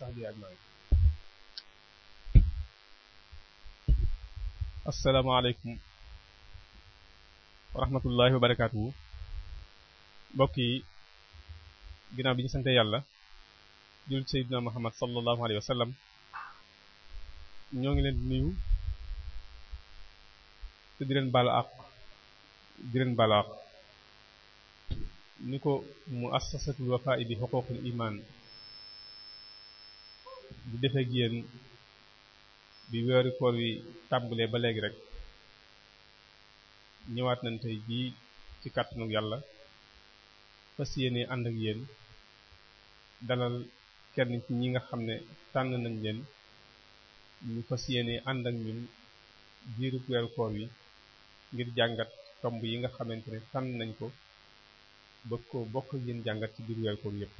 sax di ak maa ngi wa rahmatullahi wa barakaatuhu yi ginnaaw bi ñu sante yàlla jul seydina muhammad sallallahu alayhi wa sallam ñoo ngi leen di nuyu te di leen baal di leen baal ni ko mu assasatul wafaa bi xuququl iman bu defee ak yéen bi weeru koor wi tàmbalee ba léegi rek ñëwaat nañ tey jii ci kàttanu yàlla fas yéene ànd ak yéen dalal kenn ci ñi nga xam ne tànn nañ leen ñu fas yéene ànd ak ñun diirub weeru koor wi ngir jàngat tomb yi nga xamante ne tànn nañ ko bëgg ko bokk ak yéen jàngat ci biir weeru koor yépp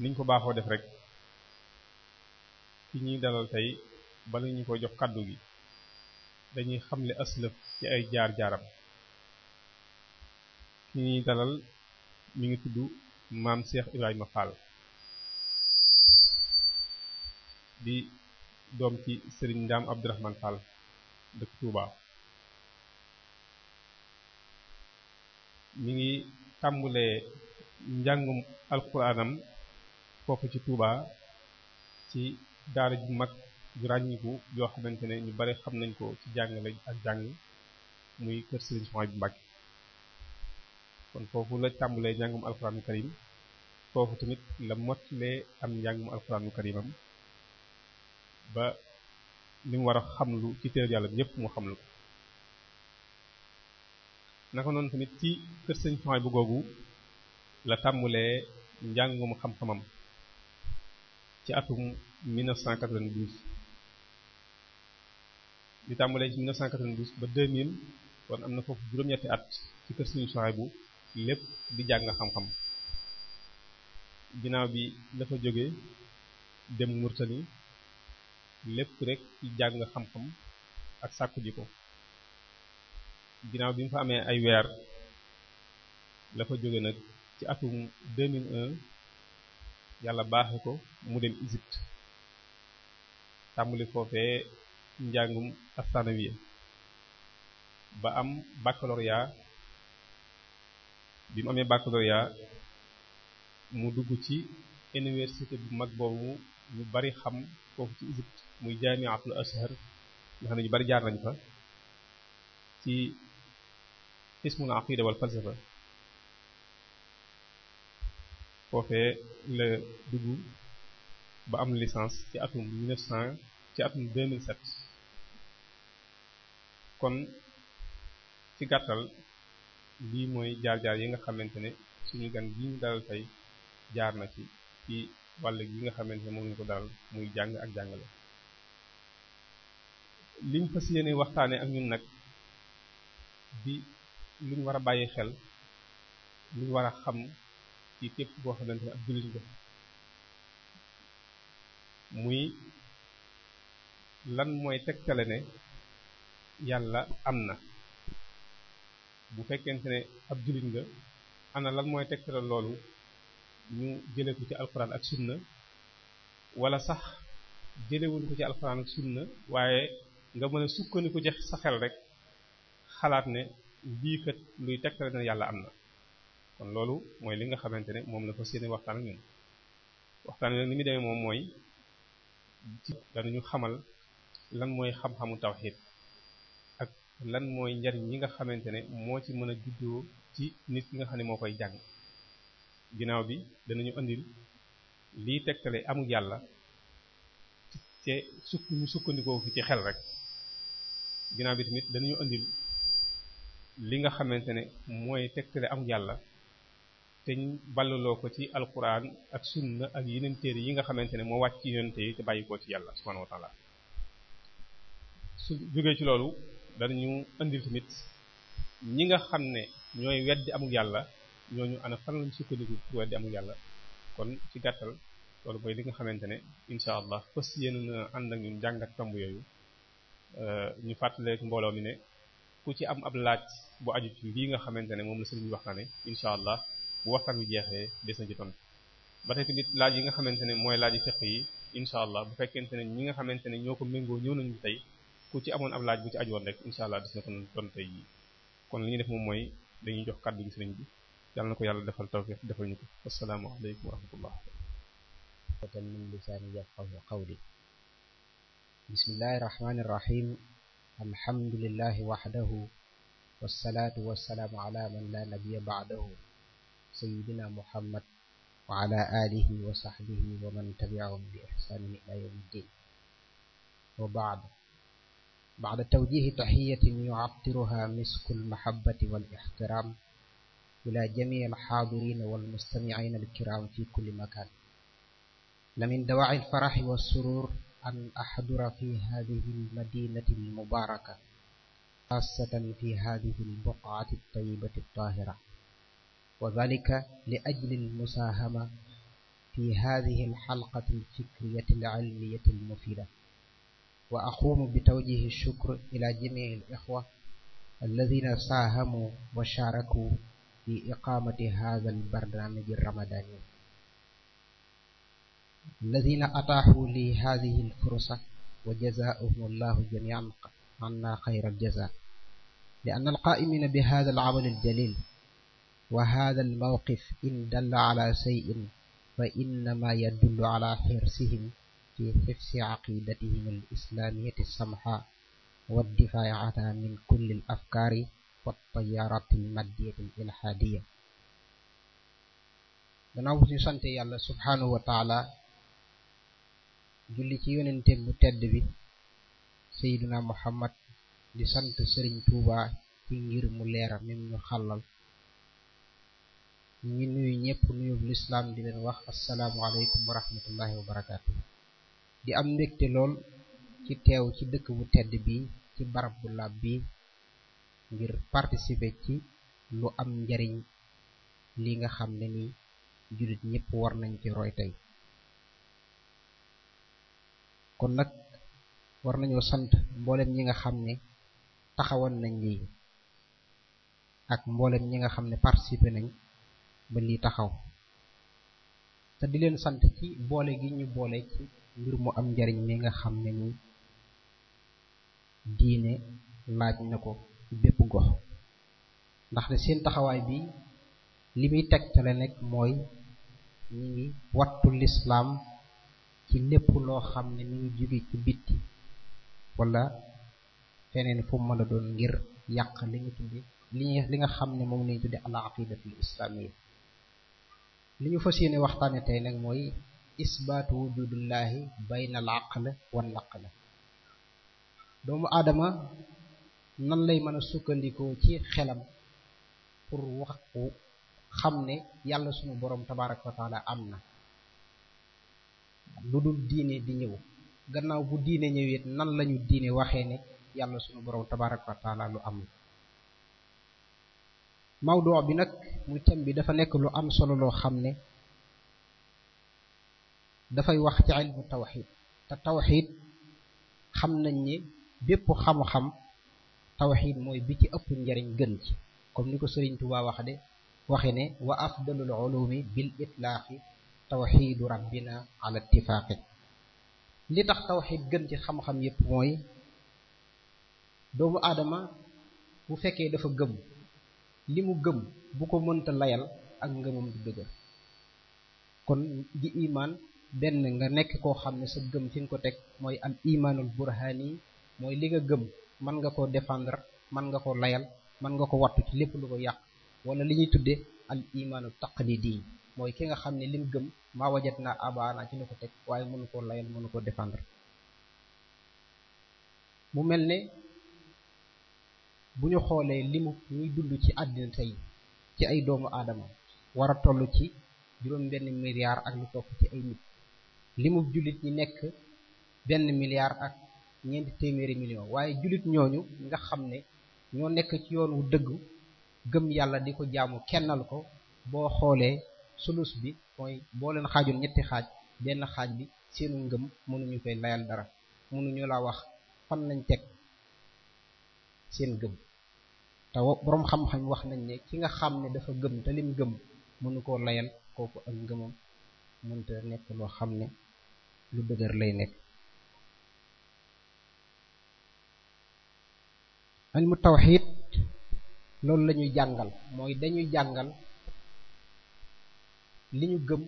niñ ko baaxoo def rek ci ñuy dalal tey bala ñu ko jox kàddu gi dañuy xamle aslëf ci ay jaar-jaaram ki ñuy dalal mi ngi tudd maam Cheikh Ibrahima Fall bi doom ci Serigne Ndaam Abdourahman Fall dëkk Touba mi ngi tàmbulee njàngum alxuraanam foofu ci Touba ci daara ju mag ju ràññiku yoo xamante ne ñu bari xam nañ ko ci jàng jàngale ak jàng muy kër Serigne Souhaïbou Mbacké kon foofu la tàmbalee njàngum alxuraanu karim tamit la mottalee am njàngum alxuraanu karimam ba li mu war a xamlu ci téere yàlla bi yépp mu xamlu ko naka noonu tamit ci kër Serigne Souhaïbou googu la tàmbalee njàngum xam-xamam ci atum 1992 li tàmbalee ci 1992 ba 2000 kon am na foofu juróom-ñetti at ci kër Serigne Souhaibou lépp di jàng xam-xam ginnaaw bi dafa jóge dem Murtani lépp rek ci jàng xam-xam ak sàkku ji ko ginnaaw bi mu fa amee ay weer la fa jóge nag ci atum 2001 yàlla baaxe ko mu dem Égypte tàmbali foofee njàngum astronomie ba am baccalauréat bi mu amee baccalauréat mu dugg ci université bu mag boobu ñu bari xam foofu ci Égypte muy jaamiatul Azhar nga xam ne ñu bari jaar nañ fa ci ismul aqida wal falsafa foofee la dugg ba am licence ci atum 1900 ci atum set kon ci gàttal lii mooy jaar-jaar yi nga xamante ne suñu gan gi ñu dalal tey jaar na ci ci wàll gi nga xamante ne moom ko daal muy jàng ak jàngale liñ fas yéene waxtaane ak ñun nag di luñ war a bàyyi xel luñ war a xam ci képp boo xamante ne ab jullit nga muy lan mooy tegtale ne yàlla am na bu fekkente ne ab jullit nga ana lan mooy tegtale loolu ñu jëlee ko ci alxuraan ak sunna wala sax jëlewuñ ko ci alxuraan ak sunna waaye nga mën a sukkandiku ci sa xel rek xalaat ne lii kat luy tegtale ne yàlla am na kon loolu mooy li nga xamante ne moom la fa seeni waxtaan ak ñun waxtaan muy demee moom mooy ci ñu xamal lan mooy xam-xamu tawxiid ak lan mooy njariñ ñi nga xamante ne moo ci mën a juddoo ci nit ki nga xam ne moo koy jàng ginnaaw bi danañu andil lii tegtale amu yàlla te sukk ñu sukkandikoo fi ci xel rek ginnaaw bi tamit danañu andil li nga xamante ne mooy tegtale amu yàlla te ballaloo ko ci alquran ak sunna ak yeneen téere yi nga xamante ne moo wàcc ci yonente yi ci yàlla subhanahu wa taala ci loolu danañu indil tamit ñi nga xam ne ñooy weddi amul yàlla ñooñu ana fan lañ sukkandiku pour weddi yàlla kon ci gàttal loolu mooy li nga xamante ne incha allah fas yéene na ànd ak ñun jàngat tomb yooyu euh, ñu fàttaleek mbooloo mi ne ci am ab laaj bu aju ci lii nga xamante ne moom la sëriñ bi wax na ne incha allah bu waxtaan wi jeexee des na ci tontu ba tey tamit laaj yi nga xamante ne mooy laaj fiq yi incha allah bu fekkente ne ñi nga xamante ne ñoo ko méngoo ñëw nañu tey ku ci amoon ab laaj bu ci ajoon rek incha allah des na ko tontu tey kon li ñuy def moom mooy dañuy jox kàddu gi sëriñ bi yàlla na ko yàlla defal tawfiq defal ñu ko asalaamaaleykum wa rahmatullah tan min lisaani yafqahu qawli bismillahi rahmani rahim alhamdulillahi wahdahu wassalatu wassalamu ala man la nabiyya ba'dahu سيدنا محمد وعلى آله وصحبه ومن تبعهم بإحسان إلى يوم الدين وبعد بعد توجيه تحية يعطرها مسك المحبة والاحترام إلى جميع الحاضرين والمستمعين الكرام في كل مكان لمن دواعي الفرح والسرور أن أحضر في هذه المدينة المباركة خاصة في هذه البقعة الطيبة الطاهرة وذلك لأجل المساهمة في هذه الحلقة الفكرية العلمية المفيدة وأقوم بتوجيه الشكر إلى جميع الإخوة الذين ساهموا وشاركوا في إقامة هذا البرنامج الرمضاني الذين أتاحوا لي هذه الفرصة وجزاؤهم الله جميعا عنا خير الجزاء لأن القائمين بهذا العمل الجليل وهذا الموقف إن دل على شيء فإنما يدل على حرصهم في حفظ عقيدتهم الإسلامية السمحة والدفاع عنها من كل الأفكار والتيارات المادية الإلحادية gannaaw suñu sante yàlla subhanahu wa taala julli ci yonente bu tedd bi sayiduna muhammad di sant sëriñ tuuba ci ngir mu leera mim ñu xàllal ñu ngi nuyu ñëpp nuyub lislaam di leen wax asalaamualeykum wa rahmatullahi wa barakaatu. di am mbégte lool ci teew ci dëkk bu tedd bi ci barab bu lab bi ngir participer ci lu am njariñ li nga xam ne ni jullit ñépp war nañ ci roy tey kon nag war nañoo sant mboolem ñi nga xam ne taxawan nañ lii ak mboolem ñi nga xam ne participer nañ ba lii taxaw te di leen sant ci boole gi ñu boole ci ngir mu am njariñ mi nga xam ne ni diine laaj na ko bépp gox ndax ne seen taxawaay bi li muy tegtale nekk mooy mu ngi wattu lislaam ci lépp loo xam ne mi ngi jóge ci bitti wala feneen fu mën a doon ngir yàq li nga tudde li nga xam ne moom lañu tudde al aqidatul islamiyya li ñu fas yéene waxtaane tey nag mooy isbaatu wujudullahi bayna al aql wal naql doomu aadama nan lay mën a sukkandikoo ci xelam pour wax xam ne yàlla suñu borom tabaraka wa taala am na lu dul diine di ñëw gannaaw bu diine ñëwee nan lañu diine waxee ne yàlla suñu borom tabaraka wa taala lu am la mawduu bi nag muy thème bi dafa nekk lu am solo loo xam ne dafay wax ci ilmu tawxid te tawxid xam nañ ni bépp xam-xam tawxid mooy bi ci ëpp njariñ gën ci comme ni ko Sëriñ Tuubaa wax de waxe ne wa afdalul ulumi bil itlaaqi tawxidu rabbina ala ittifaaqi li tax tawxid gën ci xam-xam yépp mooy doomu aadama bu fekkee dafa gëm li mu gëm bu ko mënta layal ak ngëmam du dëgër kon di imaan benn nga nekk koo xam ne sa gëm fi nga ko teg mooy al imaanul burhaani mooy li nga gëm mën nga koo défendre mën nga ko layal mën nga ko wattu ci lépp lu ko yàq wala li ñuy tudde al imaanul taqlidi mooy ki nga xam ne lim gëm maa wajat naa abaana ci la ko teg waaye mënu koo layal mënu koo défendre mu mel ne bu ñu xoolee limu ñuy dund ci àddina tey ci ay doomu aadama war a toll ci juróom benn milliard ak lu topp ci ay nit limu jullit ñi nekk benn milliard ak ñeenti téeméeri million waaye jullit ñooñu nga xam ne ñoo nekk ci yoon wu dëgg gëm yàlla di ko jaamu kennal ko boo xoolee sulus bi mooy boo leen xaajul ñetti xaaj benn xaaj bi seenu ngëm mënuñu koy layal dara mënuñu la wax fan lañ teg seen gëm te borom xam-xam wax nañ ne ki nga xam ne dafa gëm te lim gëm mënu koo layal kooku ak ngëmam mënta nekk loo xam ne lu dëgër lay nekk ilmu tawxid loolu la ñuy jàngal mooy dañuy jàngal li ñu gëm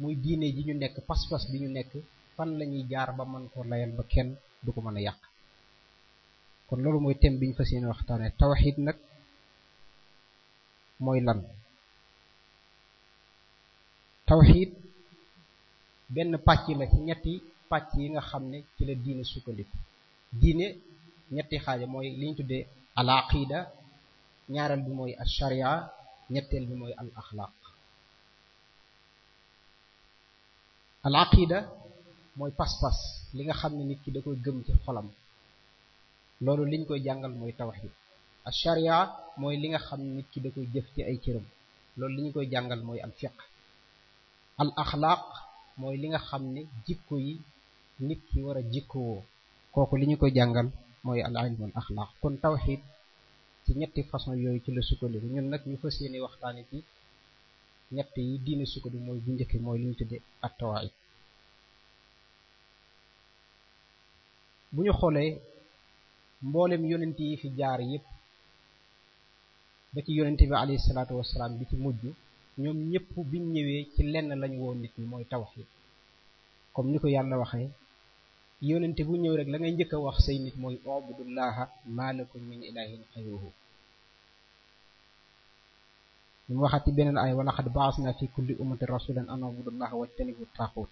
muy diine ji ñu nekk pas-pas bi ñu nekk fan lañuy ñuy jaar ba mën ko layal ba kenn du ko mën a yàq kon loolu mooy thème bi ñu fas yéene waxtaane tawxiid nag mooy lan tawxiid benn pàcc la ci ñetti pàcc yi nga xam ne ci la diine sukkandiku diine ñetti xaaja mooy li ñu tuddee al aqida ñaareel bi mooy al sharia ñetteel bi mooy al axlaaq al aqida mooy pas-pas li nga xam ne nit ki da koy gëm ci xolam loolu liñ koy jàngal mooy tawxid al sharia mooy li nga xam nit ki da koy jëf ci ay cëram loolu li ñu koy jàngal mooy al fiq al axlaaq mooy li nga xam ne jikko yi nit ki war a jikkowoo kooku li ñu koy jàngal mooy al ilmul axlaaq kon tawxid ci ñetti façon yooyu ci la sukkandiku ñun nag ñu fas yéene waxtaane ci ñett yi diine sukkandiku mooy bu njëkk mooy li ñu tudde at tawaayid bu ñu xoolee mboolem yonent yi fi jaar yépp ba ci yonent bi alayhi salaatu wasalaam bi ci mujj ñoom ñépp biñ ñëwee ci lenn lañ woo nit ñi mooy tawxiid comme ni ko yàlla waxee yonent bu ñëw rek la ngay njëkk a wax say nit mooy ubudullaha ma lakum min ilahin xayruhu ñu waxaat ci beneen ay wala xad baasna fi kulli ummati rasulan an ubudullaha wajtanibu taaxuut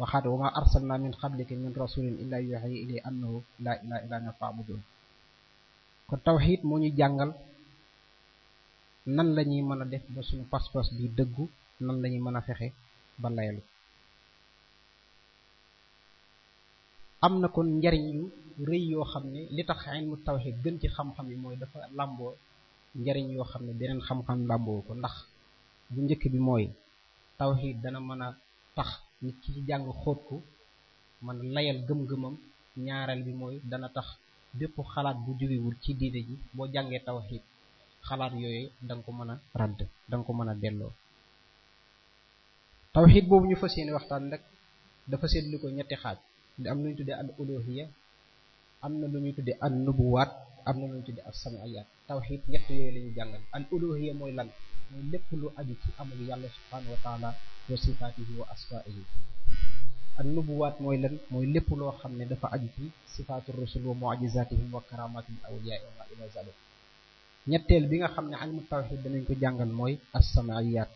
waxaat wa ma arsalna min qablika min rasulin illaa yuuxi ilay annahu laa ilaaha illaa ana faabudun kon tawxiid moo ñu jàngal nan la ñuy mën a def ba suñu pas-pas bi dëggu nan la ñuy mën a fexe ba layalu am na kon njariñ yu rëy yoo xam ne li tax ilmu tawxiid gën ci xam-xam yi mooy dafa làmboo njariñ yoo xam ne beneen xam-xam làmboo ko ndax bu njëkk bi mooy tawxiid dana mën a tax nit ki ci jàng xóot ko man layal gëm-gëmam ñaareel bi mooy dana tax bépp xalaat bu jógewul ci diine ji boo jàngee tawxiit xalaat yooyu danga ko mën a radd danga ko mën a delloo tawxiid boobu ñu fas yéene waxtaan rek dafa seetlu ko ñetti xaaj di am lu ñu tuddee al uluhiya am na lu ñuy tuddee an nubuwaat am na lu ñu tuddee as samaiyaat tawxid ñett yooyu la ñu jàngal al uluhiya mooy lan mooy lépp lu aju ci amul yàlla subhanahu wa taala wa sifaatihi wa asmaihi ak nubuwaat mooy lan mooy lépp loo xam ne dafa aju ci sifaatu rusul wa mu'jizatihim wa karamatil awliyaa wa ila zalik ñetteel bi nga xam ne ilmu tawxid danañ ko jàngal mooy assamaiyaat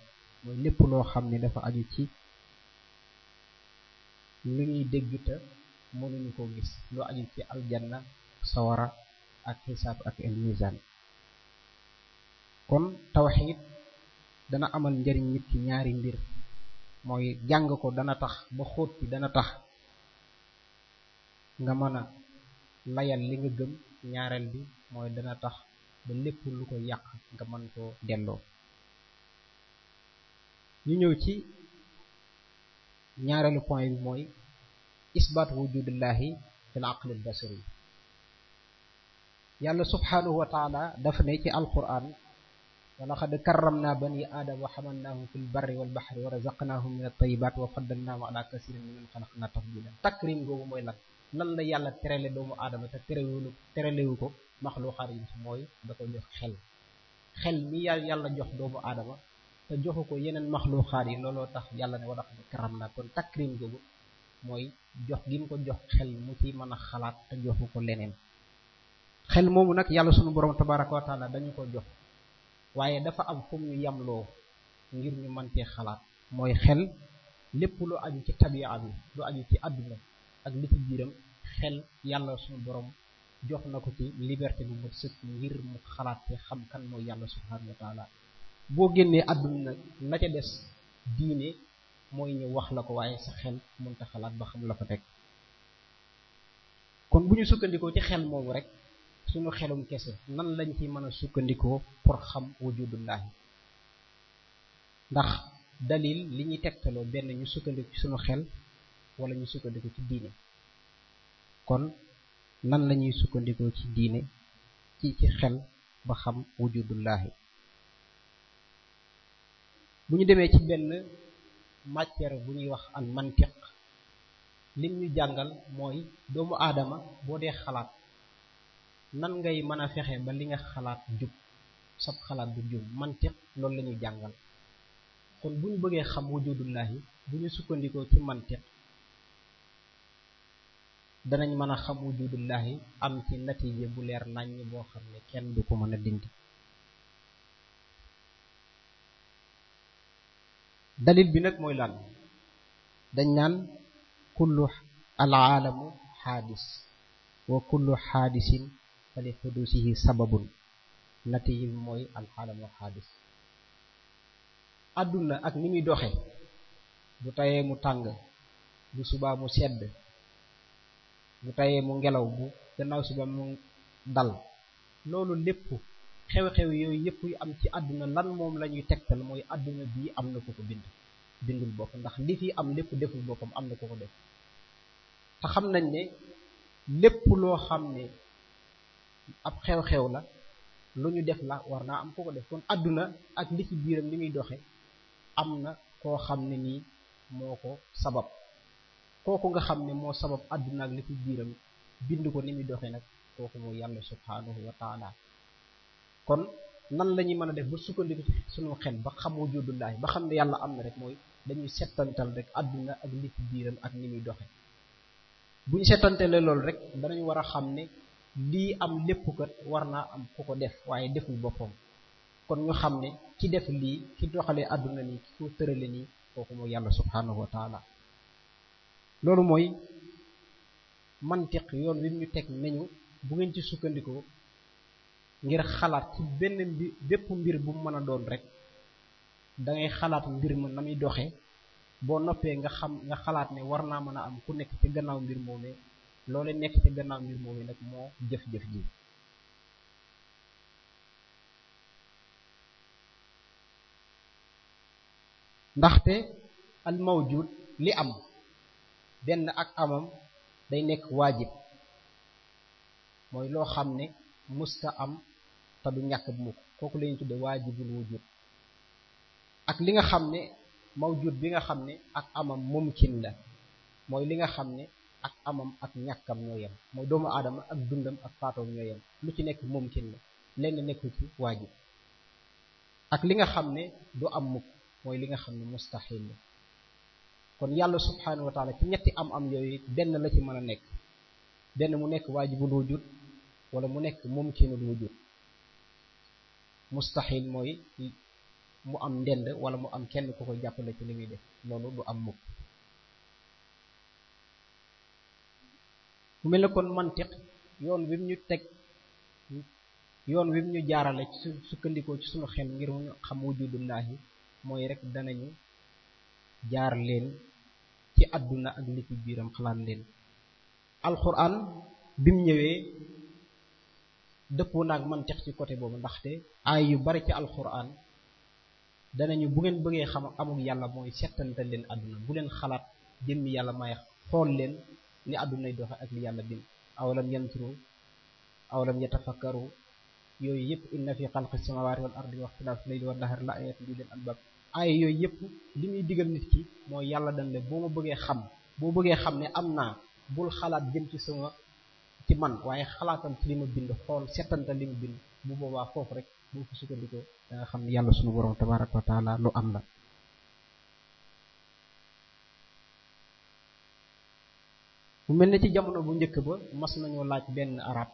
mooy lépp loo xam ne dafa aju ci lu ñuy dégg mënuñu ko gis lu aju ci aljanna sawara ak xisaab ak el mizan kon tawxiid dana amal njariñ nit ki ñaari mbir mooy jàng ko dana tax ba xóot bi dana tax nga mën a layal li nga gëm ñaareel bi mooy dana tax ba lépp lu ko yàq nga mën koo delloo ñu ñëw ci ñaareelu point bi mooy isbaat wujudullahi fil aqlil yi yàlla subhanahu wa taala dafa ne ci alquran wa laqad karramna bani aadama wa hamalnaahum fil barri wal bahri wa razaqnaahum min at-tayyibaat wa faddalnaahum ala kasirin mimman xalaqna tafdila takrim googu mooy lan lan la yàlla terale doomu aadama te terewulu terelewu ko maxluuxaat yi mooy da ko jox xel xel mi yàlla jox doomu aadama te joxu ko yeneen maxluuxaat yi looloo tax yàlla wa laqad karramna kon takrim googu mooy jox gi mu ko jox xel mu ci mën a xalaat te joxu ko leneen xel moomu nag yàlla sunu borom tabaraka wa taala dañu ko jox waaye dafa am fu ñu yamloo ngir ñu mën cee xalaat mooy xel lépp lu aju ci tabi'a bi lu aju ci àdduna ak li ci biiram xel yàlla suñu borom jox na ko ci liberté bu mat sëkk ngir mu xalaat te xam kan mooy yàlla subhanahu wa taala boo génnee àdduna nag la ca des diine mooy ñu wax la ko waaye sa xel mënta xalaat ba xam la ko teg kon bu ñu sukkandikoo ci xel moomu rek suñu xelum kese nan lañ ci mën a sukkandikoo pour xam wujudullahi ndax dalil li ñuy tegtaloo benn ñu sukkandiku ci suñu xel wala ñu sukkandiku ci diine kon nan la ñuy sukkandikoo ci diine ci ci xel ba xam wujudullahi bu ñu demee ci benn matière bu ñuy wax al mantiq lim ñu jàngal mooy doomu aadama boo dee xalaat nan ngay mën a fexe ba li nga xalaat jub sab xalaat bu jub mantiq loolu lañuy jàngal kon bu ñu bëggee xam wujudullahi bu ñu sukkandikoo ci mantiq danañ mën a xam wujudullahi am ci natiije bu leer nàññ boo xam ne kenn du ko mën a dindi dalil bi nag mooy laal dañ naan kullu alaalamu xaadis wa kullu xaadisin fali xudusihi sababun natihim mooy alxaalamu xaadis àdduna ak ni muy doxe bu tayee mu tàng bu subaa mu sedd bu tayee mu ngelaw bu gannaaw suba mu dal loolu lépp xew-xew yooyu yëpp yu am ci àdduna lan moom la ñuy tegtal mooy àdduna bii am na ko ko bind bindul boppam ndax li fi am lépp deful boppam am na ko ko def te xam nañ ne lépp loo xam ne ab xew-xew la lu ñu def la war naa am ku ko def kon adduna ak li ci biiram li muy doxe am na koo xam ne nii moo ko sabab kooku nga xam ne moo sabab adduna ak li biiram bind ko ni muy doxe nag kooku mooy yàlla subhaanahu wa kon nan lañuy ñuy mën a def ba sukkandiku ci sunu xel ba xam wujudullaahi ba xam ne yàlla am na rek mooy dañuy settantal rek adduna ak li ci biiram ak ni muy doxe bu ñu settantale loolu rek danañ war a xam ne lii am lépp kat war naa am ku ko def waaye deful boppam kon ñu xam ne ci def lii ki doxalee àdduna nii ki ko tërale nii kooku mooy yàlla subhaanahu wa taala loolu mooy mantiq yoon wi ñu teg nañu bu ngeen ci sukkandikoo ngir xalaat ci benn mbi bépp mbir bu mën a doon rek dangay ngay xalaat mbir ma na muy doxee boo noppee nga xam nga xalaat ne war naa mën a am ku nekk ci gannaaw mbir moomee loolee nekk ci gannaaw mbir moom yi nag moo jëf-jëf ji ndaxte al mawjud li am benn ak amam day nekk waajib mooy loo xam ne musta am te du ñàkk bu mukk kooku la ñu tudde waajibul wujud ak li nga xam ne mawjud bi nga xam ne ak amam mumkin la mooy li nga xam ne ak amam ak ñàkkam ñoo yem mooy doomu aadama ak dundam ak faatoom ñoo yem lu ci nekk mumkin la lenn nekku ci waajib ak li nga xam ne du am mukk mooy li nga xam ni mustahil la kon yàlla subhanahu wa taala ci ñetti am am yooyu benn la ci mën a nekk benn mu nekk waajibul wujud wala mu nekk mumkinul wujud mustahil mooy mu am ndend wala mu am kenn ku jàpp jàppale ci li muy def loolu du am mukk mu mel ne kon mantiq yoon wi mu ñu teg yoon wi mu ñu jaarale ci sukkandikoo ci suñu xel ngir mu xam wujudullaahi mooy rek danañu jaar leen ci àdduna ak li ci biiram xalaat leen alquran bimu ñëwee dëppoo naag mantiq ci côté boobu ndaxte ay yu bari ci alquran danañu bu ngeen bëggee xam amul yàlla mooy settantal leen àdduna bu leen xalaat jëmmi yàlla may xool leen ni àddunay doxe ak li yàlla bind awalam yanturu aw la yooyu yëpp inna fi xalqi samawaati na ardi wa ixtilaafi layli wa nahaar la ayatin yooyu yëpp li muy digal nit ki mooy yàlla dañ le boo ma bëggee xam boo bëggee xam ne am naa bul xalaat jëm ci sama ci man waaye xalaatam ci li ma bind xool settanta li ma bind bu boobaa foofu rek boo ko sukkandikoo da xam ne yàlla sunu borom tabaraka wa taala lu am la mu mel ne ci jamono bu njëkk ba mas nañoo laaj benn arab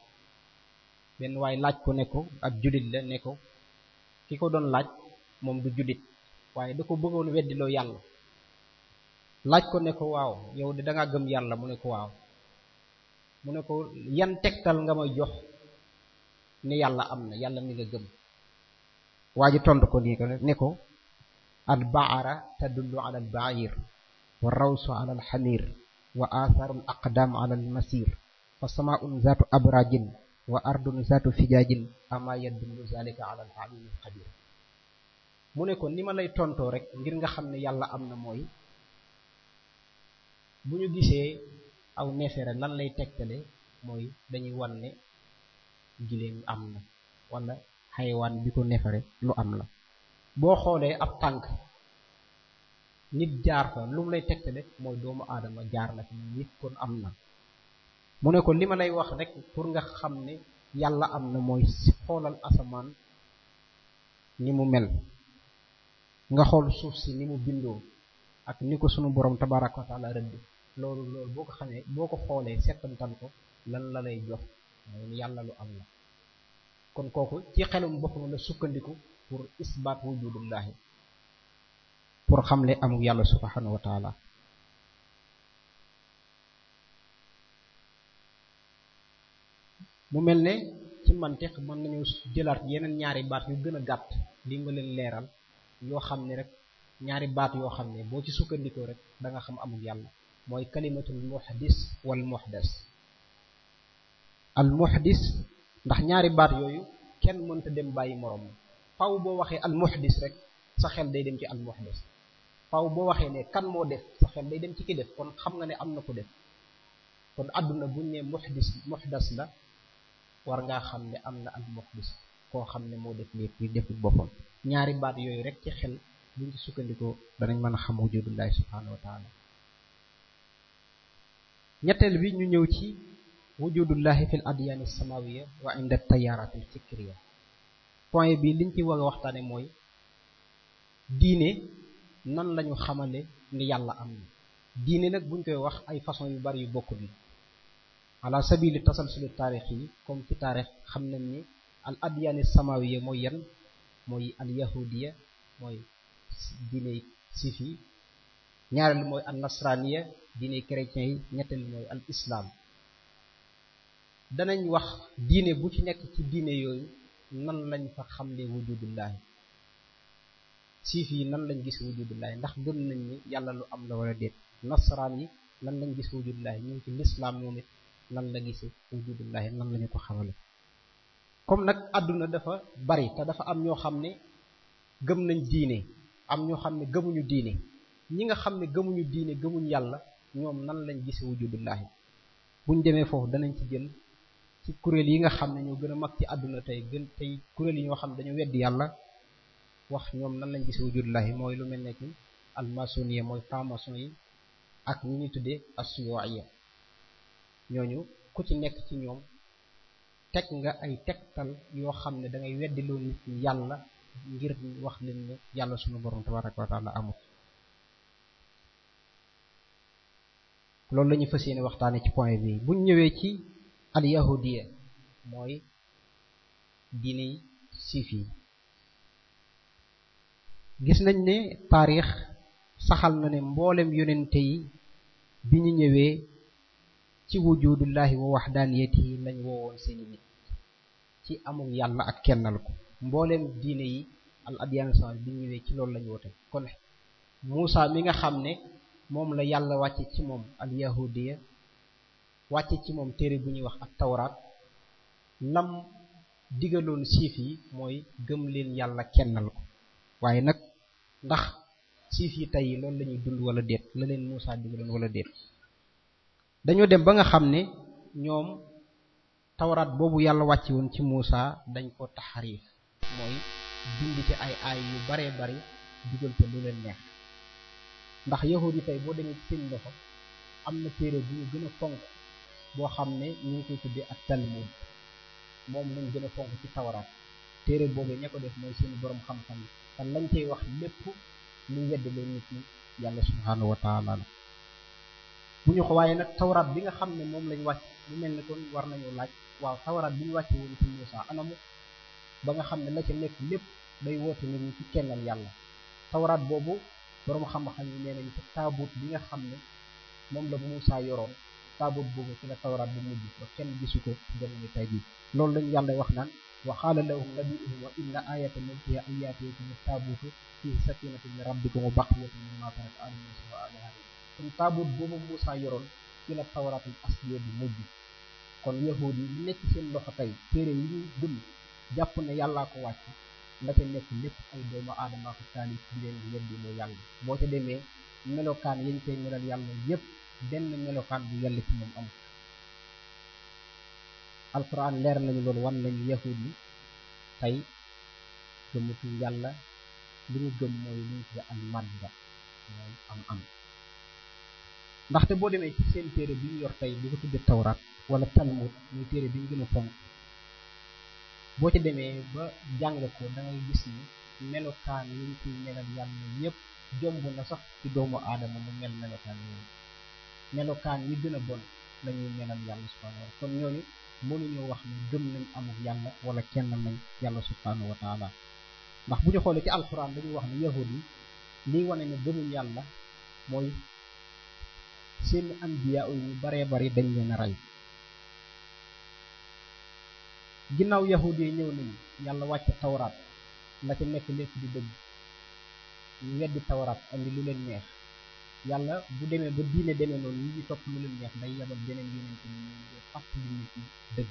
benn waaye laaj ko ne ko ab julit la ne ko ki ko doon laaj moom du julit waaye du ko bëggoon weddiloo yàlla laaj ko ne ko waaw yow de da gëm yàlla mu ne ko waaw mu ne ko yan tegtal nga may jox ne yàlla am na yàlla mi nga gëm waa ji tontu ko nii ne ko al baara tadullu ala al bair wa rawsu ala al xamir wa atharul aqdam ala al masir fa samaun zatu abrajin wa ardun zatu fijajin ama yadullu zalika ala al ni ma lay tontoo rek nga xam ne yàlla am na mooy bu ñu gisee aw neefere lan lay tegtale mooy dañuy wan ne giléem am na wala xayawaan bi ko neefere lu am la boo xoolee ab tànk nit jaar fa lu mu lay tegtale mooy doomu aadama jaar na nit kon am na mu ne ko li ma lay wax rek pour nga xam ne yàlla am na mooy si xoolal asamaan ni mu mel nga xool suuf si ni mu bindoo ak ni ko sunu boroom tabaraka wa taala loolu loolu boo ko xamee boo ko xoolee settantal ko lan la lay jox mooy yàlla lu am la kon kooku ci xelum boppam la sukkandiku pour isbaat wujudullahi pour xam xamle amuk yàlla subhanahu wa taala mu mel ne ci mantiq mën nañu jëlaat yeneen ñaari baat yu gën a gàtt li nga leen leeral yoo xam ne rek ñaari baat yoo xam ne boo ci sukkandikoo rek da xam amuk yàlla mooy kalimatul muhdis wal muhdas al muhdis ndax ñaari baat yooyu kenn mënta dem bàyyi moroom faw boo waxee al muhdis rek sa xel day dem ci al muhdis faaw boo waxee ne kan moo def sa xel day dem ci ki def kon xam nga ne am na ko def kon àdduna buñ ne muhdis muhdas la war ngaa xam ne am na al muhdis koo xam ne moo def lépp yi deful boppam ñaari baat yooyu rek ci xel buñ ci sukkandikoo danañ mën a xam wujudullahi subhanahu wa taala ñetteel bi ñu ñëw ci wujudullahi fil adyaani samawiya wa inda tayarat al fikriya point bi liñ ci war waxtaane mooy diine nan lañu xamale ni yàlla am na diine nag buñ koy wax ay façon yu bari yu bokk bi ala sabili tasalsuli taarix yi comme ci taarix xam nañ ni al adyaani samawiya mooy yan mooy al yahudiya mooy diine siif yi ñaareel mooy al nasraniya diine chrétien yi ñetteel mooy al islam danañ wax diine bu ci nekk ci diine yooyu nan lañ fa xam xamle wujudullahi si yi nan lañ gis wujudullaahi ndax gëm nañ ni yàlla lu am la a déet nasaraan yi nan lañ gis wujudullaahi ñun ci lislaam moom it nan la gis wujudullaahi nan lañu ko xamale comme nag àdduna dafa bari te dafa am ñoo xam ne gëm nañ diine am ñoo xam ne gëmuñu diine ñi nga xam ne gëmuñu diine gëmuñ yàlla ñoom nan lañ gis wujudullaahi buñ demee foofu danañ ci jël ci kuréel yi nga xam ne ñoo gën a mag ci àdduna tey gën tey kuréel yi ñoo xam ne dañoo weddi yàlla wax ñoom nan lañ gis wujudullahi mooy lu mel ne ci almasoniya mooy franc yi ak ñi ñu tuddee asuyuiya ñooñu ku ci nekk ci ñoom teg nga ay tegtal yoo xam ne dangay ngay weddiloo nit ñi yàlla ngir wax leen ne yàlla sunu borom tabaraka wa taala amul loolu la ñu fas yéene waxtaane ci point bi buñ ñëwee ci al mooy diine siif yi gis nañ ne taarix saxal na ne mboolem yonente yi bi ñu ñëwee ci wujudullahi wa yi lañ woowoon seeni nit ci amul yàlla ak kennal ko mbooleem diine yi al adiyaan sax bi ñu ñëwee ci loolu lañ woote kon Muusa mi nga xam ne moom la yàlla wàcce ci moom al yahudiya wàcce ci moom téere bi ñuy wax ak tawraat lam digaloon siif yi mooy gëm leen yàlla kennal ko waaye nag ndax siis yi tey loolu lañuy dund wala déet la leen Moussa digaloon wala déet dañoo dem ba nga xam ne ñoom tawaraat boobu yàlla wàcce woon ci Moussa dañ ko taxariif mooy dindi ci ay aay yu baree bari dugal te lu leen neex ndax yahud yi tey boo demee ci seen loxo am na téere bu ñu gën a fonk boo xam ne ñu ngi koy tuddee ak Talmud moom moom gën a fonk ci tawraat téere boobu ña ko def mooy seen borom xam-xam te lañ cay wax lépp lu yeddale nit ñi yàlla subhaanahu wa taala la bu ñu ko waaye nag tawraat bi nga xam ne moom lañ wàcc lu mel ne kon war nañu laaj waaw tawraat bi ñu wàcce woon ci Muusaa anamu ba nga xam ne la ca nekk lépp day woote nit ñi ci kennal yàlla tawraat boobu boroom xam-xam yi nee nañ ci taabut bi nga xam ne moom la Muusaa yoroon taabut boobu ci la tawraat bu mujj ba kenn gisu ko jamono tey jii loolu lañ yàlla wax naan wa qaala lahum nabiyuhum wa inna ayata mulkihi an yaatiyakum taabuutu fiihi sakiinatun min rabbikum wa baqiyatun mimmaa taraka aalu Muusaa wa aalu Haarun kon taabuut boobu Muusaa yoroon ci la tawraatul asliya bi mujj kon yahuud yi li nekk seen loxo tey téere yi ñu gëm jàpp na yàllaa ko wàcc la ca nekk lépp ay doomu aadama ko taalif di leen weddi mu yàlla boo ca demee melokaan yañ koy melal yàlla yépp benn melokaan bu yàlla ci moom amul alquran leer nañu loolu wan nañu yahud yi tey gëmatuñ yàlla li ñu gëm mooy li ñu tudde al madda mooy am am ndaxte boo demee ci seen téere bi ñu yor tey bu ko tuddee tawraat wala talmud muy téere bi ñu gën a fonk boo ci demee ba jàng ko da gis ni melokaan yi ñu ciy melal yàlla yépp jomb na sax ci doomu aadama mu mel melokaan yooyu melokaan yi gën a bon lañuy melal yàlla subhanahu wa kon mënuñoo wax ne gëm nañ amul yàlla wala kenn nañ yàlla subhanahu wa taala ndax bu ñu xoolee ci alxuraan dañuy wax ne yahud yi liy wane ne gëmuñ yàlla mooy seen anbiya yu baree bari dañ leen a rey ginnaaw yahud yi ñëw nañu yàlla wàcc tawraat la ca nekk lekk di dëgg ñu weddi tawraat andi lu leen neex yàlla bu demee ba diine demee noonu ñu ngi topp lu leen neex day yabal beneen yonent ñu ngi fàttali nit ñi dëgg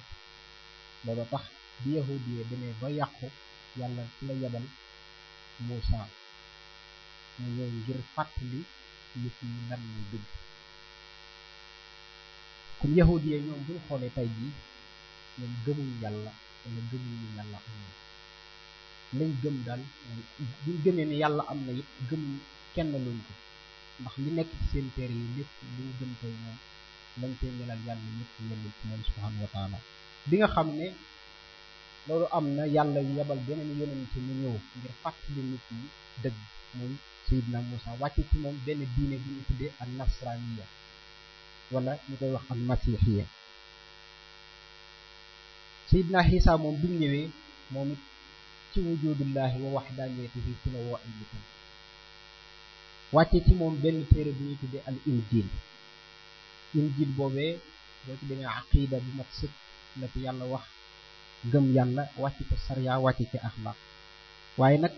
loolu tax bi yahudi yi demee ba yàqu ci la yabal Muusaa mu ñëw nit ñi lan mooy dëgg comme yahudi ñoom buñ xoolee tey jii ñoom gëmuñ yàlla wala gëmuñu yàlla am na lañ gëm daal buñ gëmee ne yàlla am na gëmuñ kenn luñ ko ndax li nekk ci seen téere yi lépp lu gën koy moom lañ koy ñelal yàlla lépp yellul ci moom subhanahu wa bi nga xam ne loolu am na yàlla yebal beneen yonente mu ñëw ngir fàttali nit ñi dëgg muy sayidna Moussa wàcce ci moom benn diine bi ñu tuddee ak nasraniya wala ñu koy wax ak masihiya sayidna Xiisa moom bi ñëwee moom it ci wujudullahi wa waxdaniyatihi ci la woo ay nitam wàcce ci moom benn téere bi ñuy tuddee al injil injil boobee boo ci demee aqida bu mat sëkk la ci yàlla wax gëm yàlla wàcc ci sariya wàcce ci axlaaq waaye nag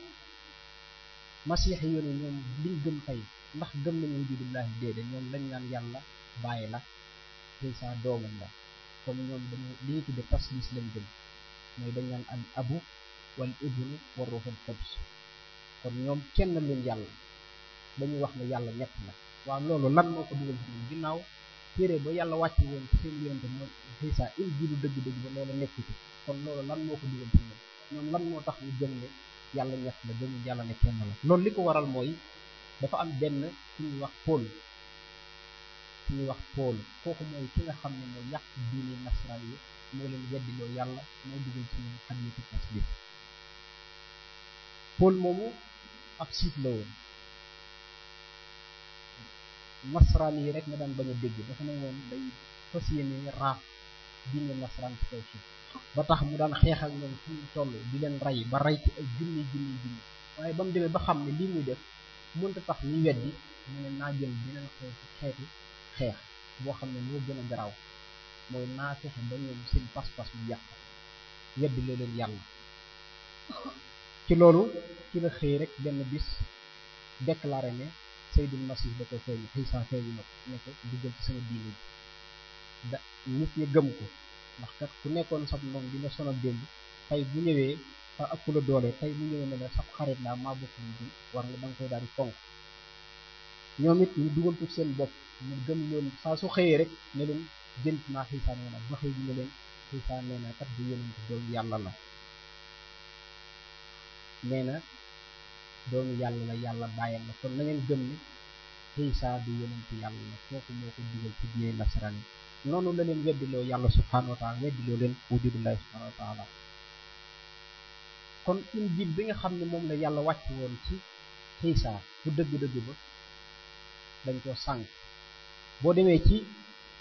masiix yi yoone ñoom liñ gëm tey ndax gëm nañu judullahi déedéet ñoom lañ naan yàlla bàyyi la sa doomam la kon ñoom dañu li ñu tudde taslis lañ gëm mooy dañ naan al abu wal ibnu wa ruuxul qudus kon ñoom kenn luñ yàlla dañuy wax ne yàlla ñett la waaw loolu lan moo ko dugal ci ginnaaw téere ba yàlla wàcce woon ci seen yonte mooy Isa injiilu dëgg-dëgg ba loolu nekk ci kon loolu lan moo ko dugal ci moo tax ñu gëm yàlla la gëm yàlla ne kenn loolu li ko waral mooy dafa am benn ku wax Paul ñuy wax Paul kooku mooy ki nga xam ne mooy yàq diine nasaraan yi moo leen weddiloo yàlla moo dugal ci ñoom xadiitu tasbih Paul la woon nasaraan yi rek na daan bañ a dégg dafa ne woon day fas yéene raaf diine nasaraan ci kaw suuf ba tax mu daan xeex ak ñoom fu di leen ray ba rey ci ay junni junni junni waaye ba mu demee ba xam ne lii muy def mënta tax ñu weddi mu ne naa jël beneen xeex boo xam ne moo gën a garaaw mooy naa fexe ba ñoom seen pas-pas mu yàq weddi loo leen yàlla ci loolu ci la xëy rek benn bis déclaré ne Seydul Masih da ko feeñu Xiisa feeñu na ko ne ko duggal ci sama diine ji da nit ñi gëm ko ndax kat ku nekkoon sab noon di la sonal démb tey bu ñëwee te ëpp la doole tey bu ñëwee ne la sab xarit laa maa bokk ñu war nga da koy daal di fonk ñoom it ñu dugal ko seen bopp ñu gëm leen saa su xëyee rek ne leen jënt naa Xiisa nee na ba xëy bi ne leen Xiisa nee kat bu yonent doom yàlla la nee doomu yàlla la yàlla bàyyam la kon na ngeen gëm ne Isa du yonent yàlla la kooku moo ko dugal ci biir nasaraan noonu la leen weddiloo yàlla subhanahu weddiloo leen wujudullahi subhanahu wa taala kon injil bi nga xam ne moom la yàlla wàcc woon ci Isa bu dëgg-dëgg ba dañ ko sànq boo demee ci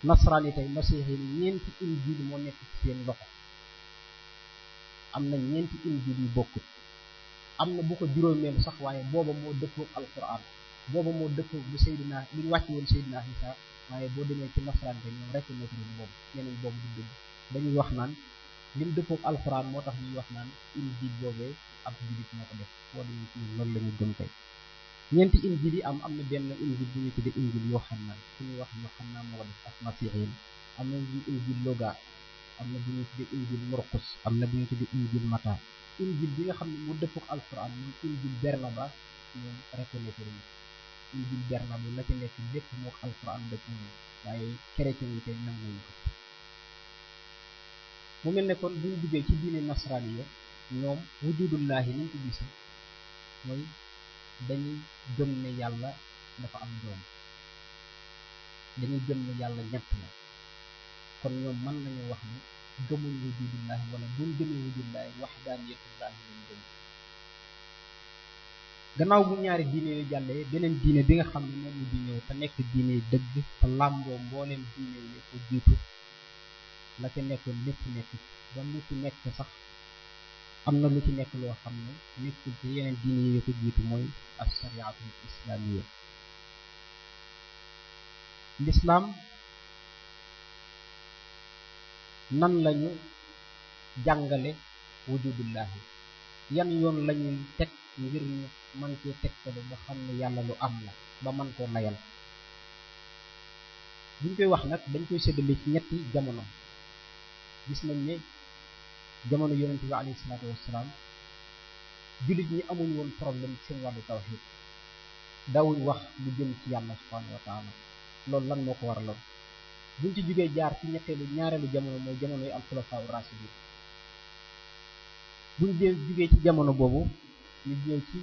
nasaraan yi tey masiix yi ñeenti injil moo nekk ci seen loxo am na ñeenti injil yu bokkut am na bu ko juróomeel sax waaye booba moo dëppoog alquran booba moo dëppoog bu Seydina li ñu wàcc woon Seydina Isa waaye boo demee ci nasaraan te ñoom rek nekk nañu boobu yeneen boobu du dëgg dañuy wax naan lim dëppoog alquran moo tax ñuy wax naan injil boobee ab moo ko def la ñu gëm am am na benn injil bu yoo xam naan su ñuy wax yoo xam moo def ak masixiin am na bu injil loga am na bu ñu tuddee injil murqus am na bu ñu tuddee injil mata injil bi nga xam ne mu dëppoo ak alquran moom injil Bernaba ñoom reconnaître ñu injil Bernaba la ca nekk lépp moo alquran dëppoo ñu waaye chrétien yi tey nanguwuñu ko mu mel ne kon buñ duggee ci diine nasrani ya ñoom wujudullahi niñ ko gise mooy dañuy jëm ne yàlla dafa am doom dañuy gëm ne yàlla ñett la kon ñoom mën nañu wax ne gëmuñ wujudullahi wala buñ gëmee wujudullahi waxdaaniyatullahi lañ gëm gannaaw bu ñaari diine yu jàllee beneen diine bi nga xam ne moom di ñëw te nekk diine dëgg te làmboo mbooleem diine yi ko jiitu la ca nekkoon lépp nekk ba lu ci nekk sax am na lu ci nekk loo xam ne nekkul ci yeneen diine yi ko jiitu mooy as shariatul islamiya l'islam nan lañu jàngale wujudullahi yan yoon lañuy teg ngir ñu man cee tegtalu ba xam ne yàlla lu am na ba man koo layal buñ koy wax nag dañ koy séddale ci ñetti jamono gis nañ ne jamono yonente bi alayhi salaatu wassalaam jullit ñi amuñ woon problème seen wàllu tawxid daawuñ wax lu jëm ci yàlla subhanahu wa taala loolu lan moo ko waraloon buñ ci jógee jaar ci ñetteelu ñaareelu jamono mooy jamonoy yi alxulafaa rashidun buñ dee jógee ci jamono boobu ñu ñëw ci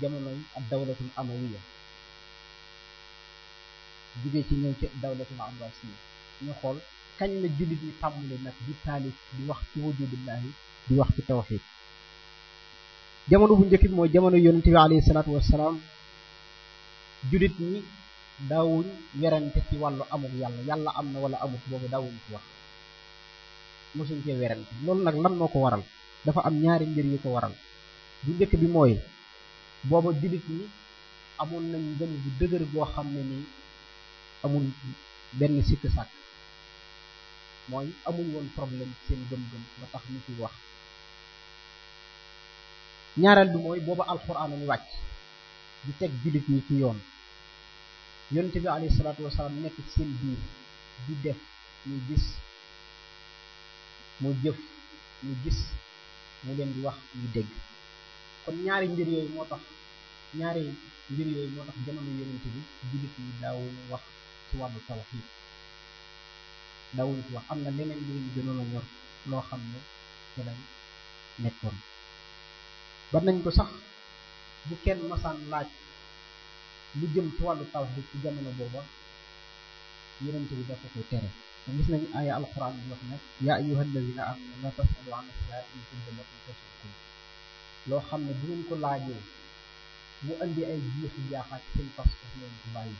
jamono yi ak dawlatul amawiya jógee ci ñëw ci dawlatul abbasiya ñu xool kañ la jullit yi tàmbali nag di taalif di wax ci wujudullahi di wax ci tawxid jamono bu njëkk bi mooy jamono yonente bi alayhi salaatu wassalaam jullit ñi daawuñ werante ci wàllu amul yàlla yàlla am na wala amul boobu daawuñ ci wax mosuñ cee werante loolu nag lan moo ko waral dafa am ñaari mbir yu ko waral bu njëkk bi mooy booba jullit ñi amoon nañ gën bu dëgër boo xam ne nii amul benn sikk mooy amul woon problème seen gëm-gëm ba tax ñu ci wax ñaareel bi mooy booba alxuraan ñu wàcc du teg jullit ñi ci yoon yonente bi alayhi salaatu wasalaam nekk seen biir di def ñu gis mu jëf ñu gis mu leen di wax ñu dégg kon ñaari mbir yooyu moo tax ñaari mbir yooyu moo tax jamono yonente bi jullit yi daawuñu wax ci wàllu tawxiid daawuñu ci wax am na leneen lu leen gënoon a loo xam ne te dañ nekkoon ba nañ ko sax bu kenn masaan laaj lu jëm ci wàllu tawxiid ci jamono booba yonent bi dafa koy tere te gis nañu aaya alquran bi wax ne yaa ayyuha alladina amanu la tasalu an asyaa in kuntum lakum tasukum loo xam ne bu ngeen ko laajee mu andi ay jiix yu jaaxaat seen pas-pas ngeen ko bàyyi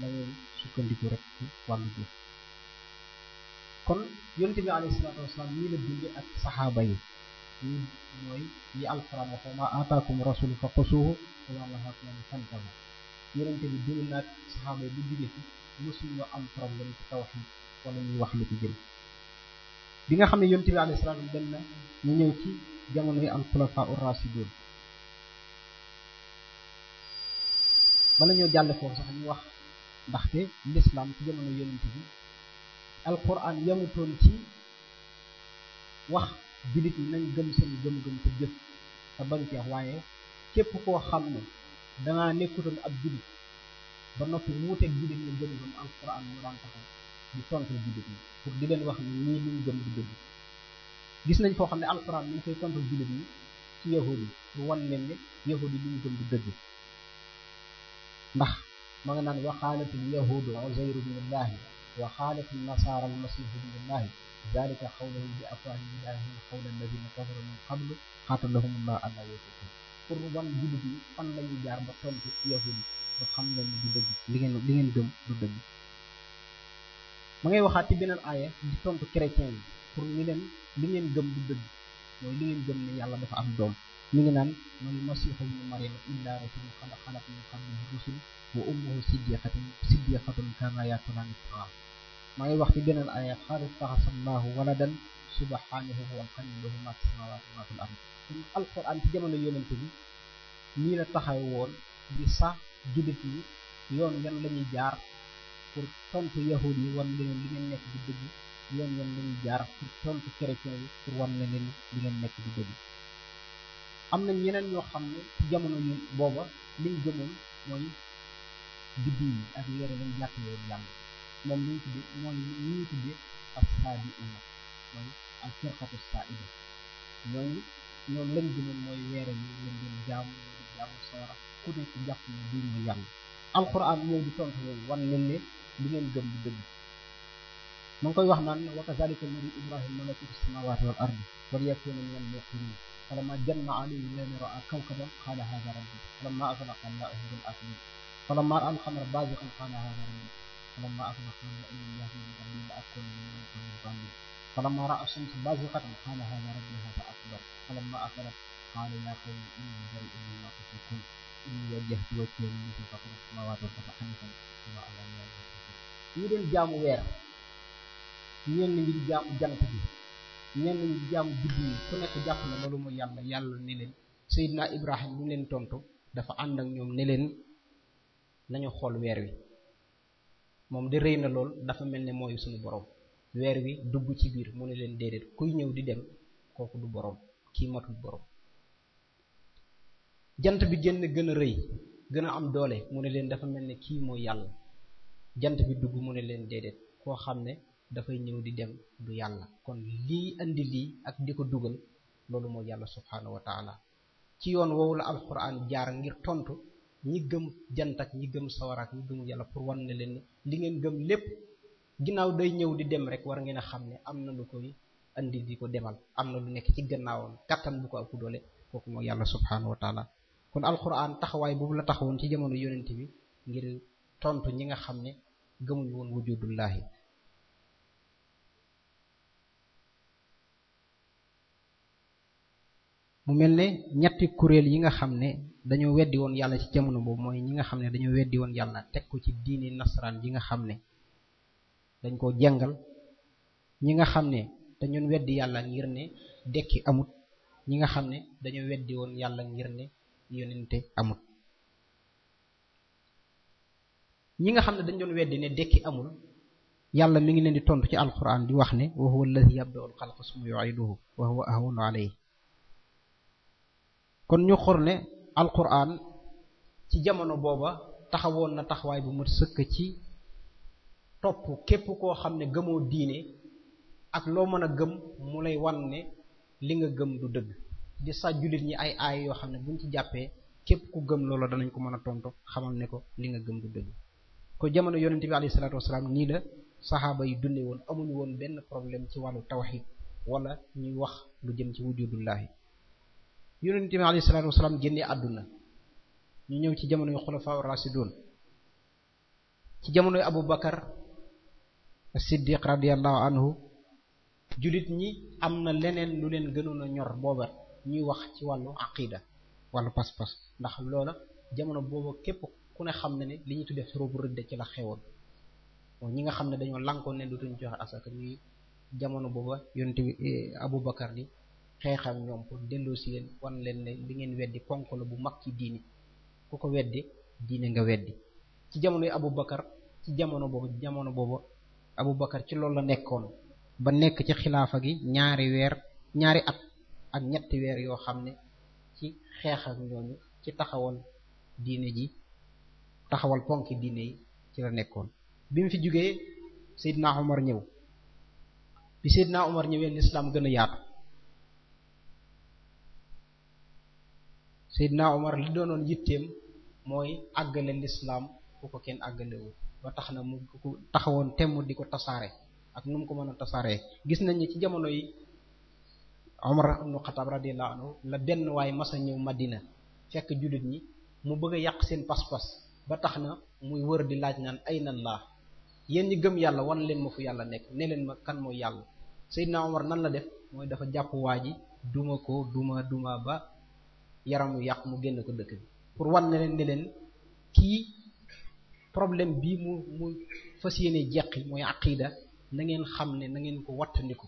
la ngeen sukkandiku rek ci wàllu jiix kon yonent bi alayhi salaatu wasalaam nii la dundee ak saxaaba yi yi mooy yi alxuraan wax ma ataakum rasul fa xusuuhu wa ma nahakum fantahu yonente bi dund naag saxaaba bu jóge ci mosuñu am problème ci tawxiid wala ñuy wax lu ci jëm bi nga xam ne yonente bi alayhi salaatu dem na ñu ñëw ci jamono al xulafa ur ci wax jullit ñi nañ gëm seen gëm-gëm te jëf te bañ ci waaye képp koo xam ne dangaa nekkutoon ab jullit ba noppi wuuteeg jullit ñi gëm-gëm alquran mu daan taxaw di tontu jullit ñi pour di leen wax ne ñii luñ gëm di dëgg gis nañ foo xam ne alquran mi ngi koy tontu jullit ñi ci yahudi yi pour wan leen ne yahudi yi luñ gëm di dëgg ndax ma nga naan waqaalatil yahudu uzayru binillahi wa xaalat nasaara almasihu ibnullahi dalika xawluhum bi afwahihim ilaahim xawla alladina kafaru min qablu xaatalahum allah anna yufakun pour wan jullit yi fan lañu jaar ba tontu yahudi ba xam leen du dëgg li ngeen li ngeen gëm du dëgg ma ngay waxaat ci beneen aaya di tontu chrétien yi pour ñu leen li ngeen gëm du dëgg mooy li ngeen gëm ne yàlla dafa am doom mi ngi naan mal masiixu ibnu maryama illaa rasulun qad xalat min qablihi rusul wa ummuhu siddiqatun siddiqatun kaana yaakulaani taam maa ngi wax ci beneen aya xaad ittaxasallaahu waladan subhanahu wa xani lahu ma fi samawaati ma fi l ard kon alquran ci jamono yonente bi nii la taxaw woon di sax jullit yi yoon yan la ñuy jaar pour tontu yahud yi wan leen li ngeen nekk di dëgg yoon yan la ñuy jaar pour tontu chrétien yi pour wan leen li ngeen nekk di dëgg am na ñeneen ñoo xam ne ci jamono yu booba liñ gëmoon mooy biddi yi ak leer lañ jàppee woon yàlla moom li ñu tuddee mooy li ñu tuddee ak saadi una mooy ak firqatu saida ñooñu ñoom lañ gënoon mooy weere yi lañ doon jaamu ñoo di jaamu soora ku nekk jàpp ne bii mooy yàlla alquran ñëw di tontu leen wan leen ne li ngeen gëm di dëgg ma ngi koy wax naan wa kazalika nuri ibrahima malakuta samawati wal ardi wal yakuna min al muqinin falamma janna alayhi layla raa kawkaban qala hada rabbi falamma afala qala ahadun aklim falamma ra al qamara baziqan qala hada rabbi فلما أفلح قال إن الله من ذنبي لأكل من ملك من ذنبي فلما رأى الشمس بازغة قال هذا ربها فأكبر فلما أفلت قال يا قوم إني بريء مما تشركون إني وجهت وجهي للذي فطر السماوات والأرض حنيفا وما أنا من المشركين ñi doon jaamu weer ñenn ñi di jaamu jant bi ñenn ñi di jaamu guddi yi ku nekk jàpp na loolu mooy yàlla yàlla ne leen Seydina Ibrahim lu leen tontu dafa ànd ak ñoom ne leen nañu xool weer wi moom di rëy na lool dafa mel ne mooy suñu borom weer wi dugg ci biir mu ne leen déedéet kuy ñëw di dem kooku du borom kii matul borom jant bi génn gën a rëy gën a am doole mu ne leen dafa mel ni kii mooy yàlla jant bi dugg mu ne leen déedéet koo xam ne dafay ñëw di dem du yàlla kon lii andi lii ak di ko dugal loolu mooy yàlla subhaanahu wa ci yoon woowu la jaar ngir tontu ñi gëm jant ñi gëm sawara ak ñi gëmu yàlla pour wan ne leen li ngeen gëm lépp ginnaaw day ñëw di dem rek war ngeen a xam ne am na lu koy andi di ko demal am na lu nekk ci gannaawam kattan bu ko ëpp doole foofu moo yàlla subhanahu wa taala kon alquran taxawaay boobu la taxawoon ci jamono yonent bi ngir tontu ñi nga xam ne gëmuñu woon wujudullahi mu mel ne ñetti kuréel yi nga xam ne dañoo weddi woon yàlla ci jamono boobu mooy ñi nga xam ne dañoo weddi woon yàlla teg ko ci diini nasaraan yi nga xam ne dañ koo jàngal ñi nga xam ne dañoon weddi yàlla ngir ne dekki amut ñi nga xam ne dañoo weddi woon yàlla ngir ne yonente amut ñi nga xam ne dañ doon weddi ne dekki amul yàlla mi ngi leen di tontu ci alquran di wax ne wa huwa alladi yabdau alxalqa kon ñu xor ne alquran ci jamono booba taxawoon na taxawaay bu mat sëkk ci topp képp koo xam ne gëmoo diine ak loo mën a gëm mu lay wan ne li nga gëm du dëgg di sa jullit ñi ay aay yoo xam ne buñ ci jàppee képp ku gëm loola danañ ko mën a tontu xamal ne ko li nga gëm du dëgg ko jamono yonente bi alayhi salaatu wasalaam nii la saxaaba yi dunde woon amuñu woon benn problème ci wàllu tawxid wala ñuy wax lu jëm ci wujudullahi yonent bi alayhi salaatu salaam génne àdduna ñu ñëw ci jamono yu xulafaa rasidun ci jamonoy Abu Bakar as-Siddiq radiyallahu anhu jullit ñi am na leneen lu leen gënoon a ñor booba ñuy wax ci wàllu aqida wàllu pas-pas ndax loola jamono booba képp ku ne xam ne ne li ñuy tuddee xurubu rëdd ci la xewoon ñi nga xam ne dañoo lankoon ne dutuñu joxe asaka ñuy jamono booba yonent bi eh, Abu Bakar di xeex ak ñoom pour delloo si leen wan leen ne li ngeen weddi ponk la bu mag ci diini ku ko weddi diine nga weddi ci jamono yi abu Aboubacar ci jamono boobu jamono boobu bakar ci loolu la nekkoon ba nekk ci xilaafa gi ñaari weer ñaari at ak ñetti weer yoo xam ne ci xeex ak ñooñu ci taxawal diine ji taxawal ponki diine yi ci la nekkoon bi mu fi jógee Seydina Omar ñëw bi Seydina Omar ñëwee l'islam gën a yaatu Seydina Omar li doonoon yitteem mooy àggale lislaam ku ko kenn àggalewul ba tax na mu taxawoon temm di ko tasaare ak nu mu ko mën a tasaaree gis nañ ci jamono yi Omar ibnu Xataab radiyallahu anhu la benn waay mas a ñëw Madina fekk jullit ñi mu bëgg a yàq seen pas-pas ba tax na muy wër di laaj naan ay nan laa yenn ñi gëm yàlla wan leen ma fu yàlla nekk ne leen ma kan mooy yàlla Seydina Omar nan la def mooy dafa jàpp waa ji duma ko duma duma ba yaram wu yàq mu génn ko dëkk bi pour wan na leen ne leen kii problème bii mu mu fas yéene jeqi mooy aqida na ngeen xam ne na ngeen ko wattandiku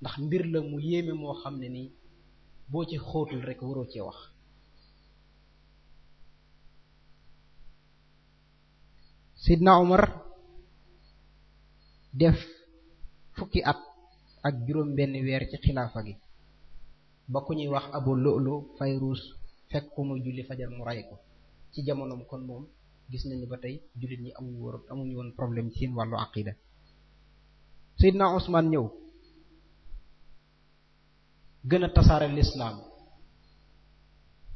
ndax mbir la mu yéeme moo xam ne nii boo ci xóotul rek waroo cee wax sidna Umar def fukki at ak juróom benn weer ci xilaafa gi ba ku ñuy wax abu lulu fayrus fekk ko julli fajar mu ray ko ci jamonoom kon moom gis nañu ba tey jullit ñi amuñu woon amuñu woon problème ci seen wàllu aqida Seydina Ousmane ñëw gën a tasaare lislaam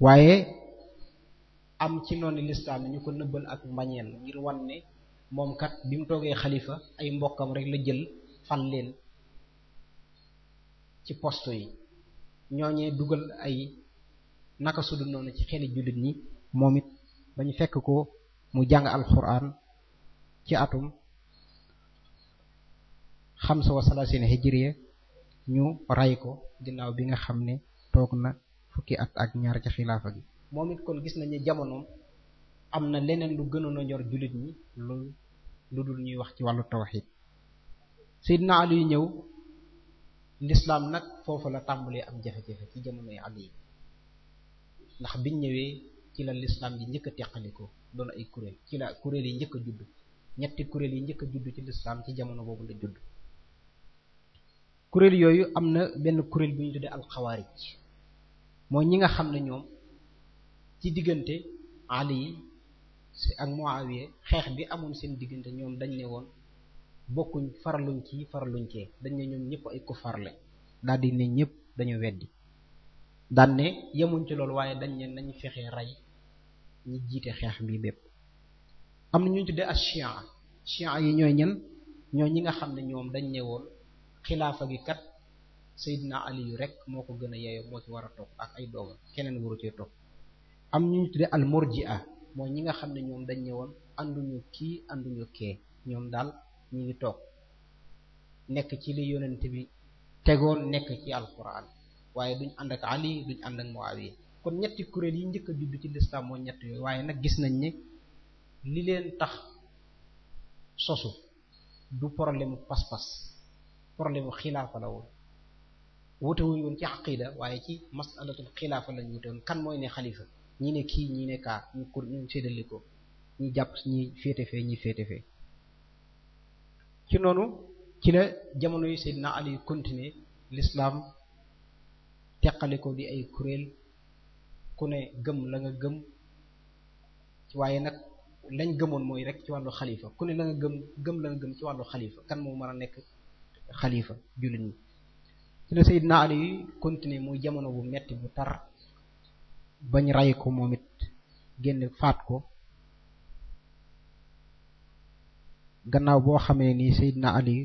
waaye am ci noonu lislaam ñu ko nëbbal ak mbañeel ngir wan ne moom kat bi mu toogee xalifa ay mbokkam rek la jël fal leen ci poste yi ñoo ñooñee dugal ay naka sudul noonu ci xeli jullit ñi moom it ba ñu fekk ko mu jàng alxuraan ci atum xamsa wa salasina hijriya ñu ray ko ginnaaw bi nga xam ne toog na fukki at ak ñaar ci xilaafa gi moom it kon gis nañu jamonoom am na leneen lu gënoon a ñor jullit ñi lu lu dul ñuy wax ci wàllu tawxid Seydina Ali ñëw lislaam nag foofu la tàmbalee ak jafe-jafe ci jamonoy yi ndax biñ ñëwee ci la lislaam ji njëkk a teqalikoo doon ay kuréel ci la kuréel yi njëkk a judd ñetti kuréel yi njëkk a judd ci lislaam ci jamono boobu la judd kuréel yooyu am na benn kuréel bu ñu tuddee alxawaarij mooy ñi nga xam ne ñoom ci diggante Ali si ak Muawiya xeex bi amoon seen diggante ñoom dañ ne woon bokkuñ farluñ kii farluñ kee dañ ne ñoom ñëpp ay kufaar lañ daal di ne ñëpp dañu weddi daan ne yemuñ ci loolu waaye dañ ne nañu fexe rey ñi jiite xeex bi bépp am na ñu tuddee ak chia chia yi ñooy ñen ñoo ñi nga xam ne ñoom dañ ne woon gi kat Seydina Ali yu rek moo ko gën a yeeyoo moo ci war a toog ak ay doomam keneen waru cee toog am ñu ñu tuddee al murji'a mooy ñi nga xam ne ñoom dañ ñëwoon woon ànduñu kii ànduñu kee ñoom daal ñi ngi toog nekk ci li yonent bi tegoon nekk ci alquran waaye duñ ànd ak ali duñ ànd ak muawiya kon ñetti kuréel yi njëkk a ci lislaam mooy ñett yooyu waaye nag gis nañ ne li leen tax sosu du problème pas-pas problème xilaafa la woon wute wuñ woon ci aqida waaye ci masalatul xilaafa lañ wute kan mooy ne xalifa ñi ne kii ñi ne kaa ñu kur ñu ko ñi jàpp ñi féete fee ñi féete fee ci noonu ci la jamono yu Seydina Ali continuer l'islam teqale teqaliko di ay kuréel ku ne gëm la nga gëm waaye nag lañ gëmoon mooy rek ci wàllu xalifa ku ne la nga gëm gëm la nga gëm ci wàllu xalifa kan moo mën a nekk xalifa jullit ñi ci la Seydina Ali continuer muy jamono bu metti bu tar bañ ray ko moom it génne faat ko gannaaw boo xamee ni seyd Seydina Ali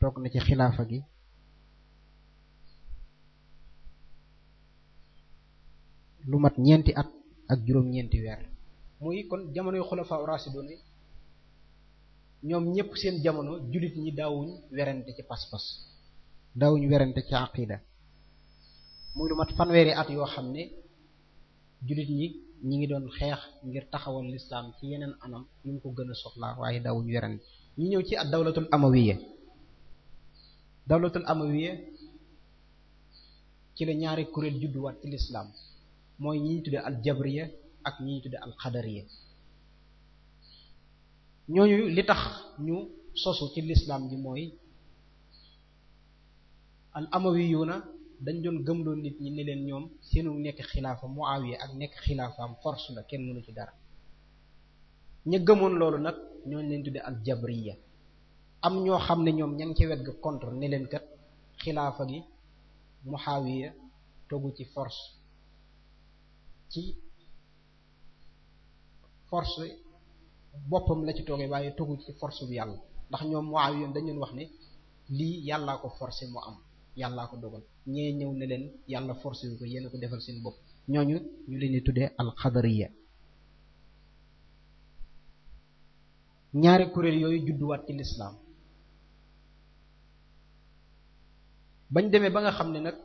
toog na ci xilaafa gi lu mat ñeenti at ak juróom-ñeenti weer muy kon jamonoy xulafaa raasidoon yi ñoom ñépp seen jamono jullit ñi daawuñ werante ci pas-pas daawuñ werante ci aqida muy lu mat fanweeri at yoo xam ne jullit ñi ñi ngi doon xeex ngir taxawal lislaam ci yeneen anam yu mu ko gën a soxlaa waaye daawuñ weren ñu ñëw ci ak dawlatul amawiye dawlatul amawiye ci la ñaari kuréel judduwaat ci lislaam mooy ñi ñu tudde al jabriya ak ñi ñu tudde al xadariya ñooñu li tax ñu sosu ci lislaam ji mooy al na dañ doon gëmloo nit ñi ni leen ñoom seenu nekk xilaafa Muawiya ak nekk xilaafaam force la kenn mënu ci dara ña gëmoon loolu nag ñooñ leen ak al jabriya am ñoo xam ne ñoom ña ngi ci wet ga contre ni leen kat xilaafa gi Muawiya togu ci force ci force boppam la ci toogee waaye togu ci force bu yàlla ndax ñoom Muawiya dañ leen wax ne lii yàllaa ko forcé mu am yàllaa ko dogal ñee ñëw ne leen yàlla forcé yu ko yéen ko defal seen bopp ñooñu ñu leen di tuddee alxadariya ñaari kuréel yooyu judduwaat ci lislaam bañ demee ba nga xam ne nag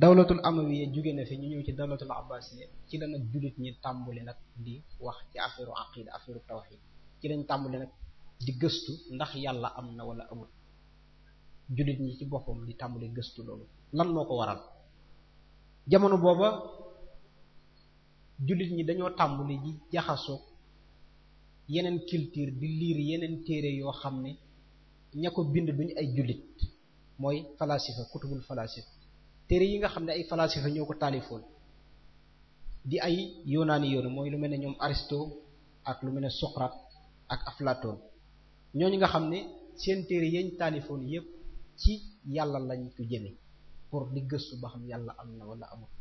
dawlatul amawiya jóge na fi ñu ñëw ci dawlatul abbasiya ci la nag jullit ñi tàmbali nag di wax ci affaire u aqida affaire u ci lañ tàmbali nag di gëstu ndax yàlla am na wala amul jullit ñi ci boppam di tàmbali gëstu loolu lan moo ko waral jamono booba jullit ñi dañoo tàmbali ji jaxasoo yeneen culture di liir yeneen téere yoo xam ne ña ko bind duñu ay jullit mooy falasifa kutubul falasifa téere yi nga xam ne ay falasifa ñoo ko taalifoon di ay yonaani yoonu mooy lu mel ne ñoom aristo ak lu mel ne Socrate ak Aflaton ñooñu nga xam ne seen téere yañ taalifoon yépp ci yàlla lañ ko jëme pour di gëstu ba xam yàlla am na wala amul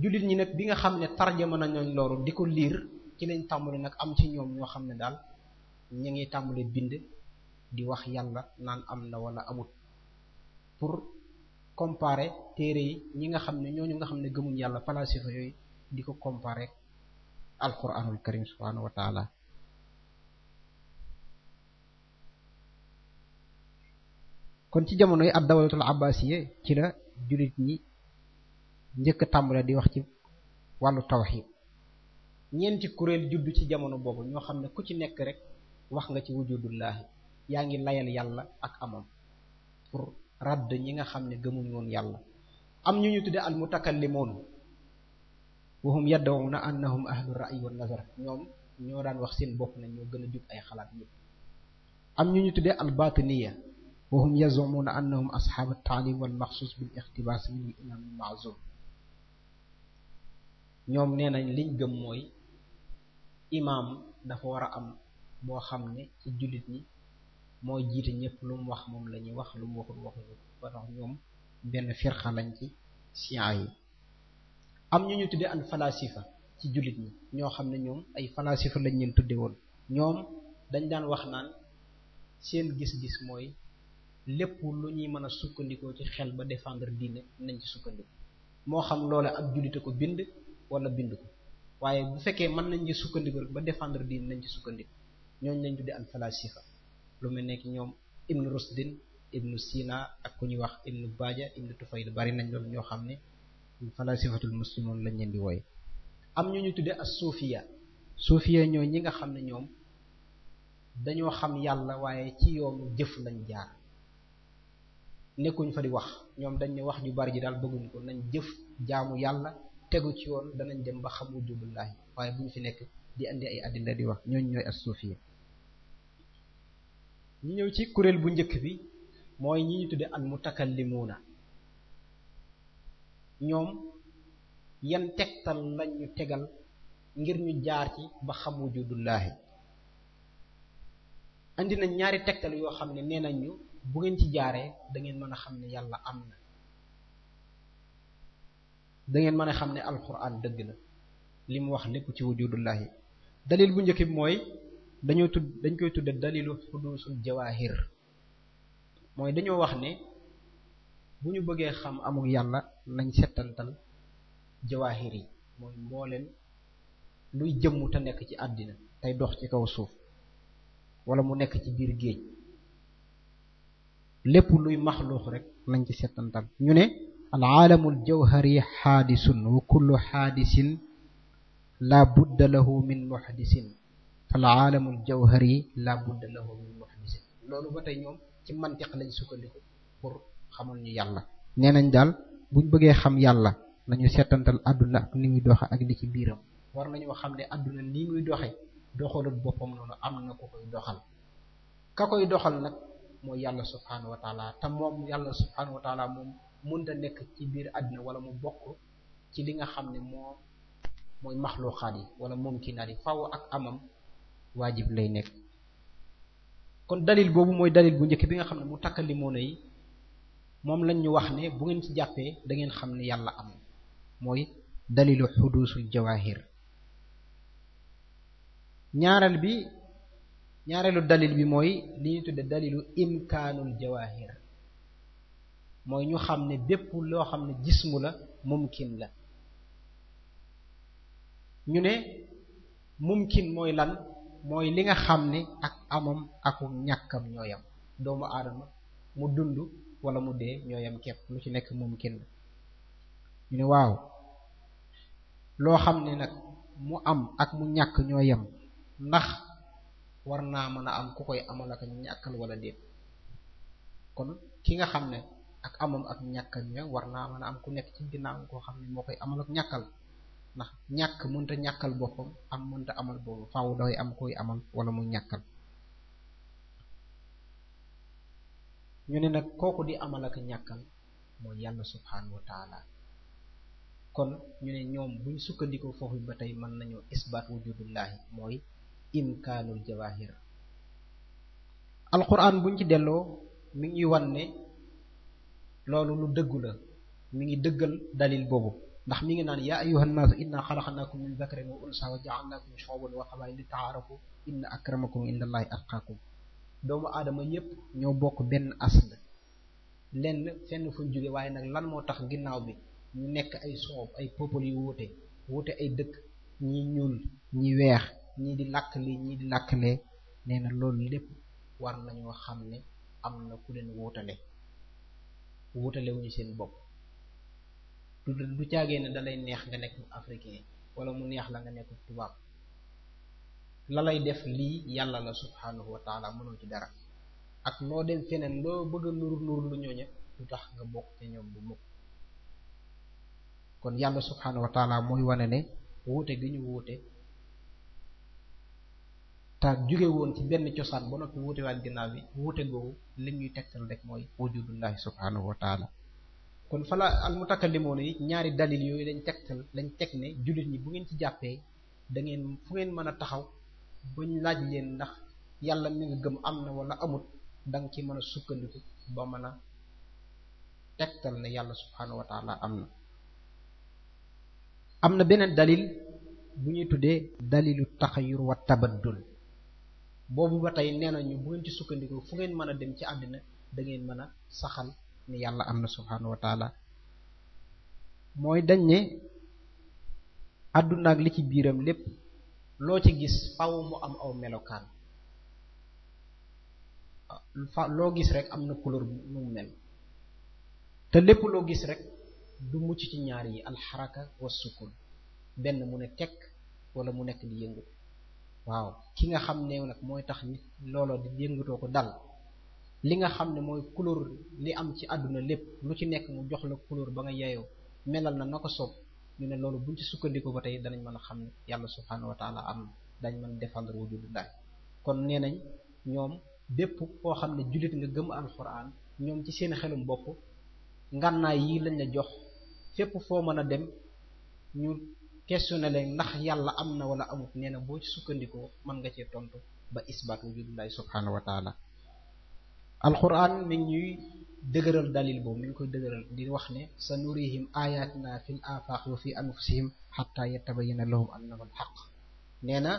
jullit ñi nag bi nga xam ne tarjama nañu loolu di ko liir ci lañ tàmbali nag am ci ñoom ñoo xam ne daal ñu ngi tàmbali bind di wax yàlla naan am na wala amut pour comparer téere yi ñi nga xam ne ñooñu nga xam ne gëmuñ yàlla falasifa yooyu di ko comparer alquranul karim subhanahu wa kon ci jamono yi ab dawlatul abbasiye ci la jullit ñi njëkk a di wax ci wàllu tawxiid ñeenti kuréel judd ci jamono boobu ñoo xam ne ku ci nekk rek wax nga ci wujudullaahi yaa ngi layal yàlla ak amam pour radd ñi nga xam ne gëmuñ woon yàlla am ñu ñu tudde al mutakallimoon wahum yaddawuna annahum ahlu ra'yi wa ñoom ñoo daan wax seen bopp nañ ñoo gën a jub ay xalaat yëpp am ñu ñu tudde al batiniya وهم يزعمون أنهم أصحاب التعليم والمخصوص بالاقتباس من الإمام المعزوم ñoom nee nañ liñ gëm mooy imaam dafa war a am boo xam ne ci jullit ñi mooy jiite ñëpp lum wax moom la ñuy wax lu mu waxul ñoom benn firxa lañ ci siyaa yi am ñu ñu tuddee an falasifa ci jullit ñi ñoo xam ne ñoom ay falasifa lañ leen tuddee woon ñoom dañ daan wax naan seen gis-gis mooy lépp lu ñuy mën a sukkandikoo ci xel ba défendre diine nañ ci sukkandiku moo xam loole ak jullite ko bind wala bind ko waaye bu fekkee mën nañ ci sukkandiku rek ba défendre diine nañ ci sukkandiku ñooñu lañ tuddee al falasifa lu mel nekk ñoom ibnu rusdin ibnu ak ku ñuy wax ibnu baja ibnu tufayl bari nañ loolu ñoo xam ne falasifatul muslimoon lañ leen di wooye am ñu ñu tuddee ak suufiya suufiya ñooy ñi nga xam ne ñoom dañoo xam yàlla waaye ci yoonu jëf lañ jaar nekkuñ fa di wax ñoom dañ wax ju bari ji daal bëgguñ ko nañ jëf jaamu yàlla tegu ci yoon danañ dem ba xam wujubullaahi waaye bu ñu fi nekk di indi ay àddina di wax ñooñ ñooy as ñu ñëw ci kuréel bu njëkk bi mooy ñi ñu tudde al mutakallimuuna ñoom yan tegtal lañ ñu tegal ngir ñu jaar ci ba xam wujudullaahi andi nañ ñaari tegtal yoo xam ne nee nañu bu ngeen ci jaaree dangeen mën a xam ne yàlla am na dangeen mën a xam ne alquran dëgg la li mu wax lépp ci wujudullahi dalil bu njëkk bi mooy dañoo tudd dañ koy tudde dalilu xudusul jawahir mooy dañoo wax ne bu ñu bëggee xam amul yàlla nañ settantal jawahir yi mooy mbooleen luy jëmm te nekk ci àddina tey dox ci kaw suuf wala mu nekk ci biir géej lépp luy max maxluux rek nañ ci settantal ñu ne al aalamul jawhari xaadisun wa kullu xaadisin la budda lahu min muxdisin fal aalamul jawhari la budda lahu min muxdisin loolu ba tey ñoom ci mantiq lañ sukkandiku pour xamal ñu yàlla nee nañ daal buñ bëggee xam yàlla nañu settantal àdduna ak ni muy doxe ak li ci biiram war nañoo xam ne àdduna ni muy doxe doxalut boppam noonu am na ku koy doxal ka koy doxal nag mooy yàlla subhanahu wa taala moom yàlla subhanahu wa taala moom mënta nekk ci biir àddina wala mu bokk ci li nga xam ne moo mooy maxluuxaat yi wala moom ki naat yi faw ak amam waajib lay nekk kon dalil boobu mooy dalil bu njëkk bi nga xam ne mu takkalimoona yi moom lañ ñu wax ne bu ngeen ci jàppee da ngeen xam ne yàlla am mooy dalilu xuduusul jawahir ñaareel bi ñaareelu dalil bi mooy li ñu tudde dalilu imkaanul jawahir mooy ñu xam ne bépp loo xam ne jismu la mumkin la ñu ne mumkin mooy lan mooy li nga xam ne ak amam aku ñàkkam ñooyam doomu aadama mu dund walla mu dee ñooyam képp lu ci nekk mumkin la ñu ne waaw loo xam ne nag mu am ak mu ñàkk ñooyam ndax war naa mën a am ku koy amal ak ñàkkal wala déet kon ki nga xam ne ak amam ak ñàkkam ya war mën a am ku nekk ci ginnaaw koo xam ne koy amal ñàkkal ndax ñàkk mënta ñàkkal boppam am mënta amal boobu faaw day am koy amal wala muy ñàkkal ñu ne nag kooku di amal ak ñàkkal mooy yàlla subhaanahu wa kon ñu ne ñoom buñ sukkandikoo foofu ba tey mën nañoo isbaat wujudullahi imkaanul jawahir alquran buñ ci delloo mi ngi wan ne loolu lu dëggu la mu ngi dëggal dalil boobu ndax mi ngi naan yaa ayuha nnaasu inna xalaqnaakum min zakarin wa unsa wa jaalnaakum shuuban wa qabaa'ila li taarafu inna akramakum inda allahi atqaakum doomu aadama yépp ñoo bokk benn asl lenn fenn fuñ jóge waaye nag lan moo tax ginnaaw bi ñu nekk ay soob ay peuple yu wuute wuute ay dëkk ñi ñuul ñi weex ñii di làkk li ñii di làkk lee nee na loolu lépp war nañoo xam ne am na ku leen wuutale wuutale ñu seen bopp du du caagee ne dalay neex nga nekk africain wala mu neex la nga nekk tubaab la lay def lii yàlla la subhanahu wa taala mënoo ci dara ak loo dem feneen loo bëgg a nuru lu ñooña du tax nga bokk ca ñoom bu mukk kon yàlla subhanahu wa taala mooy wane ne wuute gi ñu wuute te jóge woon ci benn cosaan ba noppi wuute waat ginnaaw bi wuute googu li ñuy tegtal rek mooy wujudullahi subhanahu wa taala kon fala al mutakallimoon yi ñaari dalil yooyu lañ tegtal lañ teg ne jullit ñi bu ngeen ci jàppee da ngeen fu ngeen mën a taxaw bañ laaj leen ndax yàlla mi nga gëm am na wala amut da nga ci mën a sukkandiku ba mën a tegtal ne yàlla subhanahu wa am na am na beneen dalil bu ñuy tuddee dalilu taxayur wa tabaddul boobu ba tey nee nañu bu ngeen ci sukkandiku fu ngeen mën a dem ci àddina dangeen mën a saxal ni yàlla am na subhaanahu mooy dañ ne àdduna ak li ci biiram lépp loo ci gis faaw mu am aw melokaan fa loo gis rek am na couleur nu mu mel te lépp loo gis rek du mucc ci ñaar yi alxaraka wa sukun benn mu ne tekk walla mu nekk di yëngu waaw ki nga xam ne nag mooy tax nit looloo di yëngatoo ko dal li nga xam ne mooy couleur li am ci àdduna lépp lu ci nekk mu jox la couleur ba nga yeyoo melal na na ko soob ñu ne loolu buñ ci sukkandiku ba tey danañ mën a xam ne yàlla subhanahu wa taala am dañ mën défendre wujudu kon nee nañ ñoom bépp koo xam ne jullit nga gëm alxuraan ñoom ci seen xelum bopp ngànnaay yi lañ la jox fépp foo mën a dem ñu questionné leen ndax yàlla am na wala amut nee na boo ci sukkandikoo man nga cee tontu ba isbaat wujudullahi subhanahu wa taala alquran mi ngi ñuy dëgëral dalil boobu mi ngi koy dëgëral di wax ne sa nurihim ayatina fil afaq wa fi anfusihim xatta yatabayana lahum annahu alxaq nee na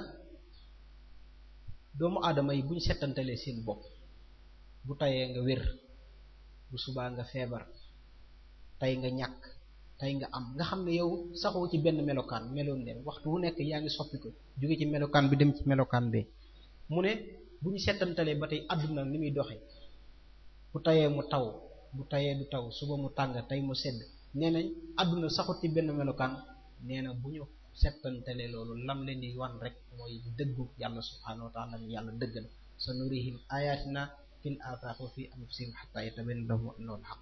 doomu aadama yi buñ settantalee seen bopp bu tayee nga wér bu subaa nga feebar tey nga ñàkk tey nga am nga xam ne yow saxoo ci benn melokaan meloon ne waxtu wu nekk yaa ngi soppi ko jóge ci melokaan bi dem ci melokaan bi mu ne bu ñu setantalee ba tey àdduna ni muy doxe bu tayee mu taw bu tayee du taw suba mu tàng tey mu sedd nee àdduna saxut ci benn melokaan nee na bu ñu seetantalee loolu lam leen di wan rek mooy dëggu yàlla subhaanahu wa taala yàlla dëgg la sa nurihim ayatina fil afaaq wa fi anfusihim xataa yatabayyana lahum annahu al xaq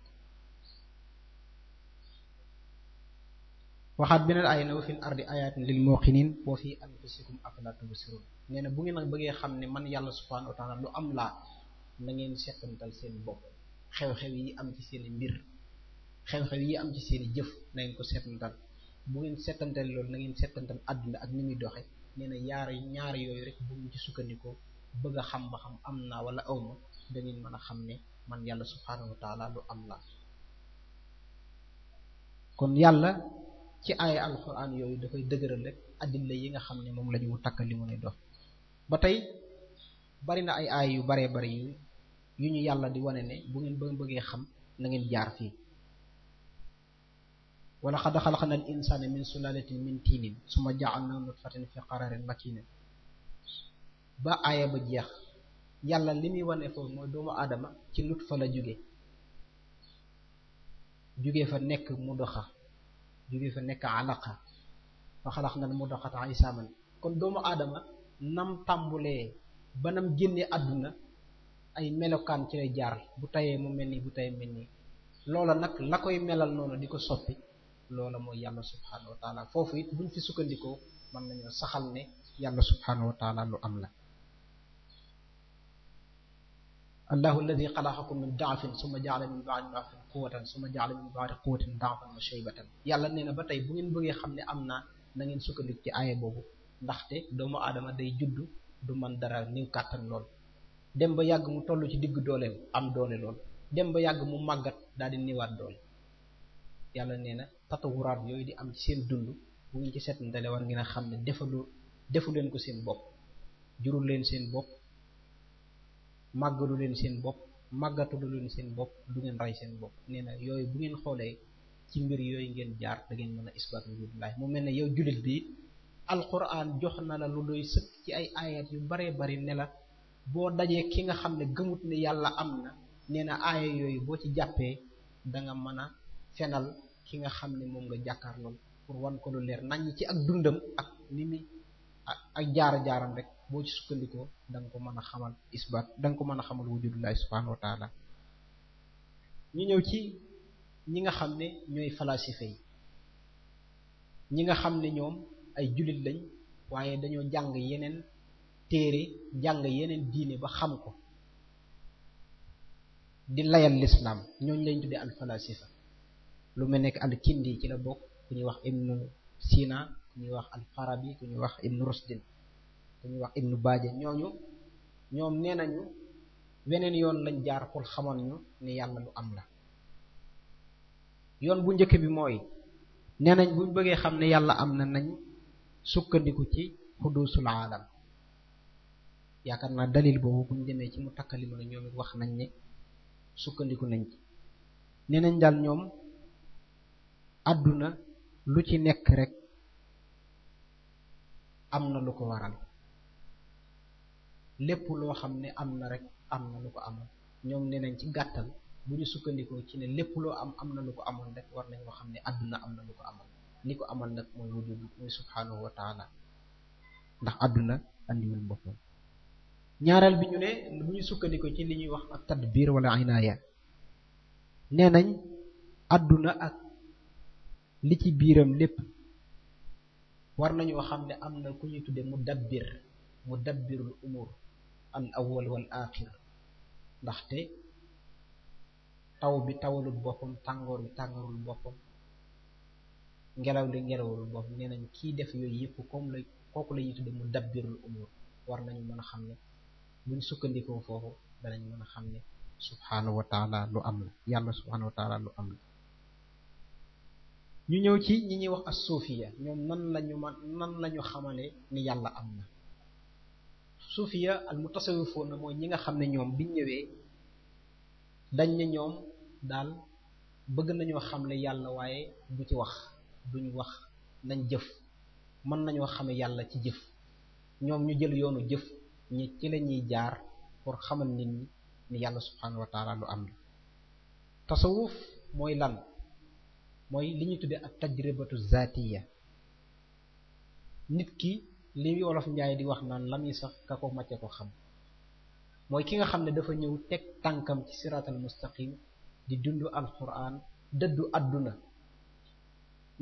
waxaat beneen aaya ne wa fil ardi ayatin lil muqinin wa fi anfusikum afala tubsirun nee na bu ngeen nag bëggee ne man yàlla subhanahu wa taala lu am laa na ngeen seqantal seen bopp xew yi am ci seen i mbir xew yi am ci seen jëf na ko seetantal bu ngeen seetantal loolu na ngeen seetantal àdduna ak ni muy doxe nee na yaar ñaar yooyu bu ngeen sukkandikoo bëgg a xam xam am naa wala awma mën a xam ne man yàlla subhanahu wa lu am laa kon yàlla ci aaya alquran yooyu dafay dëgëral rek addilla yi nga xam ne moom la ñu takk li mu ne dox ba tey bari na ay aaya yu bare bari yu yu ñu yàlla di wane ne bu ngeen bëggee xam na ngeen jaar fii wala xad xalaqna al insana min sulalatin min tiinin suma ja'alna nutfatan fi qararin makinin ba aaya ba jeex yàlla li muy wane foofu mooy doomu aadama ci nut fa la jóge jóge fa nekk mu doxa jógee fa nekk alaqa fa xalax na mu doxataa isaaman kon doomu aadama nam tàmbulee ba nam génnee àdduna ay melokaan ci lay jaar bu tayee mu mel nii bu tayee mel nii loola nag la koy melal noonu di ko soppi loola mooy yàlla subhanahu wa taala foofu it buñ fi sukkandikoo mën nañoo saxal ne yàlla subhanahu wa taala lu am la allahu alladi xalaqakum min daafin summa jaala min baadi daafin quwatan summa jaala min baadi quwatin daafan wa shaybatan yàlla nee na ba tey bu ngeen bëggee xam ne am naa na ngeen sukkandik ci aaya boobu ndaxte doomu aadama day judd du man dara niw kàttan lool dem ba yàgg mu toll ci diggu dooleem am doole lool dem ba yàgg mu màggat daal di niwaat doole yàlla nee na tatawuraat yooyu di am ci seen dund bu ngeen ci seetantale war ngeen a xam ne defalu defu leen ko seen bopp jurul leen seen bopp màggalu leen seen bopp màggatalu leen seen bopp du ngeen rey seen bopp nee na yooyu bu ngeen xoolee ci mbir yooyu ngeen jaar da ngeen mën a isbaat wujudullahi mu mel ne yow jullit bi alquran jox na la lu doy sëkk ci ay ayat yu baree bari ne la boo dajee ki nga xam ne gëmut ne yàlla am na nee na aaya yooyu boo ci jàppee da nga mën a fenal ki nga xam ne moom nga jàkkaarlool pour wan ko lu leer nañ ci ak dundam ak ni muy ak jaar-jaaram rek boo ci sukkandikoo danga ko mën a xamal isbaat danga ko mën a xamal wujudullahi subhanahu wa taala ñu ñëw ci ñi nga xam ne ñooy falasife yi ñi nga xam ne ñoom ay jullit lañ waaye dañoo jàng yeneen téere jàng yeneen diine ba xam ko di layal lislaam ñooñu lañ tuddee al falasifa lu mel nekk al kindi ci la bokk ku ñuy wax ibnu sina ku ñuy wax alfarabi ku ñuy wax ibnu rusdin ku ñuy wax ibnu baaje ñooñu ñoom nee nañu weneen yoon lañ jaar pour xamoon ñu ne yàlla lu am la yoon bu njëkk bi mooy nee nañ buñ bëggee xam ne yàlla am na nañ sukkandiku ci xudusul aalam yaakaar naa dalil boobu buñ demee ci mu takkalimu na ñoom wax nañ ne sukkandiku nañ ci nee nañ daal ñoom àdduna lu ci nekk rekk am na lu ko waral lépp loo xam ne am na rek am na lu ko amoon ñoom nee nañ ci gàttal bu ñu sukkandikoo ci ne lépp loo am am na lu ko amoon rek war xam ne àdduna am na lu ko amoon ko amoon nag mooy wujub muy subhanahu ndax àdduna andiwul boppam ñaareel bi ñu ne bu ñu sukkandikoo ci li ñuy wax ak tadbir wala inaaya nee nañ àdduna ak li ci biiram lépp war nañoo xam ne am na ku ñuy tudde mu dabbir mu dabbirul umur al awwal wal axir ndaxte taw bi tawalul boppam tàngoor bi tàngoorul boppam ngelaw li ngelawul boppam nee nañ kii def yooyu yëpp comme la kooku la ñuy tudde mu dabbirul umur war nañu mën a xam ne buñ sukkandikoo foofu danañ mën a xam ne subhaanahu wa taala lu am la yàlla subhaanahu lu am la ñu ñëw ci ñi ñuy wax ak suufiya ñoom nan lañu man nan lañu xamale ni yàlla am na suufiya al mutasawifoona mooy ñi nga xam ne ñoom bi ñëwee dañ ne ñoom daal bëgg nañoo xamle yàlla waaye du ci wax duñ wax nañ jëf mën nañoo xame yàlla ci jëf ñoom ñu jël yoonu jëf ñi ci la ñuy jaar pour xamal nit ñi ni yàlla subhanahu lu am na tasawuf mooy lan mooy li ñuy tuddee ak tajribatu zatiya nit ki li wolof njaay di wax naan lam yi sax ka ko macce ko xam mooy ki nga xam ne dafa ñëw teg tànkam ci siraatal mustaqim di dund alquran dëddu àdduna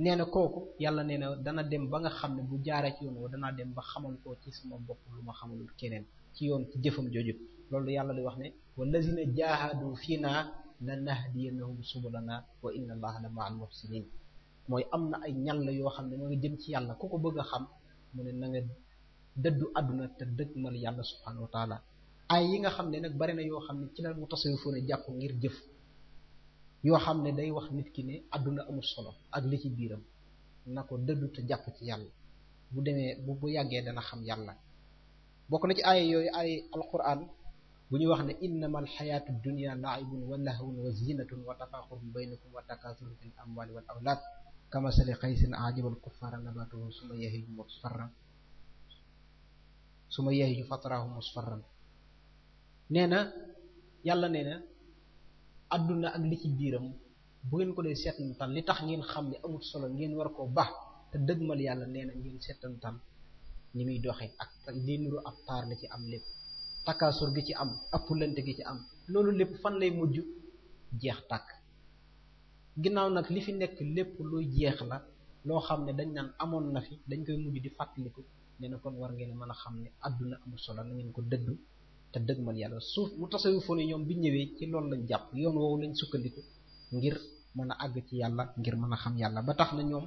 nee na kooku yàlla nee na dana dem ba nga xam ne bu jaaree ci yoon woo danaa dem ba xamal ko ci sama bopp lu ma xamalul keneen ci yoon ci jëfam jooju loolu yàlla di wax ne wallazina jaahadu fii naa la nahdiyannahum subulana wa inna allaha la ma'al muhsinin mooy am na ay ñal la yoo xam ne ma nga jëm ci yàlla ku ko bëgg a xam mu ne na nga dëddu àdduna te mal yàlla subhanahu wa taala ay yi nga xam ne nag bari na yoo xam ne ci la mu tasawufoon a jàpp ngir jëf yoo xam ne day wax nit ki ne àdduna amul solo ak li ci biiram na ko dëddu te jàpp ci yàlla bu demee bu bu yàggee dana xam yàlla bokk na ci aaya yooyu ay alquran bu ñu wax ne innama alxayaatu dunia laibun wa lahwun wa zinatun wa tafaxurun baynakum wa takasurun fi l amwali wal awlaad kamasali xaysin ajibal suma yahiju musfarran suma yahiju fatrahu musfarran na yàlla nee na adduna ak li biiram bu ngeen ko dee seetantal li tax ngeen xam ne amul solo ngeen war koo baax te dëgg mal yàlla nee na ngeen seetantal ni muy doxee ak li nuru ab taar la ci am lépp takkaasur gi ci am ëppulante gi ci am loolu lépp fan lay mujj jeex tàkk ginnaaw nag li fi nekk lépp luy jeex la loo xam ne dañ naan amoon na dañ koy mujj di fàttaliku nee na kon war mën a xam ne àdduna amul solo na ngeen ko dëddu te dëgmal yàlla suuf mu tasawufoon yi ñoom bi ñëwee ci loolu lañ jàpp yoon woowu lañ sukkandiku ngir mën a àgg ci yàlla ngir mën a xam yàlla ba tax na ñoom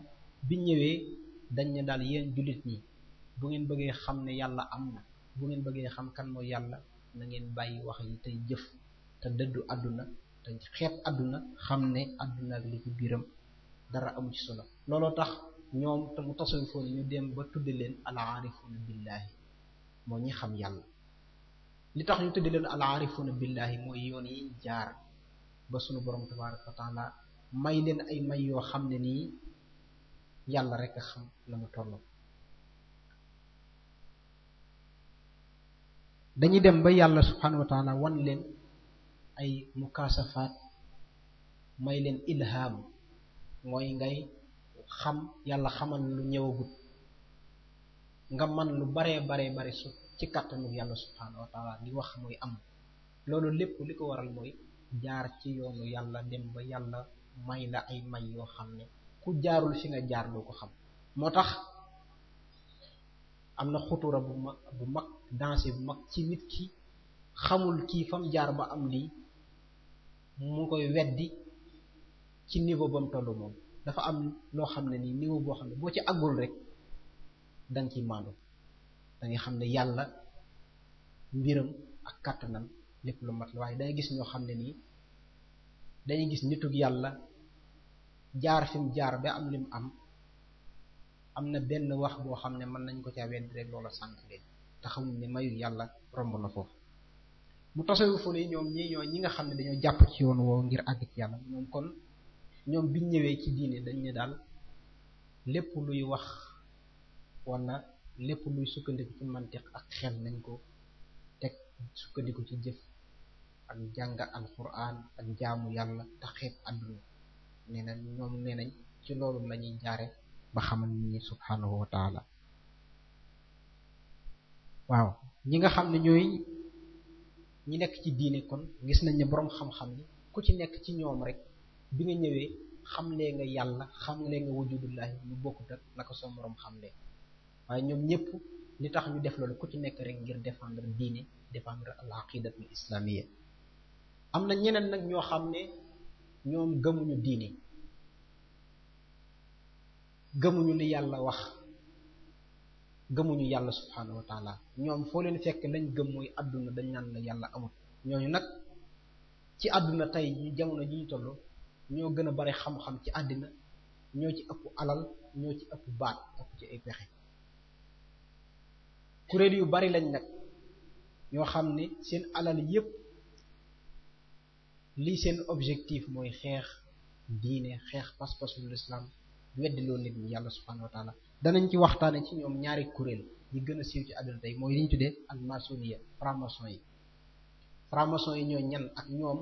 bi ñëwee dañ ne daal yéen jullit ñi bu ngeen bëggee xam ne yàlla am na bu ngeen bëggee xam kan mooy yàlla na ngeen bàyyi wax yi tey jëf te dëddu àdduna te xeeb àdduna xam ne àdduna ak li ci biiram dara amu ci solo looloo tax ñoom mu tasawufoon ñu dem ba tudd leen alaarifuuna billaahi moo ñi xam yàlla li tax ñu tudd leen alaarifuuna billaahi mooy yoon yi jaar ba sunu borom tabaraka wa may leen ay may yoo xam ne nii yàlla rek a xam la mu tolloo dañuy dem ba yàlla subhanahu wan leen ay mukaasafaat may leen ilhaamu mooy ngay xam yàlla xamal lu ñëwagut nga man lu baree baree bare su ci kàttanu yàlla subhanahu wa wax muy am loolu lépp li ko waral mooy jaar ci yoonu yàlla dem ba yàlla may la ay may yoo xam ne ku jaarul fi nga jaar doo ko xam moo tax am na xutura bu mag bu mag danger bu mag ci nit ki xamul kii fam jaar ba am lii mu koy weddi ci niveau bam toll moom dafa am loo xam ne nii niveau boo xam ne boo ci àggul rek da ci maanu maandu xam ne yàlla mbiram ak kàttanam lépp lu mat la waaye dangay gis ñoo xam ne nii dañuy gis nitug yàlla jaar fi jaar ba am lim am am na benn wax boo xam ne mën nañ ko caa wedd rek loola sànq leen te ne mayu yàlla romb na foofu mu tasawu fu yi ñoom ñi ñoo ñi nga xam ne dañoo jàpp ci yoon woo ngir àgg ci yàlla ñoom kon ñoom biñ ñëwee ci diine dañ ne daal lépp luy wax wala lépp luy sukkandiku ci mantiq ak xel nañ ko teg sukkandiku ci jëf ak jàng alquran ak jaamu yàlla te àdduna nee ñoom nee ci loolu lañuy jaare ba xamal nit ñi subhanahu waaw ñi nga xam ne ñooy ñi nekk ci diine kon gis nañ ne boroom xam-xam ni ku ci nekk ci ñoom rek bi nga ñëwee xam xamlee nga yàlla xam xamlee nga wujudullahi lu bokkut ak la ko soo boroom ne waaye ñoom ñëpp li tax ñu def loolu ku ci nekk rek ngir défendre diine défendre al aqidatul islamiyya am na ñeneen nag ñoo xam ne ñoom gëmuñu diine gëmuñu li yàlla wax gëmuñu yàlla subhaanahu wa ñoom foo leen fekk lañ gëm mooy àdduna dañ naan la yàlla amul ñooñu nag ci àdduna tey ñu jamono ji ñu toll ñoo gën a bari xam-xam ci àddina ñoo ci ëpp alal ñoo ci ëpp baat ëpp ci ay pexe kuréel yu bari lañ nag ñoo xam ni seen alal yépp lii seen objectif mooy xeex diine xeex pas-pasu l'islam weddiloo nit ñi yàlla subhanahu wa taala danañ ci waxtaane ci ñoom ñaari kuréel yi gën a siiw ci àdduna tey mooy li ñu tuddee ak maçonnier franc yi franc yi ñoo ñan ak ñoom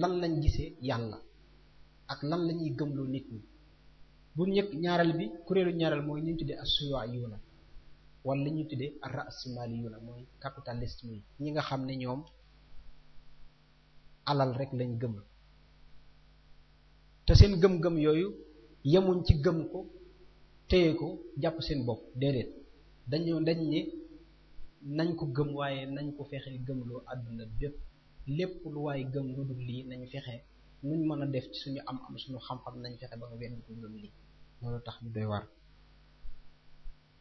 lan lañ gisee yàlla ak lan la ñuy gëmloo nit ñi bu ñëkk ñaareel bi kuréelu ñaareel mooy ñu tuddee asuwa yuuna wala li ñuy tuddee rasimali yuuna mooy capitaliste yi ñi nga xam ne ñoom alal rek lañ gëm te seen gëm-gëm yooyu yemuñ ci gëm ko téye ko jàpp seen bopp déedéet dañoo dañ ni nañ ko gëm waaye nañ ko fexe gëmloo àdduna bépp lépp lu waay gëm lu dul lii nañ fexe nuñ mën a def ci suñu am-am suñu xam-xam nañ fexe ba nga wenn ko gëm lii loolu tax ñu doy war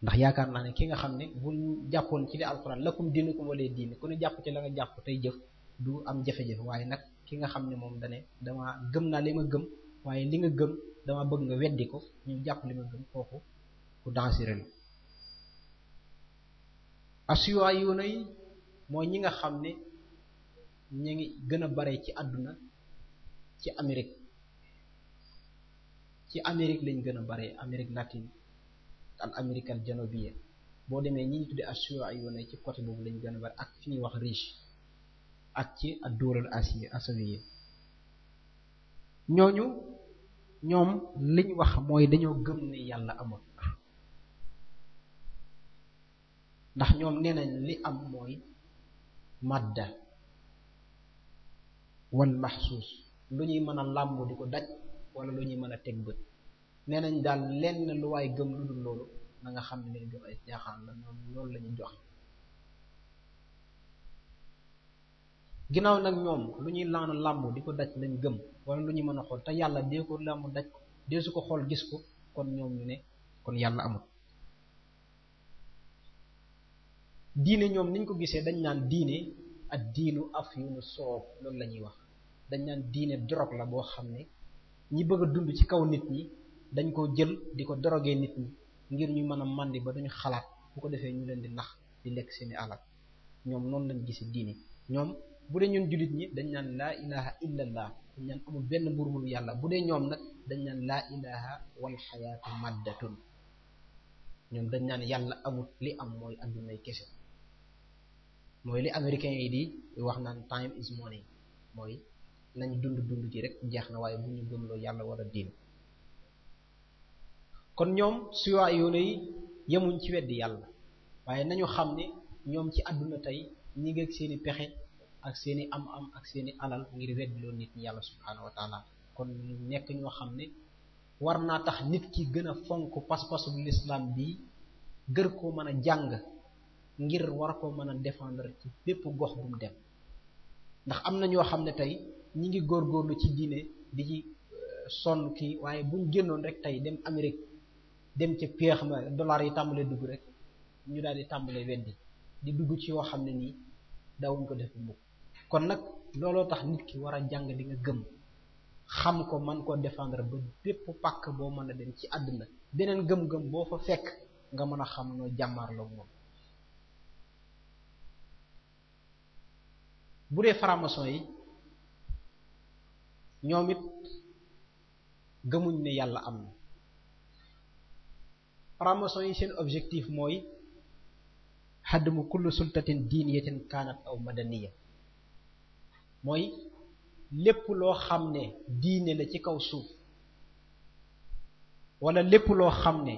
ndax yaakaar naa ne ki nga xam ne bu jàppoon ci li alxuraan dina diinukum wala diine ku ne jàpp ci la nga jàpp tey jëf du am jafe-jafe waaye nag ki nga xam ne moom dane dama gëm naa li ma gëm waaye li nga gëm dama bëgg nga weddi ko ñu jàpp li nga gëm kooku ku dangereux la assuwaayuuna yi mooy ñi nga xam ne ñu ngi gën a bare ci àdduna ci Amérique ci Amérique lañ gën a bare Amérique latine ak Amérique janoobiya boo demee ñi ñu tuddee assuwaayuuna yi ci côté boobu lañ gën a bare ak fi ñuy wax riche ak ci ak dóoral asie asawiye ñooñu ñoom liñ wax mooy dañoo gëm ni yàlla amul ndax ñoom nee nañ li am mooy madda wal maxsuus lu ñuy mën a làmb di ko daj wala lu ñuy mën a teg bët nee nañ daal lenn lu waay gëm lu dul loolu na nga xam ne leen gëm ay jaaxaan la ñoom loolu la jox ginnaaw nag ñoom lu ñuy laanu làmb di ko daj lañ gëm wala lu ñu mën a xool te yàlla dee ko làmb daj ko dee su ko xool gis ko kon ñoom ñu ne kon yàlla amul diine ñoom niñ ko gisee dañ naan diine ak diinu af yu nu soob loolu la wax dañ naan diine drogue la boo xam ne ñi bëgg a dund ci kaw nit ñi dañ ko jël di ko dorogee nit ñi ngir ñu mën a màndi ba duñu xalaat bu ko defee ñu leen di nax di lekk seeni alal ñoom noonu lañ gisee diine ñoom bu dee ñun jullit ñi dañ naan laa ilaha illallah dañ naan amul benn mburumul yàlla bu dee ñoom nag dañ naan laa ilaha wal xayaatu maddatun ñoom dañ naan yàlla amul li am mooy addunay kese mooy li américains yi di wax naan time is money mooy nañ dund dund ci rek jeex na waaye bu ñu gëmloo yàlla war a diin kon ñoom suwaa yoone yi yemuñ ci weddi yàlla waaye nañu xam ne ñoom ci àdduna tey ñi ngeeg seeni pexe ak seeni am-am ak seeni alal ngir weddiloo nit ñi yàlla subhaanahu wa kon nekk ñoo xam ne war naa tax nit ki gën a fonk pas-pasu lislaam bi gër koo mën a jàng ngir war koo mën a défendre ci bépp gox bu mu dem ndax am na ñoo xam ne tey ñi ngi góor góorgóorlu ci diine di ci euh, sonn kii waaye buñ génnoon rek tey dem Amérique dem ca péex ma dollar yi tàmbalee dugg rek ñu daal di tàmbalee weddi di dugg ci yoo xam ne nii dawuñ ko def mukk kon nag looloo tax nit ki war a jàng li nga gëm xam ko man koo défendre ba bépp pàkk boo mën a dem ci àddina beneen gëm-gëm boo fa fekk nga mën a xam noo jàmmaarloog moom bu dee franc yi ñoom it gëmuñ ne yàlla am na franc yi seen objectif mooy xadd mu kullu sultatin diiniyatin kaanat aw madaniya mooy lépp loo xam ne diine la ci kaw suuf wala lépp loo xam ne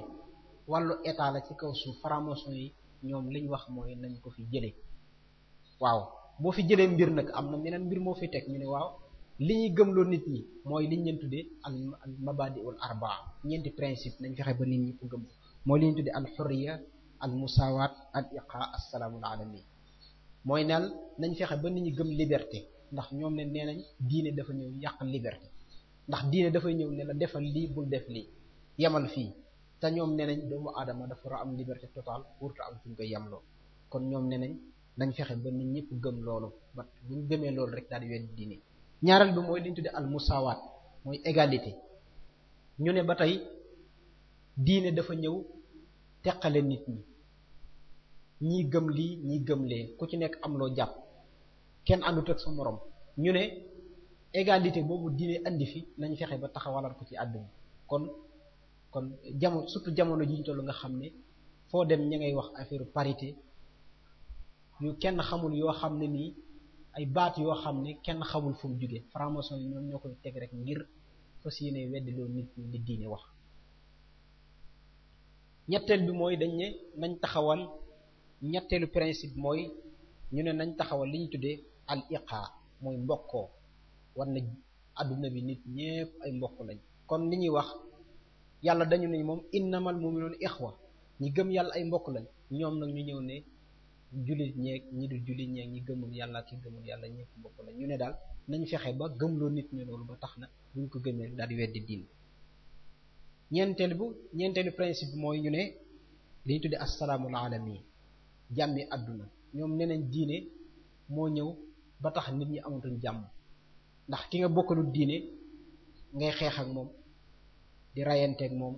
wàllu état la ci kaw suuf franc yi ñoom liñ wax mooy nañ ko fi jële waaw boo fi jëlee mbir nag am na meneen mbir moo fi teg ñu ne waaw li ñuy gëm gëmloo nit ñi mooy liñ leen tuddee al al mabadi ul arbaa ñeenti principe nañ fexe ba nit ñi ko gëm mooy li ñu tuddee al xurriya al musawaat al iqa asalaamul alami mooy naan nañ fexe ba nit ñi gëm liberté ndax ñoom ne nee nañ diine dafa ñëw yàq liberté ndax diine dafa ñëw ne la defal lii bul def lii yemal fii te ñoom ne nañ doomu aadama dafa war a am liberté totale wurtu am fu ñu koy yemloo kon ñoom ne nañ dañ fexe ba nit gëm loolu ba gëmee loolu rek daal di wedd diine ñaareel bi mooy li ñu mooy égalité ñu ne ba tey diine dafa ñëw teqale nit ñi gëm lii ñii gëm lee ku ci nekk am loo jàpp kenn àndut ak sa moroom ñu ne égalité boobu diine indi fi nañ fexe ba taxawalal ko ci àdduna kon kon jamono jamono ji ñu nga xam ne foo dem ña ngay wax affaire parité ñu kenn xamul yoo xam ne nii ay baat yoo xam ne kenn xamul fu mu jugee franc yi ñoom ñoo koy teg rek ngir fas yéene weddi loolu nit ñi di diine wax ñetteel bi mooy dañ ne nañ taxawal ñetteelu principe mooy ñu ne nañ taxawal liñ ñu tuddee al iqa mooy mbokkoo war na àdduna bi nit ñépp ay mbokk lañ kon li ñuy wax yàlla dañu ne moom innamal muminuun ixwa ñi gëm yàlla ay mbokk lañ ñoom nag ñu ñëw ne jullit ñeeg ñi du jullit ñeeg ñi gëmul yàlla ki gëmul yàlla ñépp mbokk lañ ñu ne daal nañ fexe ba gëmloo nit ñi loolu ba tax na buñ ko gëmee daal di weddi diin ñeenteel bu ñeenteelu principe mooy ñu ne li ñu tuddee asalaamul alami jàmmi àdduna ñoom neneen diine moo ñëw ba tax nit ñi amatuñ jàmm ndax ki nga bokkalul diine ngay xeex ak moom di rayanteeg moom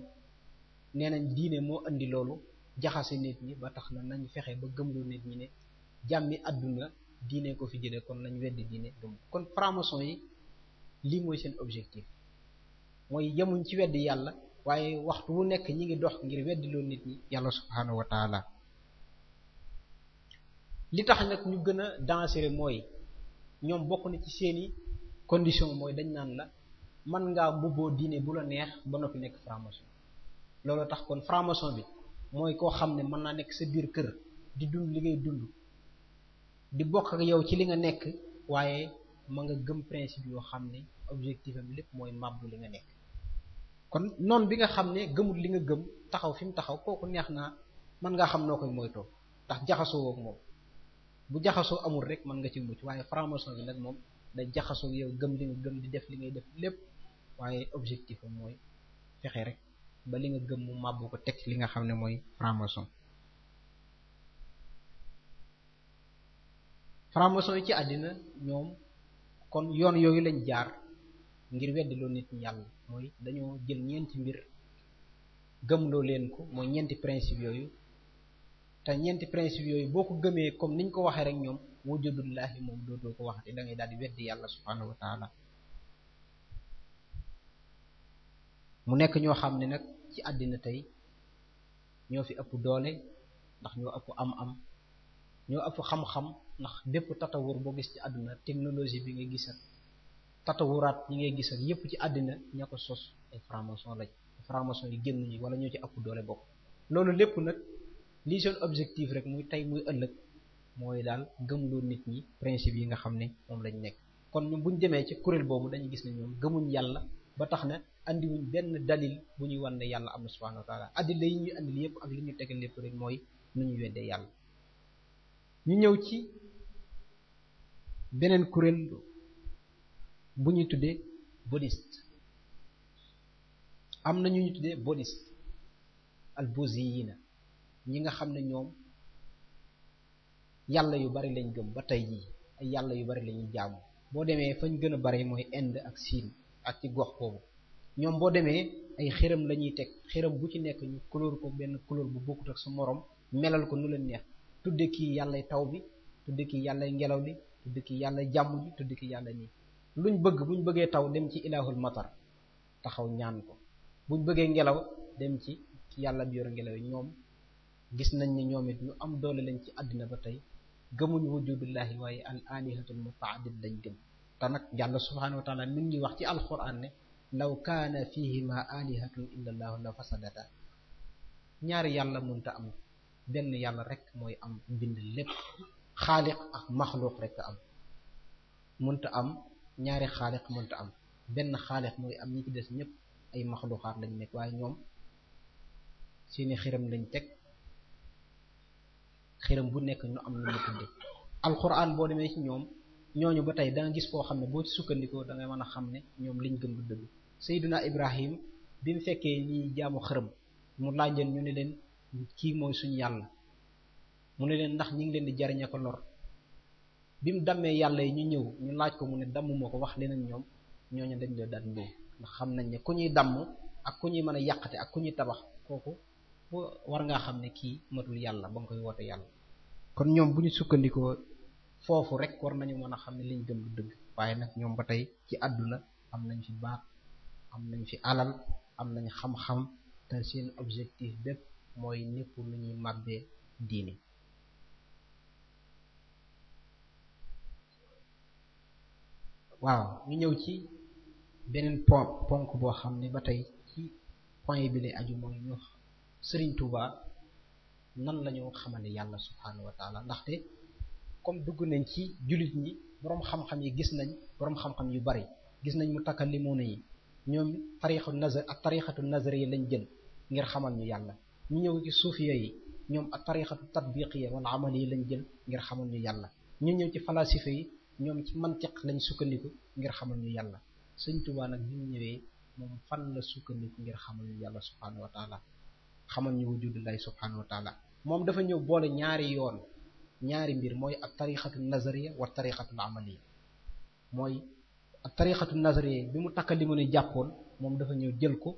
nee nañ diine moo indi loolu jaxase nit ñi ba tax na nañ fexe ba gëmloo nit ñi ne jàmmi àdduna diine ko fi jëlee kon nañ weddi diine gëm kon franc yi lii mooy seen objectif mooy yemuñ ci weddi yàlla waaye waxtu wu nekk ñi ngi dox ngir weddi loo nit ñi yàlla subhaanahu wa taala li tax nag ñu gën a dangereux mooy ñoom bokk na ci seeni condition mooy dañ naan la man ngaa mbubboo diine bu la neex ba noppi nekk franc-maçon loolu tax kon franc bi mooy koo xam ne mën naa nekk sa biir kër di dund li ngay dund di bokk ak yow ci li nga nekk waaye ma nga gëm principe yoo xam ne objectif am lépp mooy màbbu li nga nekk kon noonu bi nga xam ne gëmul li nga gëm taxaw fi mu taxaw kooku neex naa mën ngaa xam noo koy moytoo ndax jaxasoo ak moom bu jaxasoo amul rek mën nga ci mucc waaye franc-maçon bi nag moom da jaxasoo yow gëm li nga gëm di def li ngay def lépp waaye objectif mooy fexe rek ba li nga gëm mu màbbu ko teg li nga xam ne mooy franc-maçon yi ci àddina ñoom kon yoon yooyu lañ jaar ngir weddiloo nit ñi yàlla mooy dañoo jël ñeenti mbir gëmloo leen ko mooy ñeenti principe yooyu te ñeenti principe yooyu boo ko gëmee comme niñ ko waxee rek ñoom wujudullahi moom dootoo ko waxati da ngay daal di weddi yàlla subhanahu wa taala mu nekk ñoo xam ne nag ci àddina tey ñoo fi ëpp doole ndax ñoo ëpp am-am ñoo ëpp xam-xam ndax bépp tatawur boo gis ci àdduna technologie bi ngay gisal tatawuraat ñi ngay gisal yépp ci àddina ña ko sos ay franc-maçon lañ franc yi génn ñi wala ñoo ci ëpp doole bokk loolu lépp nag lii seen objectif rek muy tey muy ëllëg mooy daal gëmloo nit ñi principe yi nga xam ne moom lañ nekk kon ñun buñ demee ci kuréel boobu dañuy gis nañu gëmuñ yàlla ba tax na andiwuñ benn dalil bu ñuy wan ne yàlla am na subhanahu wa yi ñuy andil yépp ak li ñu tegal lépp rek mooy nu ñu weddee yàlla ñu ñëw ci beneen kuréel bu ñuy tuddee bouddhiste am na ñu ñu tuddee bouddhiste albuzi yi na ñi nga xam ne ñoom yàlla yu bari lañ gëm ba tey jii yàlla yu bari lañuy jaamu boo demee fañ gën a bari mooy Inde ak Siin ak ci gox boobu ñoom boo demee ay xërëm lañuy teg xërëm bu ci nekk ñu couleur ko benn couleur bu bokkut ak sa morom melal ko nu leen neex tudde kii yàllay taw bi tudde kii yàllay ngelaw li tudde kii yàllay jàmm ji tudde kii yàlla nii luñ bëgg buñ bëggee taw dem ci ilahul matar taxaw ñaan ko buñ bëggee ngelaw dem ci yàlla bi yor ngelaw yi ñoom gis nañ ni ñoom it ñu am doole lañ ci àddina ba tey gëmuñ wujudullahi waaye al alihatul mutaadid lañ gëm te nag yàlla subhanahu wa taala mi ngi wax ci alquran ne law kaana fihima alihatun illallahu la fasadata ñaari yàlla munta am benn yàlla rek mooy am bind lépp xaaliq ak maxluuq rek am munta am ñaari xaaliq munta am benn xaaliq mooy am ñi ci des ñëpp ay maxluuqaat lañ nekk waaye ñoom seeni xiram lañ teg xiram bu nekk ñu am lu ñu tudde alquran boo demee ci ñoom ñooñu ba tey da gis koo xam ne boo ci sukkandikoo da ngay mën a xam ne ñoom liñ gëm du dëgg Seydina Ibrahim bi mu fekkee ñiy jaamu xërëm mu laaj leen ñu ne leen kii mooy suñu yàlla mu ne leen ndax ñi ngi leen di jariñe ko lor bi mu dammee yàlla yi ñu ñëw ñu laaj ko mu ne dammuma ko wax leen ak ñoom ñu dañ leen daan boobu ndax xam nañ ne ku ñuy damm ak ku ñuy mën a yàqate ak ku ñuy tabax kooku war ngaa xam ne kii matul yàlla ba nga koy woote yàlla kon ñoom bu ñu sukkandikoo foofu rek war nañu mën a xam ne liñ gëm du dëgg waaye nag ñoom ba tey ci àdduna am nañ fi baax am nañ fi alal am nañ xam-xam te seen objectif bépp mooy népp lu ñuy màbbee diine waaw ñu ñëw ci beneen ponk boo xam ne ba tey ci point bi lay aju mooy ñu sëriñ Touba nan la xamal ni yàlla subhanahu wa ndaxte comme dugg nañ ci jullit ñi boroom xam-xam yi gis nañ borom xam-xam yu bari gis nañ mu takkalimuuna yi ñoom tariixu nazar ak yi lañ jël ngir xamal ñu yàlla ñëw ci suufiya yi ñoom ak tariixatu tatbiqiya wala amal yi lañ jël ngir xamal ñu yàlla ñu ñëw ci falasifa yi ñoom ci mantiq lañ sukkandiku ngir xamal nu yàlla sëñ Tuubaa nag bi ñëwee moom fan la sukkandiku ngir xamal ñu yàlla subhanahu wa xamal ñu wujudullahi subhanahu wa taala moom dafa ñëw boole ñaari yoon ñaari mbir mooy ak tariqatu nazariya wa tariqatu amaliya mooy ak tariqatu nazariya bi mu takka li mu ne jàppoon moom dafa ñëw jël ko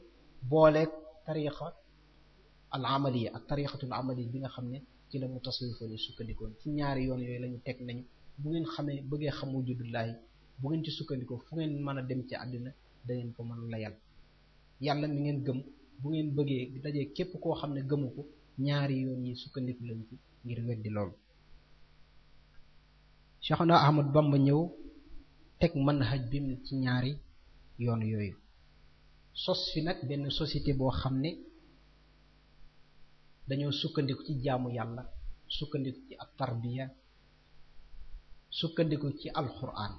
booleeg tariqa al amaliya ak tariqatul amaliya bi nga xam ne ci la mu tasawufoon sukkandikoon ci ñaari yoon yooyu lañu teg nañu bu ngeen xamee bëggee xam wujudullahi bu ngeen ci sukkandikoo fu ngeen mën a dem ci àddina da ngeen ko mën layal yàlla ngeen bu ngeen bëggee dajee képp koo xam ne gëmu ko ñaari yoon yi sukkandiku lañ ci ngir weddi loolu Cheikhuna Ahmad Bamba ñëw teg manhaj bi ci ñaari yoon yooyu sos fi nag benn société boo xam ne dañoo sukkandiku ci jaamu yàlla sukkandiku ci ab tarbiya sukkandiku ci alquran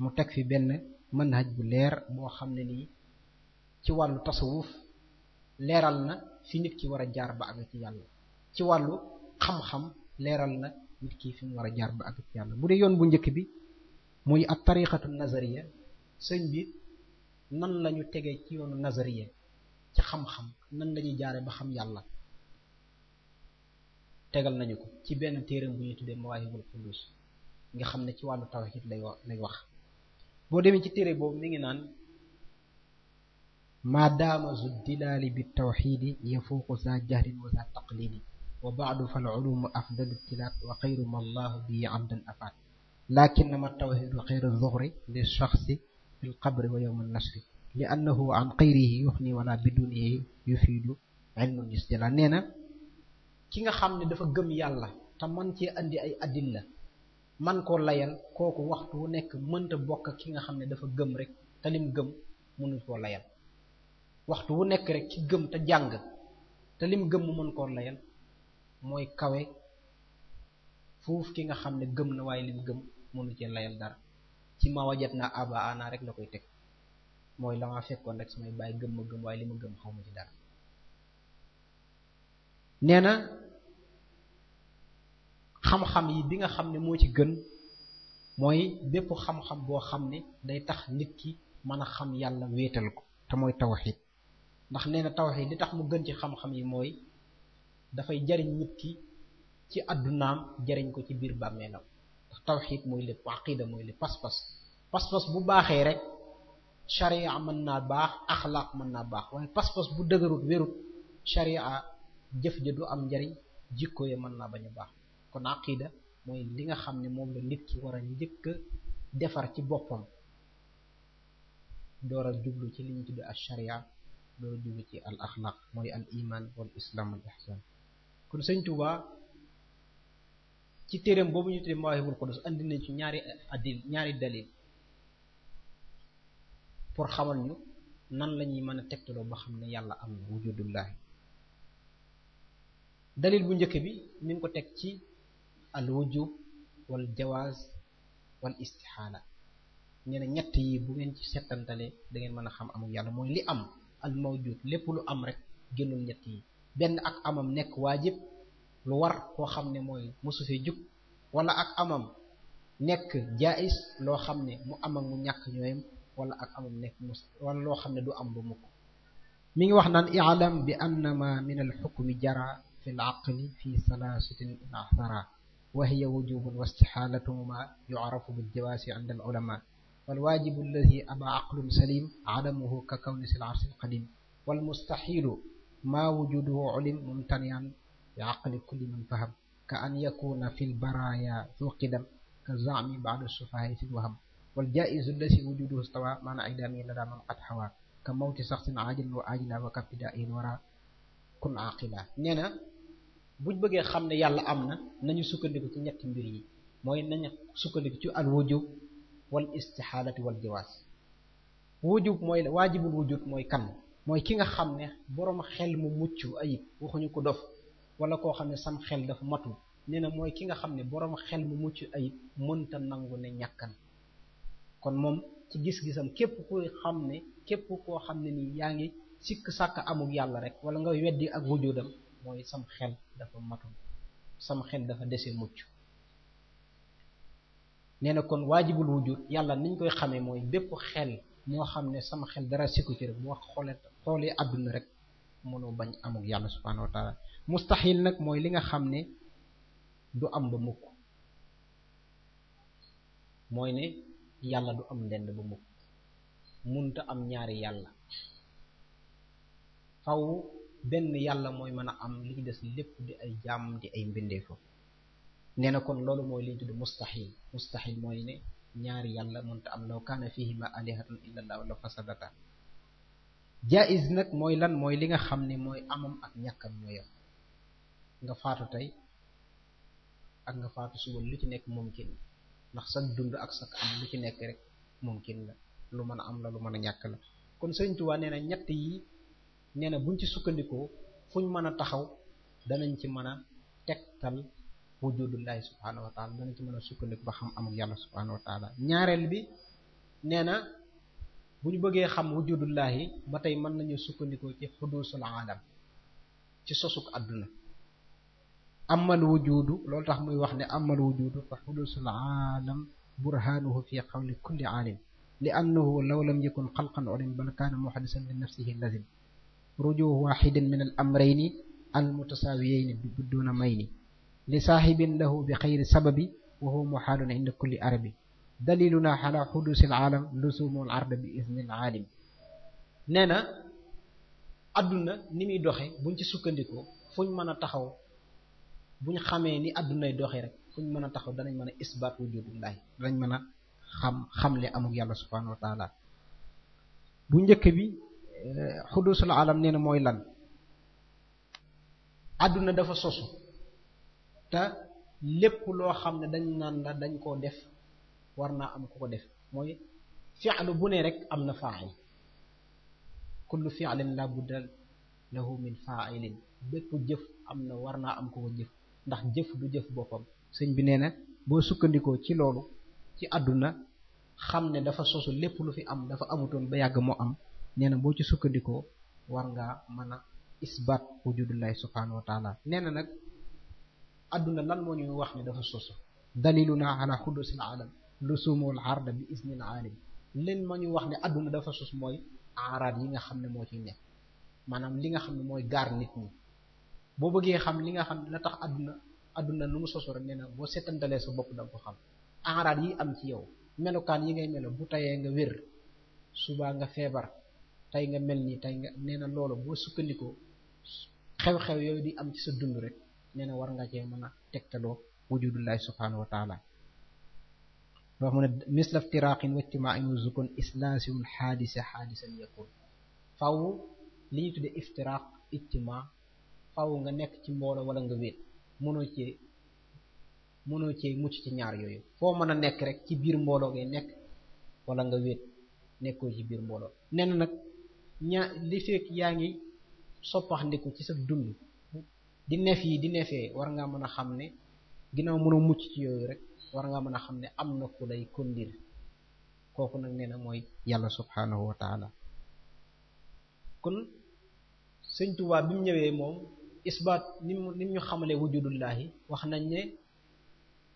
mu teg fi benn manhaj bu leer boo xam ne nii ci wàllu tasawuf leeral na fi nit ki war a jaar ba àgg ci yàlla ci wàllu xam leeral na ki fi mu war a jaar ba bu dee yoon bu njëkk bi muy ab tariqatu nazariya sëñ bi nan lañu tegee ci yoonu nazariya ci xam-xam nan lañuy jaare ba xam yàlla tegal nañu ko ci benn téeram bu ñuy tuddee mawaahibul quddus nga xam ne ci wàllu tawhid lay wax lay wax boo demee ci téere boobu mi ngi naan ما دام ذو الدلال بالتوحيد يفوق ذا جهل وذا تقليد وبعد فالعلوم أفضل التلاب وخير ما الله به عبدا أفعل لكنما التوحيد خير الظهر للشخص في القبر ويوم النشر لأنه عن غيره يخني ولا بدونه يفيد علم الاستدلال نينا كيغا خامني دا فا گم يالا تا مان تي اندي اي ادله man ko layal kooku waxtu wu nekk mënta bokk ki nga xam ne dafa gëm rek te lim gëm mënu koo layal waxtu wu nekk rek ci gëm te jàng te lim gëm mu mën koo layal mooy kawe fuuf ki nga xam ne gëm na waaye lim gëm mënu cee layal dara ci ma wajat naa aba ana rek la koy teg mooy la ma fekkoon rek samay bàyyi gëm ma gëm waaye li ma gëm xaw ma ci dara nee na xam-xam yi bi nga xam ne moo ci gën mooy bépp xam-xam boo xam ne day tax nit ki mën a xam yàlla wéetal ko te mooy tawxiid ndax nee na tawxiid li tax mu gën ci xam-xam yi mooy dafay jariñ nit ki ci addunaam jariñ ko ci biir bàmmeelam ndax tawxiid mooy lépp aqida mooy lépp pas-pas pas bu baaxee rek sharia mën naa baax mën naa baax waaye pas-pas bu dëgërut wérut sharia jëf ja du am njariñ jikko ya mën naa bañ a baax kon aqida mooy li nga xam ne moom la nit ki war a njëkk defar ci boppam dooral jublu ci li ñu tudd ak sharia loolu jóge ci al axlaq mooy al iman wal islam al ihsan kon sëñ Touba ci téeréem boobu ñu tuddee Mawahibul Qudus andi nañ ci ñaari addi ñaari dalil pour xamal ñu nan la ñuy mën a tegtaloo ba xam ne yàlla am na wujudullahi dalil bu njëkk bi mi ngi ko teg ci al wujub wal jawaas wal istixaala nee ñett yi bu ngeen ci settantale da ngeen mën a xam amul yàlla mooy li am al mawjud lépp lu am rek génnul ñett yi benn ak amam nekk waajib lu war koo xam ne mooy mosu fee jug wala ak amam nekk jaayis loo xam ne mu am mu ñàkk ñooyam wala ak amam nekk mus wala loo xam ne du am bu mukk mi ngi wax naan i'lam bi annama min al xukmi jara fi l aqli fi salaasatin a ahsara wa hiya wujubun wa istixaalatuhuma yucrafu biljawaasi inda al ulama فالواجب الذي أبى عقل سليم عدمه ككون في العرش القديم والمستحيل ما وجوده علم ممتنعا بعقل كل من فهم كأن يكون في البرايا ذو قدم كزعم بعد السفهاء في الوهم والجائز الذي وجوده استوى معنى إعدامه لدى من قد حوى كموت شخص عاجل وآجلا وكابتداء الورى kun aqila nee na buñ bëggee xam ne yàlla am na nañu sukkandiku ci ñetti mbir yi mooy nañu sukkandiku ci al wujub wal istixaalati wal jawaas wujub mooy waajibul wujud mooy kan mooy ki nga xam ne boroom xel mu mucc ayib waxuñu ko dof wala koo xam ne sam xel dafa matul nee na mooy ki nga xam ne boroom xel mu mucc ayib mënta nangu ne ñàkkan kon moom ci gis-gisam képp kuy xam ne képp koo xam ne nii yaa ngi sikk sàkk amul yàlla rek wala nga weddi ak wujudam mooy sam xel dafa matul sam xel dafa dese mucc nee na kon waajibul wujud yàlla niñ koy xamee mooy bépp xel moo xam ne sama xel dara siku ci rek boo xoolee xoolee àdduna rek mënoo bañ amul yàlla subhanahu wa taala mustaxil nag mooy li nga xam ne du am ba mukk mooy ne yàlla du am ndend ba mukk munta am ñaari yàlla faw benn yàlla mooy mën a am li ci des lépp di ay jaam di ay mbindeefam nee na kon loolu mooy li ñu tudd mustahil mustahil mooy ne ñaari yàlla mënta am law kaana fihima alihatun illa allah la fasadata jaiz nag mooy lan mooy li nga xam ne mooy amam ak ñàkkam ñoo yem nga faatu tey ak nga faatu suba lu ci nekk mumkin ndax sa dund ak sa am lu ci nekk rek mumkin la lu mën a am la lu mën a ñàkk la kon Sëriñ Tuubaa nee ñett yi nee na buñ ci sukkandikoo fuñ mën a taxaw danañ ci mën a tegtal wujudullahi subhanahu wa taala dana ci a sukkandiku ba xam amul yàlla subhanahu ñaareel bi nee na bu ñu bëggee xam wujudullahi ba tey man nañu sukkandikoo ci xudusul aalam ci sosuk àdduna amal wujudu loolu tax muy wax ne amal wujudu fa xudusul aalam burhanuhu fi qawli kulli aalim li annahu law lam yakun xalqan olim bal kaana muhadisan li nafsihi lazim rujuhu waxidin min al amrayni al mutasawiyayni bi duuna mayni li saaxibin lahu bi xayri sababi wa huwa muxaalun inda kulli arabi daliluna ala xudusi al aalam lusumu al bi idni al nee na àdduna ni muy doxe buñ ci sukkandikoo fuñ mën a taxaw buñ xamee ni addunay doxe rek fuñ mën a taxaw danañ mën a isbaat wujudullahi danañ mën a xam li amuk yàlla subhanahu wa bu njëkk bi eh, xudusul alam nee na mooy lan àdduna dafa sosu te lépp loo xam ne dañ naan la dañ koo def war naa am ku ko def mooy fi'lu bu ne rek am na faa'il kullu fi'lin la budda lahu min faa'ilin bépp jëf am na war naa am ku ko jëf ndax jëf du jëf boppam sëñ bi nee na boo sukkandikoo ci loolu ci àdduna xam ne dafa sosu lépp lu fi am dafa amutoon ba yàgg moo am nee boo ci sukkandikoo war nga mën a isbaat wujudullahi subhanahu wa nag àdduna lan moo ñuy wax ne dafa sosu daliluna ala xudusil alam lusumul arda bi isnil alim leen moo ñuy wax ne adduna dafa sos mooy araat yi nga xam ne moo ci ne maanaam li nga xam ne mooy gaar nit ñi boo bëggee xam li nga xam ne la tax àdduna adduna lu mu sosu rek nee na boo seetantalee sa bopp da nga ko xam araat yi am ci yow melokaan yi ngay melo bu tayee nga wér subaa nga feebar tey nga mel nii tey nga nee na loolu boo sukkandikoo xew-xew yooyu di am ci sa dund rek nee na war nga cee mën a tegtaloo wujudullahi subhanahu wa taala wax mu ne mislaf tiraqin wajtimain wa zukun islaasimun xaadisa xaadisan yakun faw li ñu tudde iftiraq ijtima faw nga nekk ci mbooloo wala nga wéet mënoo cee mënoo cee mucc ci ñaar yooyu foo mën a nekk rek ci biir mbooloo ngay nekk walla nga wéet nekkoo ci biir mbooloo nena nag ñaa li fekk yaa ngi soppaxndiku ci sa dund di nef yi di nefee war ngaa mën a xam ne ginaaw mën a mucc ci yooyu rek war ngaa mën a xam ne am na ku lay kondir kooku nag nee na mooy yàlla subhanahu wa taala kon suñ Tuubaa bi mu ñëwee moom isbaat ni mu ni ñu xamalee wujudullahi wax nañ ne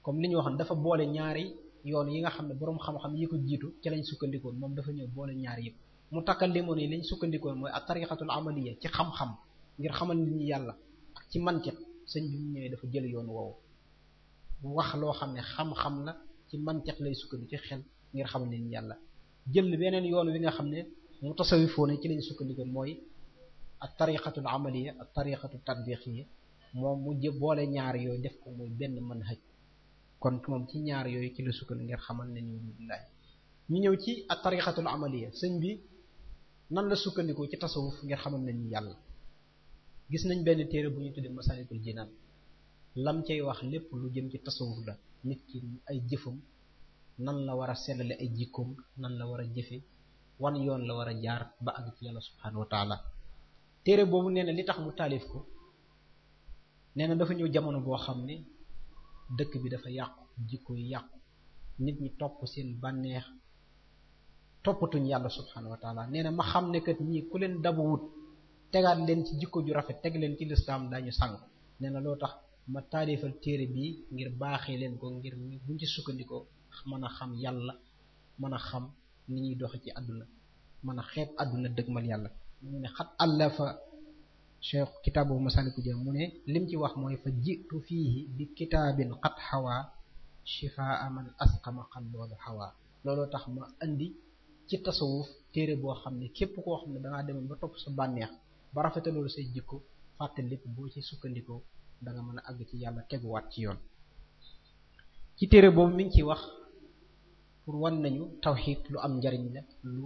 comme li ñu waxoon dafa boole ñaari yoon yi nga xam ne boroom xam-xam yi ko jiitu ci lañ sukkandikoon moom dafa ñëw boole ñaari yëpp mu takkallimoon yi lañ sukkandikoon mooy at tariqatul amaliya ci xam-xam ngir xamal nit yàlla ci mantiq sëñ bi mu ñëwee dafa jël yoon woowu bu wax loo xam ne xam-xam la ci mantiq lay sukkandi ci xel ngir xamal leen yàlla jël beneen yoon wi nga xam ne mu tasawifoo ne ci lañ sukkandiko mooy ak tariqatul amaliya ak tariqatu tatbiqiya moom mu jë boole ñaar yooyu def benn manhaj kon moom ci ñaar yooyu ci la sukkandi ngir xamal ne ñu ñëw ci ak tariqatul amaliya sëñ bi nan la sukkandikoo ci tasawuf ngir xamal ne ñu yàlla gis nañ benn téere bu ñu tuddee Masalikul Jinaan lam cay wax lépp lu jëm ci tasawuf la nit ki ay jëfam nan la war a sellale ay jikkoom nan la war a jëfe wan yoon la war a jaar ba àgg ci yàlla subhanahu wa téere boobu nee na li tax mu taalif ko nee na dafa ñëw jamono boo xam ne dëkk bi dafa yàqu jikko yi yàqu nit ñi topp seen bànneex toppatuñ yàlla subhanahu wa taala nee na ma xam ne ñii ku leen dabuwut tegaat leen ci jikko ju rafet teg leen ci lislaam daañu sànq nee na loo tax ma taalifal téere bi ngir baaxee leen ko ngir buñ ci sukkandikoo mën a xam yàlla mën a xam ni ñuy doxe ci àdduna mën a xeeb àdduna dëgmal yàlla mu ne xat àllafa cheikh kitaabu masaliku jëm mu ne lim ci wax mooy fa jitu fii di kitaabin xat xawa shifaa man asqama xalboobu xawa looloo tax ma andi ci tasawuf téere boo xam ne képp koo xam ne dangaa demoon ba topp sa bànneex ba rafetaloolu say jikko fàtte lépp boo ci sukkandikoo danga mën a àgg ci yàlla teguwaat ci yoon ci téere boobu mi ngi ciy wax pour wan nañu tawxiid lu am njariñ la lu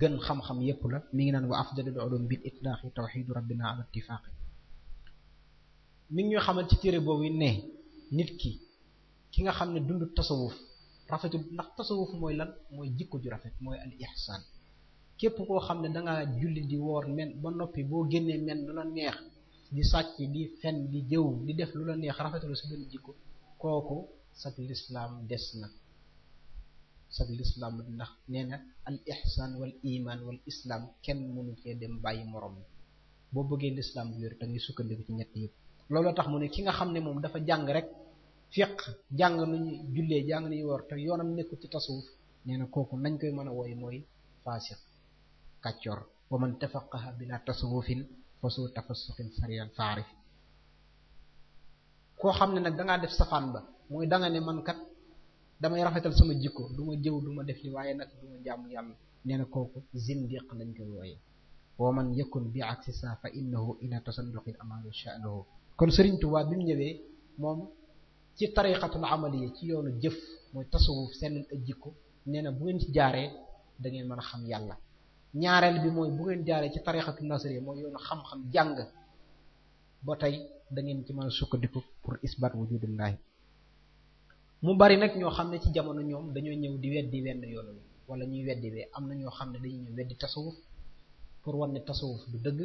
gën xam-xam yépp la mi ngi naan wa afdalul ulum bil itlaaqi tawxidu rabbina ala ittifaaqi mi ngi ñuy xamal ci téere boobu ne nit ki ki nga xam ne dund tasawuf rafetul ndax tasawuf mooy lan mooy jikko ju rafet mooy al ihsaan képp koo xam ne danga julli di woor men ba noppi boo génnee men lu la neex di sàcc di fen di jëw di def lu la neex rafetalu si benn jikko kooku sag lislaam des na sag lislaam ndax nee na al ihsaan wal iman wal islaam kenn mënu cee dem bàyyi morom boo bëggee lislaam bu wér da ngay sukkandiku ci ñett yëpp looloo tax mu ne ki nga xam ne moom dafa jàng rek fiq jàng nañu jullee jàng nañu woor te yoonam nekkul ci tasawuf nee na kooku nañ koy mën a wooy mooy faasiq kàccoor wa man tafaqaha bila tasawufin fa su tafassuxin sariyan faarif koo xam ne nag dangaa def safaan ba mooy danga ne man kat damay rafetal sama jikko du ma jëw du ma def li waaye nag du ma jaamu yàlla nee na kooku zindiq lañ koy wooye wa man yakun bi aksi sa fa innahu ila tasanduqin amalu sha'nuhu kon Sëriñ Tuubaa bi mu ñëwee moom ci tariqatul amaliya ci yoonu jëf mooy tasawuf seen ay jikko nee na bu ngeen ci jaaree da ngeen mën a xam yàlla ñaareel bi mooy bu ngeen jaaree ci tarixatu nasariya mooy yoonu xam-xam jàng ba tey dangeen ngeen ci mën a sukkandiku pour isbat wujudullahi mu bari nag ñoo xam ne ci jamono ñoom dañoo ñëw di weddi wenn yoon wi wala ñuy weddi bee am na ñoo xam ne dañuy ñëw weddi pour wan ne tasawuf du dëgg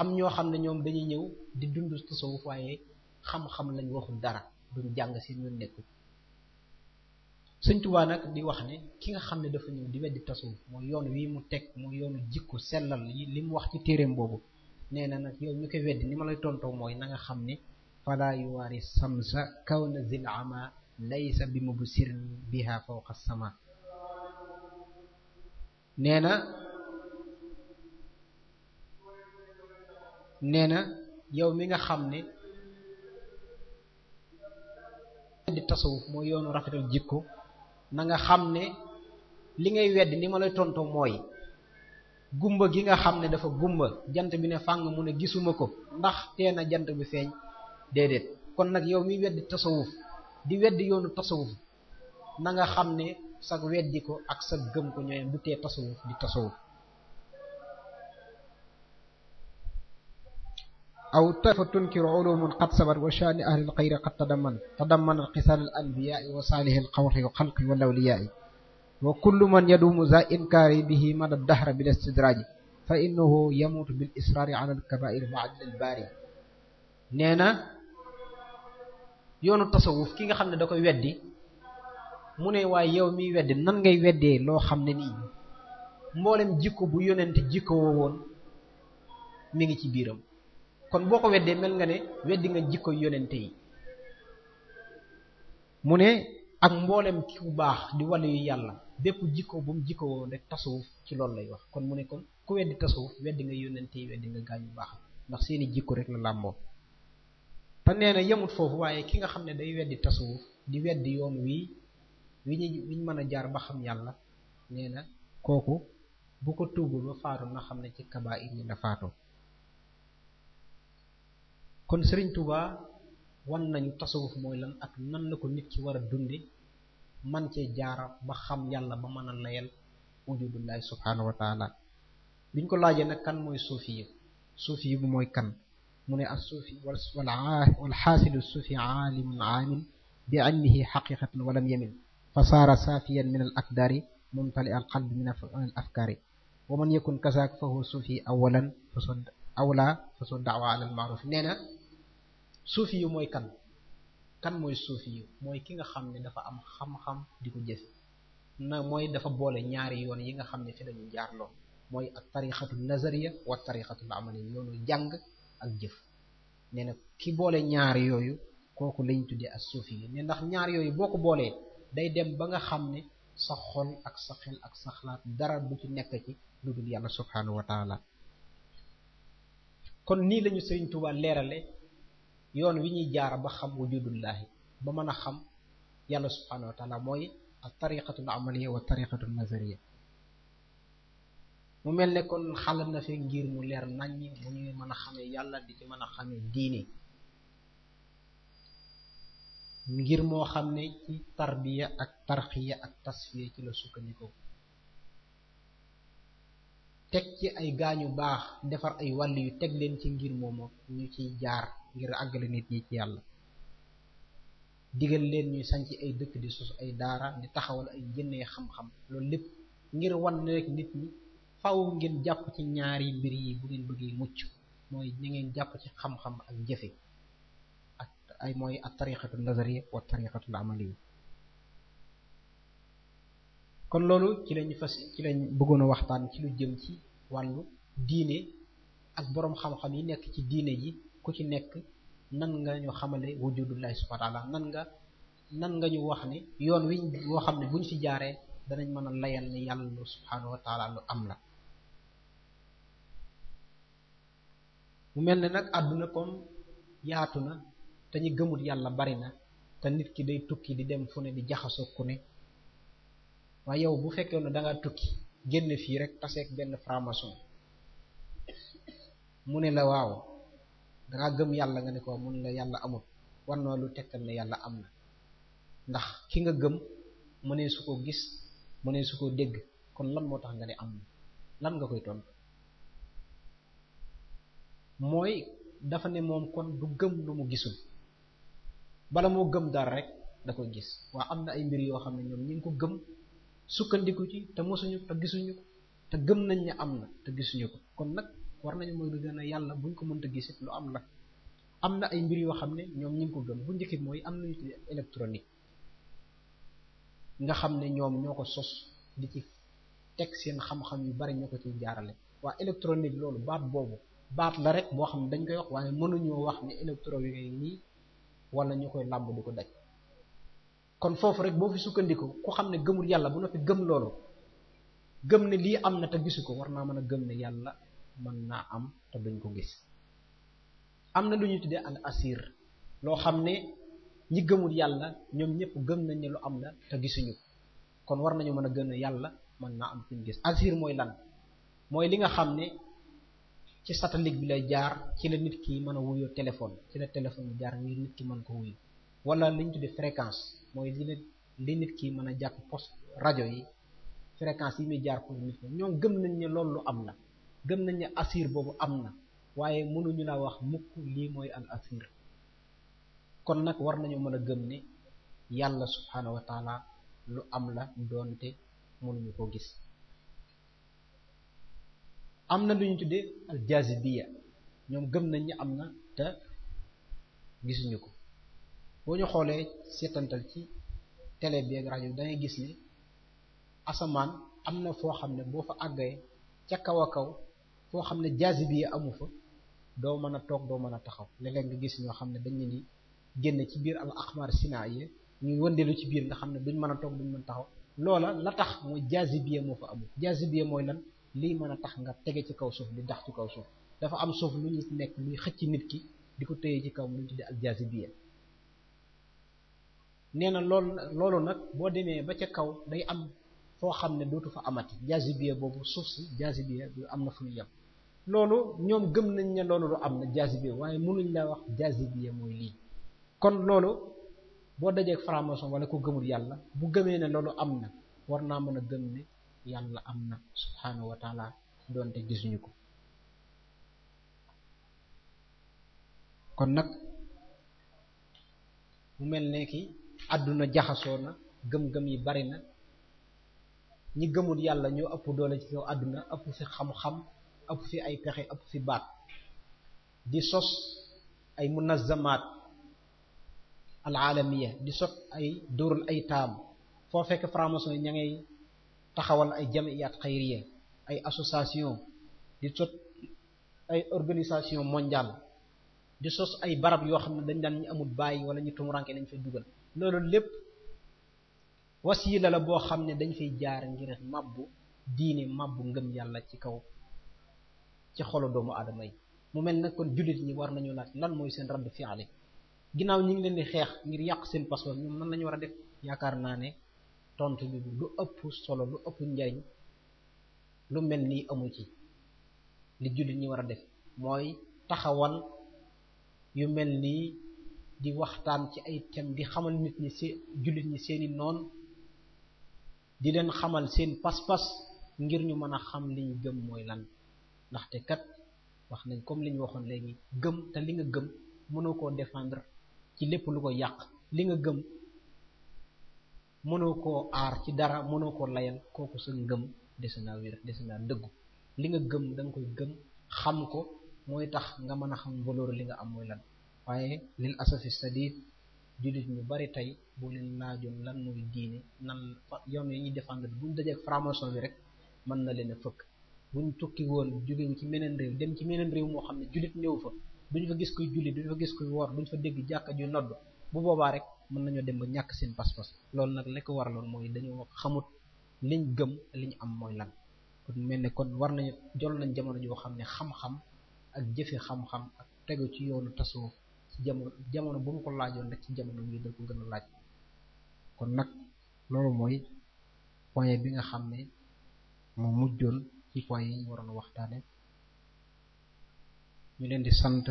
am ñoo xam ne ñoom dañuy ñëw di dund tasawuf waaye xam-xam lañ waxul dara duñ jàng si ñu nekku sëñ Tuubaa nag di wax ni ki nga xam ne dafa ñëw di weddi tasawuf yoon wi mu teg mooy yoonu jikko li mu wax ci téeréem boobu nee na nag ni ma lay tontoo mooy na nga xam ne fala yuwaari samsa kawna zil ama laysa bi mubsirin biha fawqa sama nee na nee na yow mi nga xam ne di tasawuf mooy yoonu rafetal jikko nanga xam ne li ngay wedd ni ma lay tontoo mooy gumba gi nga xam ne dafa gumba jant bi ne fàng mu ne gisuma ko ndax tee na jant bi feeñ déedéet kon nag yow mi weddi tasawuf di weddi yoonu tasawuf na nga xam ne sag weddi ko ak sa gëm ko ñooyam du tee tasawuf di tasawuf أو طائفة تنكر علوم قد سبت وشأن أهل الخير قد تضمن تضمن خصال الأنبياء وصالح القوم والخلق والأولياء وكل من يدوم ذا إنكار به مدى الدهر بالاستدراج فإنه يموت بالإصرار على الكبائر بعد الباري nee na yoonu tasawuf ki nga xam ne da koy weddi mu ne waaye yow miy weddi nan ngay weddee loo xam ne nii mboolem jikko bu yonent jikko woo woon mi ngi ci biiram kon boo ko weddee mel nga ne weddi nga jikko yonente yi mu ne ak mboolem ki bu baax di wàllu yu yàlla bépp jikko bu mu jikko woon rek tasawuf ci loolu lay wax kon mu ne kon ku weddi tasawuf weddi nga yonente yi weddi nga gaañu baax ndax seeni jikko rek la làmboo te nee na yemut foofu waaye ki nga xam ne day weddi tasawuf di weddi yoon wii wi ñu wi mën a jaar ba xam yàlla nee na kooku bu ko tuubul ba faatu na xam ne ci kabaa it ñi la faatoo kon Serigne Touba wan nañu tasawuf mooy lan ak nan la ko nit ki war a dunde man cee jaara ba xam yàlla ba mën a layal wujudullahi subhanahu wa taala biñ ko laajee nag kan mooy suufi yi suufi yi bu mooy kan mu ne as suufi wal xaasilu suufi aalimun aamin bi ilmihi xaqiqatan walam yamin fa saara saafiyan min al akdaari mumtali al qalbi min al afkaari wa man yakun kasaak fa huwa suufi awalan fa soo awla fa soo daawa ala al maaruf nee na suufi yu mooy kan kan mooy suufi yu mooy ki nga xam ne dafa am xam-xam di ko jëf na mooy dafa boole ñaari yoon yi nga xam ne fi lañu jaarloo mooy ak tarixatul nazariya wa tarixatul amaliya yoonu jàng ak jëf nee na ki boole ñaari yooyu kooku lañ tuddee ak suufi yi ne ndax ñaar yooyu boo ko boolee day dem ba nga xam ne sa xol ak sa xel ak sa xalaat dara bu ci nekk ci lu dul yàlla subhanahu wa taala kon nii lañu Sëriñ Tuubaa leerale yoon wi ñuy jaara ba xam wujudullahi ba mën a xam yàlla subhanahu wa taala mooy a tariqatul amaliya wa tariqatul nazariya mu mel ne kon xalat na fee ngir mu leer naññi mu ñuy mën a xamee yàlla di ci mën a xamee diini ngir moo xam ne ci tarbiya ak tarxiya ak tasfiya ci la sukkandiku teg ci ay gaañu baax defar ay wàll yu teg leen ci ngir moomoo ñu ciy jaar ngir àggale nit ñi ci yàlla digal leen ñuy sanc ay dëkk di sos ay daara di taxawal ay jënnee xam-xam loolu lépp ngir wan rek nit ñi faw ngeen jàpp ci ñaari mbir yi bu ngeen bëggee mucc mooy na ngeen jàpp ci xam-xam ak jëfe ak ay mooy ak tariqatu nazariya wa tariqatu amaliya kon loolu ci lañ fas ci lañ bëggoon a waxtaan ci lu jëm ci wàllu diine ak boroom xam-xam yi nekk ci diine ji ku ci nekk nan nga ñu xamale wujudullahi subhanahu wa nan nga nan nga ñu wax ni yoon wi woo xam ne bu ñu ci jaaree danañ mën a layal ni yàlla subhanahu wa taala lu am la mu mel ni nag àdduna comme yaatu na te ñu gëmut yàlla bari na te nit ki day tukki di dem fu ne di jaxasoo ku ne waaye yow bu fekkee ne dangaa tukki génn fii rek taseeg benn franc mu ne la waaw dangaa gëm yàlla nga ne ko mun la yàlla amul war na lu tegtal ne yàlla am na ndax ki nga gëm mënee su ko gis ne su ko dégg kon lan moo tax nga ne am na lan nga koy ton mooy dafa ne moom kon du gëm lu mu gisul bala moo gëm dara rek da koy gis waa am na ay mbir yoo xam ne ñoom ñi ngi ko gëm sukkandiku ci te mosuñu ko te gisuñu ko te gëm nañ ni am na te gisuñu ko kon nag war nañu mooy gën a yàlla buñ ko mënta gisit lu am la am na ay mbir yoo xam ne ñoom ñi ko gëm bu njëkk mooy am na tuddee électronique nga xam ne ñoom ñoo ko sos di ci teg seen xam yu bari ñoo ko ciy jaarale waa électronique loolu baat boobu baat la rek boo xam ne dañ koy wax waaye mënuñoo wax ne électronique yi nii wala ñu koy làmb di ko daj kon foofu rek boo fi sukkandiku ku xam ne gëmul yàlla bu na gëm loolu gëm ne lii am na te gisu ko war naa mën a gëm ne yàlla mën naa am te duñ ko gis am na lu ñu tuddee al asir loo xam ne ñi gëmul yàlla ñoom ñëpp gëm nañ ne lu am la te gisuñu kon war nañu mën a gën a yàlla mën naa am ñu gis asir mooy lan mooy li nga xam ne ci satellite bi lay jaar ci la nit ki mën a wuyoo téléphone ci la téléphone bi jaar ngir nit ki mën ko wuy wala li ñu tuddee fréquence mooy li nit ki mën a jàpp poste rajo yi fréquence yi muy jaar pour nit ñoom gëm nañ ne loolu lu am la gëm nañ ne asir boobu am na waaye mënuñu la wax mukk lii mooy al asir kon nag war nañu mën a gëm ne yàlla subhaanahu wa lu am la doonte mënuñu ko gis am na lu ñu tuddee al jazibiya ñoom gëm nañ ni am na te gisuñu ko boo ñu xoolee seetantal ci télé bi ak rajo bi dangay gis ne asamaan am na foo xam ne boo fa àggee ca kaw a kaw foo xam ne jaasibi amu fa doo mën a toog doo mën a taxaw léeg-léeg nga gis ñoo xam ne dañ di génn ci biir al axmar sinaa yi ñuy wëndeelu ci biir nga xam ne duñ mën a toog duñ mën taxaw loola la tax mooy jaasibiya moo fa amul jaasibiya mooy lan lii mën a tax nga tege ci kaw suuf di dax ci kaw suuf dafa am suuf lu ñu nekk luy xëcc nit ki di ko téye ci kaw mu tudde al jaasibiya nee na loolu nag boo demee ba ca kaw day am foo xam ne dootu fa amati jaasibiya boobu suuf si jaasibiya du am na fu loolu ñoom gëm nañ ne loolu lu am na jazibe waaye mënuñ laa wax jazibe mooy lii kon loolu boo dajee franc-maçon wala ko gëmul yàlla bu gëmee ne loolu am na war naa mën a gëm ne yàlla am na subhaanahu doonte gisuñu ko kon nag mu mel ne ki àdduna jaxasoo na gëm-gëm yi bari na ñi gëmul yàlla ñoo ëpp doole ci kaw àdduna ëpp si xam-xam ëpp fi ay pexe ëpp fi baat di sos ay munazamaat alaalamiya di sot ay durul ay taam foo fekk franc-maçon yi ña ngay taxawal ay jamiyaat xayriya ay association di sot ay organisation mondial di sos ay barab yoo xam ne dañ daan ñu amul bàyyi wala ñu tumuranke nañ fa dugal loolu lépp wasiila la boo xam ne dañ fay jaar ngir mabbu diine mabbu ngëm yàlla ci kaw ci xolu doomu aadama yi mu mel nag kon jullit ñi war nañu laaj lan mooy seen radd fi'ali ginnaaw ñi ngi leen di xeex ngir yàq seen passeport ñoom nan lañu war a def yaakaar naa ne tontu bi ëpp solo lu ëpp njariñ lu mel nii amu ci li jullit ñi war a def mooy taxawal yu mel nii di waxtaan ci ay thème di xamal nit ñi seen jullit ñi seeni noon di leen xamal seen pas ngir ñu mën a xam li gëm mooy lan ndaxte kat wax nañ comme li ñu waxoon léegi gëm te li nga gëm mënoo koo défendre ci lépp lu ko yàq li nga gëm mënoo ko aar ci dara mënoo ko layal kooku sa ngëm dese naa wér dese naa dëggu li nga gëm danga koy gëm xam ko mooy tax nga mën a xam valeur li nga am mooy lan waaye lil sa di jullit ñu bari tey boo leen laajoon lan mooy diine nan yoon yi ñuy défendre buñ dajeeg franc-maçon bi rek mën na leen a fëkk bu buñ tukki woon jóge ci meneen réew dem ci meneen réew moo xam ne jullit ñëw fa duñ fa gis kuy julli duñ fa gis kuy woor duñ fa dégg jàkka ju nodd bu boobaa rek mën nañoo dem ba ñàkk seen pas-pas loolu nag li ko waraloon mooy dañoo xamut liñ gëm liñ am mooy lan kon mel ne kon war nañu jol nañ jamono joo xam ne xam-xam ak jëfe xam tegu ci yoonu tasoo ci jamono jamono bu ko laajoon rek ci jamono ngi da ko gën a laaj nag loolu mooy point bi nga xam ne mu mujjoon ci point yi ñu waroon a waxtaane ñu leen di sant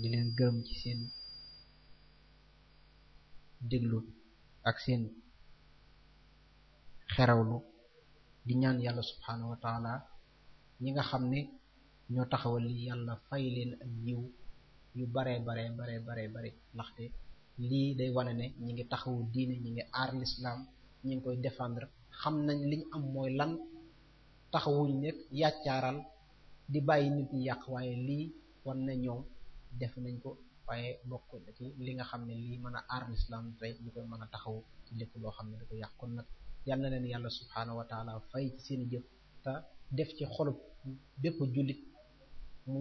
di leen gërëm ci seen déglu ak seen xerawlu di ñaan yàlla subhaanahu wa ñi nga xam ne ñoo taxawal li yàlla fay leen ak yiw yu baree bare bare bare bare ndaxte lii day wane ne ñi ngi taxawu diine ñi ngi aar l'islam ñi ngi koy défendre xam nañ liñ am mooy lan taxawuñ nekk yàccaaral di bàyyi nit ñi yàq waaye lii war na ñoom def nañ ko waaye bokk na ci li nga xam ne lii mën a aar lislaam tey ñu koy mën a taxaw ci lépp loo xam ne da ko kon nag yal na leen yàlla subhaanahu wa taala fay ci seen jëf te def ci xolub bépp jullit mu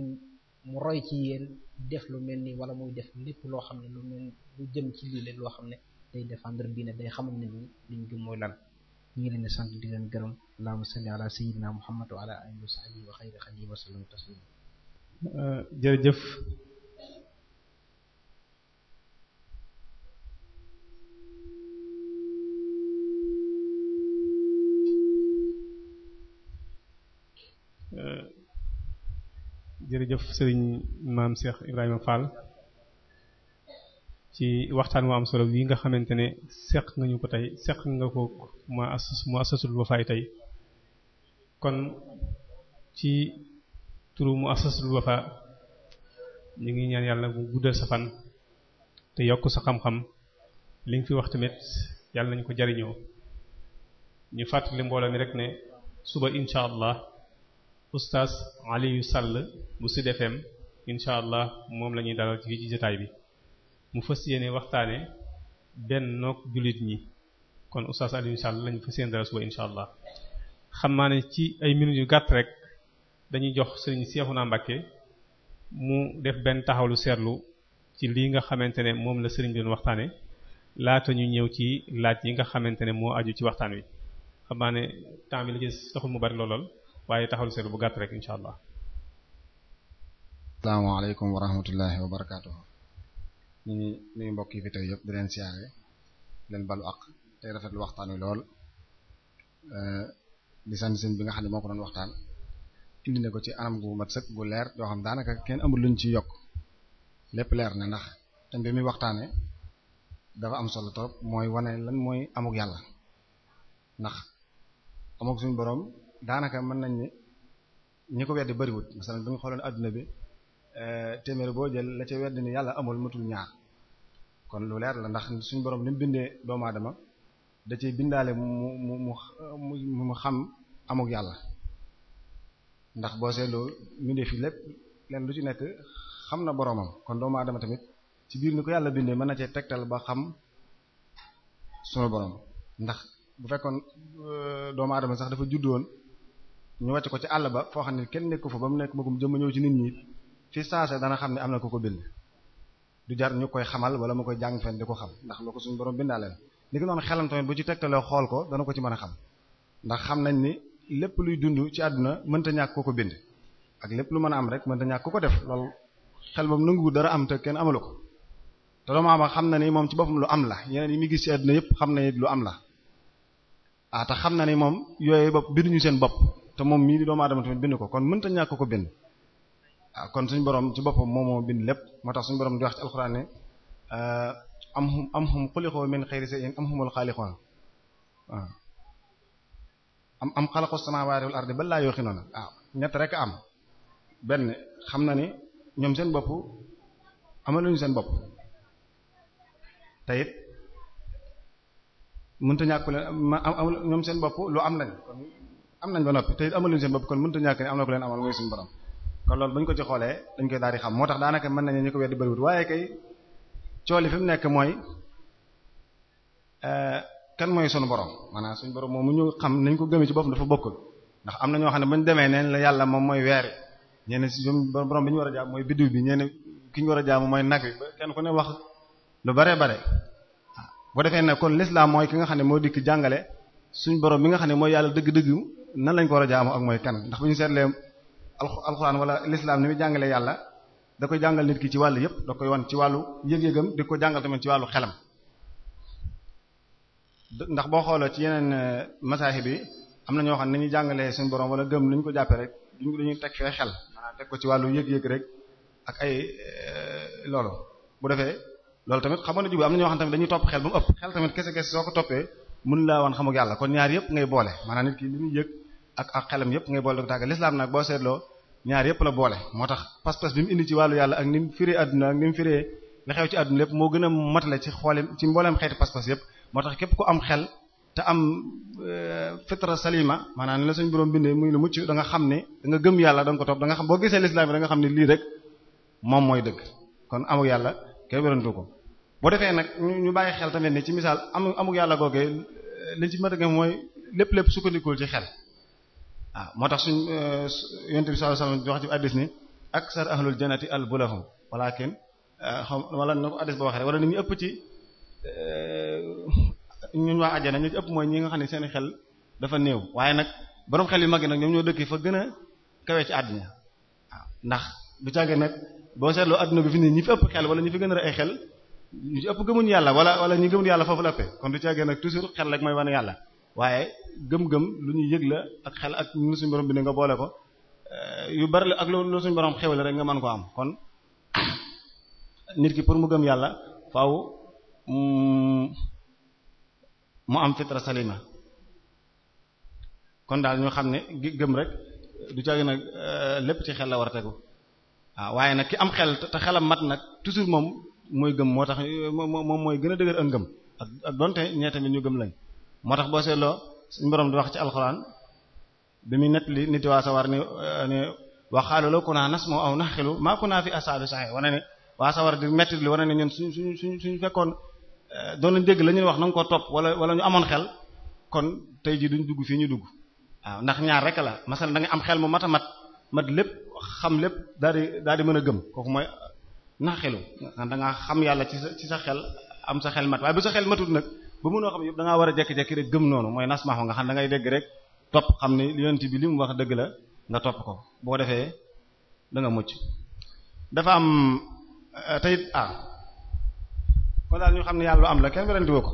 mu roy ci yéen def lu mel ni wala muy def lépp loo xam ne lu mel lu jëm ci lii leen loo xam ne day défendre diine day xamal ne ni liñ gëm mooy lan ñu leen di sant di leen gërëm allahumma salli ala sayyidina muhammad wa ala alihi wa sahbihi wa xayri xalii wa sallam taslim uh, jërëjëf uh, jërëjëf sëriñ maam Cheikh Ibrahima Fall ci waxtaan wu am solo yi nga xamante ne seq nga ñu ko tey seq nga ko mu assas mu assasul wafaay tey kon ci turu mu assasul wafa ñu ngi ñaan yàlla mu guddal sa fan te yokk sa xam-xam li nga fi wax tamit yàlla nañu ko jariñoo ñu fàttali mbooloo mi rek ne suba incha allah oustaz Aliou Sall bu si FM incha allah moom la ñuy dalal fii ci jotaay bi. mu fas yéene waxtaane benn noog jullit ñi kon oustaz Alioune Sall lañu fas yéene dara suba incha allah xam naa ne ci ay minutes yu gàtt rek dañuy jox sëriñ Seexuna Mbàkke mu def benn taxawlu seetlu ci lii nga xamante ne moom la sëriñ bi doon waxtaane laata ñu ñëw ci laaj yi nga xamante ne moo aju ci waxtaan wi xamaa ne temps bi la gis taxul mu bari loolal waaye taxawlu seetlu bu gàtt rek incha allah. asalaamaaleykum wa rahmatullahi wa ñu ngi nuyu mbokk yi fi tey yëpp di leen siyaare leen balu ak tey rafetlu waxtaan wi lool eh, di sant sëñ bi nga xam ne moo ko doon waxtaan indi ne ko ci anam gu mat sëkk gu leer yoo xam daanaka kenn amul luñ ci yokk lépp leer na ndax tam bi muy waxtaanee dafa am solo trop mooy wane lan mooy amuk yàlla ndax amuk suñu boroom daanaka mën nañ ni ñi ko weddi bariwut masalan bu ñu xooloon adduna bi Eh, téeméer boo jël la ca wedd ni yàlla amul matul ñaar kon lu leer la ndax suñu boroom li mu bindee doomu aadama da cay bindaale mu mu mu mu xam amuk yàlla ndax boo seddoo mbindee fi lépp leen lu ci nekk xam na boromam kon doomu aadama tamit ci biir ni ko yàlla bindee mën na cee tegtal ba xam sunu borom ndax bu fekkoon eh, doomu aadama sax dafa judd woon ñu wàcc ko ci àll ba foo xam ne kenn nekku fa ba mu nekk magum jëmm ñëw ci nit ñi ci saasa dana xam ne am na ko ko bind du jar ñu koy xamal wala mu koy jàng fen di ko xam ndax loo ko suñu borom bindaaleen li ki noonu xelam tamit bu ci tegtalee xool ko dana ko ci mën a xam ndax xam nañ ni lépp luy dund ci àdduna mënta ñàkk ko bind ak lépp lu mën a am rek mënta ñàkk ko def loolu xel moom nanguwu dara am te kenn amalu ko te doomu aadama xam na ni moom ci boppam lu am la yeneen yi muy gis ci àdduna yëpp xam na lu am la ah xam na ni moom yooyu bopp binduñu seen bopp te moom mii di doomu aadama tamit bind ko kon mënta ñàkk ko bind Ah, kon suñu boroom ci bopp moom moo bind lépp moo tax suñu borom di wax ci alxuraan ne ah, am hum am hum xuliqoo min xayri shay'in am humul xaaliqoon waaw ah. am am xalaqu samaawaati ardi bal laa yuuqinuun waaw ñett rek am benn xam na ni ñoom seen bopp amaluñu seen bopp te it mënut a ñàkk leen ma am ñoom seen bopp am lañ kon am nañ ba noppi te it amaluñu seen bopp kon mënut a ñàkk ne am na ku leen amal mooy suñu borom. kon loolu bu ñu ko ci xoolee dañ koy daal di xam moo tax daanaka mën nañu ñu ko weddi bëriwut waaye kay cooli fi mu nekk mooy euh, kan mooy sunu borom maanaam suñu borom moom mu ñu xam nañ ko gëmee ci boppam dafa bokkul ndax am na ñoo xam ne bu demee neen la yàlla moom mooy weer ñenn ñeneen si borom bi ñu war a jaam mooy biddiw bi ñeneen ki ñu war a jaam mooy nag bi ba kenn ku ne wax lu bare bare bu defee ne kon l'islam mooy ki nga xam ne moo dikk jàngale suñu borom bi nga xam ne mooy yàlla dëgg-dëgg nan lañ ko war a jaamu ak mooy kan ndax bu ñu seetlee alxuraan wala l'islam ni muy jàngalee yàlla da koy jàngal nit ki ci wàllu yëpp da koy wan ci wàllu yëg-yëgam di ko jàngal tamit ci wàllu xelam ndax boo xoolee ci yeneen eh, masaaxi bi am na ñoo xam ne ni ñuy jàngalee suñu borom wala gëm ni ñu ko jàppee rek duñu dañuy teg fee xel maanaam teg ko ci wàllu yëg-yëg rek ak ay eh, loolu bu defee loolu tamit xam nga jub am na ñoo xam tamit dañuy topp xel ba mu ëpp xel tamit kese kese soo ko toppee mun laa wan xamuk yàlla kon ñaar yëpp ngay boole ak ak xelam yëpp ngay boole ko tàggal lislaam nag boo seetloo ñaar yëpp la boole moo tax pas-pas bi mu indi ci wàllu yàlla ak ni mu firee àdduna ak ni mu firee li xew ci àdduna lépp moo gën a matale ci xoole ci mbooleem xeeti pas-pas yëpp moo tax képp ku am xel te am euh, fitra salima la suñu borom bindee muy lu mucc da nga xam ne da nga gëm yàlla da nga ko topp da nga xam boo gisee rek moom mooy dëgg kon amul yàlla kay wérantu ko boo defee nag ñu bàyyi xel tamit ne ci misaal am amul yàlla googee a mooy lépp lépp sukkandikul ci xel waaw ah, moo tax suñ euh, yonent bi sallallahu alayhi wasallam wax ci addis ni aksar ahlul jannati al bulahum walakin ah, xam wala na ko addis ba waxee wala ni ëpp ci euh, ñun waa àjjana ñu ci ëpp ñi nga xam ne seen xel dafa néew waaye nag borom xel yu mag yi ñoom ñoo dëkk fa gën a kawee ci àddina waaw ah, ndax du nag boo seetloo àdduna bi fi xel wala ñi fi a ay xel ñu ëpp gëmuñu yàlla wala wala ñu gëmuñu yàlla foofu la ëppee kon du càggee nag toujours xel rek mooy wane yàlla waaye gëm-gëm lu ñu yëg la ak xel ak lu suñu borom bi ne nga boole ko eh, yu bari la ak loolu suñu borom xewale rek nga man koo am kon nit ki pour mu gëm yàlla faaw mu am fitra salima kon daal ñu xam ne gëm rek du caagi nag eh, lépp ci xel la war a ah, waaye nag ki am xel te xelam mat nag toujours moom mooy gëm moo tax moom moom moom mooy gën a dëgër ak gëm ak ak donte ñee tamit ñu gëm lañ moo tax boo seetloo suñu borom di wax ci alxuraan bi muy nettali nit waa sawar ne eh, ne waxaalu la kunaa nasma'u aw naxilu maa kunaa fi asaabi saxee wane ne waa sawar di metti wane ne ñun suñ suñ suñ suñ fekkoon eh, doon nañ la ñuy wax na nga ko topp wala wala ñu amoon xel kon tey jii duñ dugg fii ñu dugg waaw ndax ñaar rek la masal da nga am xel mu mat a mat mat lépp xam lépp daal di daal di mën a gëm kooku mooy naxilu da ngaa xam yàlla ci sa ci sa xel am sa xel mat waaye bu sa xel matut nag. ba mënoo xam yëpp da ngaa war a jekki-jekki rek gëm noonu mooy nasmaxu nga xam da ngay dégg rek topp xam ni yonent bi li mu wax dëgg la nga topp ko boo defee da mucc dafa am euh, teyit ah kon daal ñu xam ne yàlla lu am la kenn werante woo ko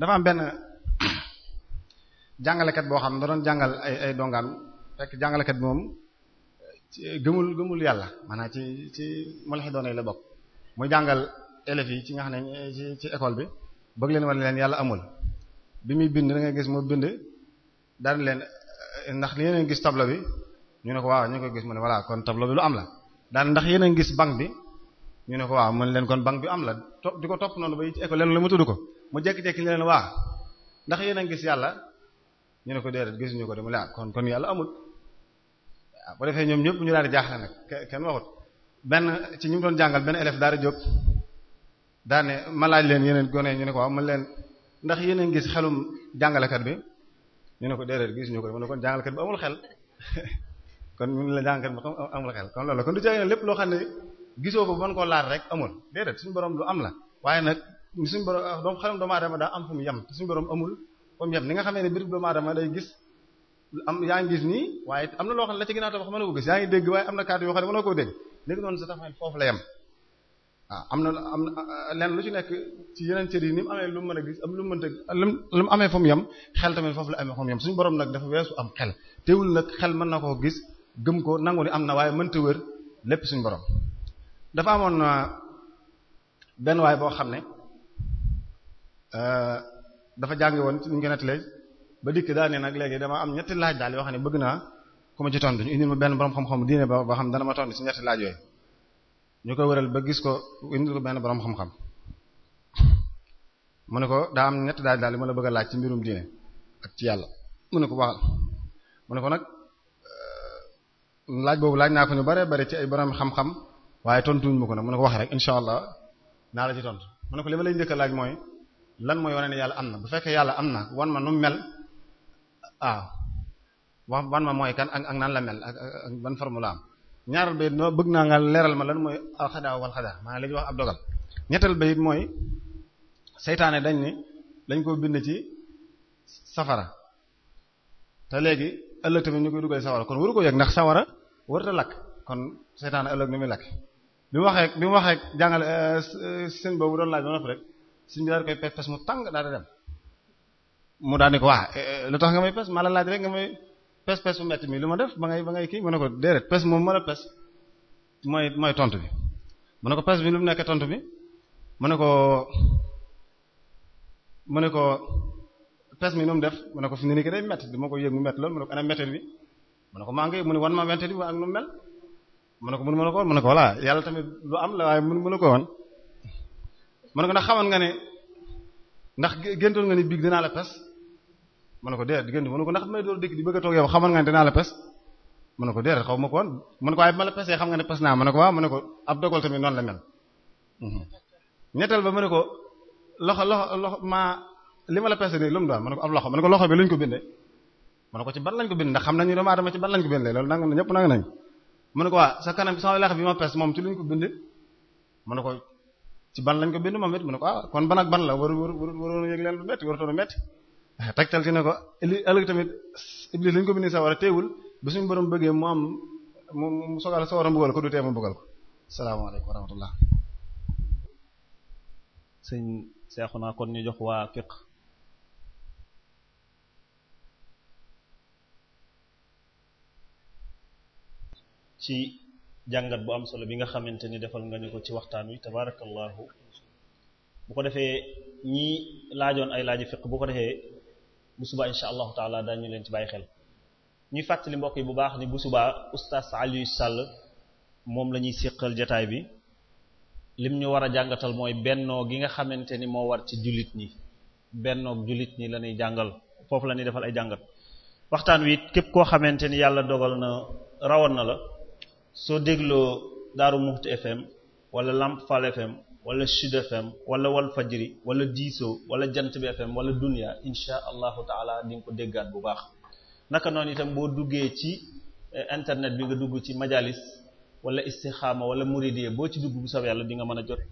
dafa am benn jàngalekat boo xam ne da doon jàngal ay ay dongaam fekk jàngalekat bi moom gëmul gëmul yàlla maanaa ci ci malaxi doonay la bokk muy jàngal élèves yi ci nga xam ne ci ci école bi bëgg leen wane leen yàlla amul bi muy bind da nga gis moo bind daan leen ndax yéen a gis tableau bi ñu ne ko waaw ñu ngi ko gis mu ne voilà kon tableau bi lu am la daan ndax yéen a gis banque bi ñu ne ko waaw mën leen kon banque bi am la di ko topp noonu ba ci école leen lu mu tudd ko mu jékki-jékki leen waa ndax yéen a gis yàlla ñu ne ko déedéet gisuñu ko de mu ne ah, kon kon yàlla amul waaw ah, bu defee ñoom ñëpp ñu daal di jaaxle nag kenn waxut benn ci ñu doon jàngal benn élève daal di jóg daane ma laaj leen yeneen gone ñu ne ko waaw man leen ndax yeneen gis xelum jàngalekat bi ñu ne ko déedéet gis ñu ko mu ne kon jàngalekat bi xel kon mu ne la jàngalekat bi amul xel kon loolu lépp loo xam ne gisoo ko mën koo laal rek amul déedéet suñu borom lu am la waaye nag suñu borom ah, doomu xelum doomu aadama daa borom amul fu mu yaa ngi gis nii waaye am na loo xam ne la ci ginnaaw tabax mën na ko gis yaa ngi dégg waaye am na kàddu yoo xam ne mën na koo dégg léegi noonu sa tax foofu la yem waaw ah, am na am ah, lenn lu ci nekk ci yeneen cër yi ni mu amee lu mën a gis am lu mu mënta lu mu amee fa yam xel tamit foofu la amee fa mu yem suñu nag dafa weesu am xel teewul nag xel mën na koo gis gëm ko nangu ni am na waaye mënta wër lépp suñu borom dafa amoon ah, benn waay boo xam ne dafa jàngi woon ci ñu ko nettalee ba dikk daa ne nag bëgg naa ku ma ci tontu ñu indil ma benn borom xam-xam diine ba xam dana ma tontu ci ñetti laaj ñu koy wëral ba gis ko indi ko benn boroom xam-xam mu ne ko daa am ñett daal daal li ma la bëgg laaj ci mbirum diine ak ci yàlla mu ne ko waxal mu ne ko nag euh, laaj boobu laaj naa ko ñu bare bare ci ay borom xam-xam waaye tontuñ ma ko nag mu ne ko wax rek incha allah naa la ci tontu mu ne ko li ma lay njëkk a laaj mooy lan mooy wane ne yàlla am na bu fekkee yàlla am na wan ma nu mel ah wan ma mooy kan ak ak nan la mel ak ban formula ñaaral bayit noo bëgg naa nga leeral ma lan mooy alxadaa wal xadaa maanaam la ñuy wax ab dogal ñettal bayit mooy seytaane dañ ni dañ koo bind ci safara te léegi ëllëg tamit ñu koy dugal safara kon waru ko yëg ndax sawara warut lakk kon seytaane ëllëg ni muy lakk bi mu waxee bi mu waxee jàngale euh, sëñ boobu doon laaj ba noppi rek sëñ bi daal koy pes mu tàng daal dem mu daal ko wax euh, lu tax nga may pes maa la laaj rek nga may pes pes bu metti mi lu ma def ba ngay ba ngay kii mu ne ko déedéet pes moom ma la pes mooy mooy tontu bi mu ne ko pes bi lu mu nekk tontu bi mu ne ko mu ne ko pes def mu ne ko fi mu ne ne ko bi mu ko maa ngi mu ne wan ma mettit bi ak nu mel mu ne ko mun ne ko woon mu ne ko voilà yàlla tamit lu am la waaye mu ne ko woon mu ne ko ndax xamoon nga ne ndax géntoon nga ne biig dinaa la pes ma ne ko déedéet diggante mu ne ko ndax may doon dëkk di bëgg a toog yow xamoon nga ne dinaa la pes ma ne ko déedéet xaw ma ko woon ma ne ko waaye ma la pesee xam nga ne pes naa ma ne ko waaw ma ne ko ab dogal tamit noonu la mel ñetteel ba ma ne ko loxo loxo loxo maa li ma la pese nii lu mu doon ma ne ko ab loxo ma ne ko loxo bi luñ ko bindee ma ne ko ci ban lañ ko bind ndax xam nañu doomu aadama ci ban lañ ko bindee loolu nang na ñëpp nang nañ ma ne ko waa sa kanam sama lex bi ma pes moom ci luñ ko bind ma ne ko ci ban lañ ko bind moom it ma ne ko ah kon ban ak ban la waru waru waru yëg leen lu metti waru toonu metti tegtal ci ne ko ëllëg tamit Iblis lañ ko bindee sawara teewul ba suñ borom bëggee mu am mu sogal sawara mbugal ko du tee mu mbugal ko salaamaaleykum wa rahmatullah sëñ seexu naa kon ñu jox waa fiq ci jàngat bu am solo bi nga xamante ni defal nga ñu ko ci waxtaan wi tabarakallahu bu ko defee ñi laajoon ay laaji fiq bu ko defee bu suba insha allahu taala daañu leen ci bàyyi xel ñuy fàttali mbokk yi bu baax ni bu subaa oustaz Aliou Sall moom la ñuy séqal jataay bi lim ñu war a jàngatal mooy bennoo gi nga xamante ni moo war ci jullit ñi bennoog jullit ñi la jàngal foofu la ñuy defal ay jàngat waxtaan wi képp koo xamante ni yàlla dogal na rawoon na la soo dégloo Daaru Muxti FM wala Lamp Fall FM wala Sud FM wala wal fajri wala diisoo wala jant bi FM wala dunia insha allahu taala di nga ko déggaat bu baax naka noonu tam boo duggee ci eh, internet bi nga dugg ci majalis wala istixaama wala muridiya boo ci dugg bu soobee yàlla di nga mën a jot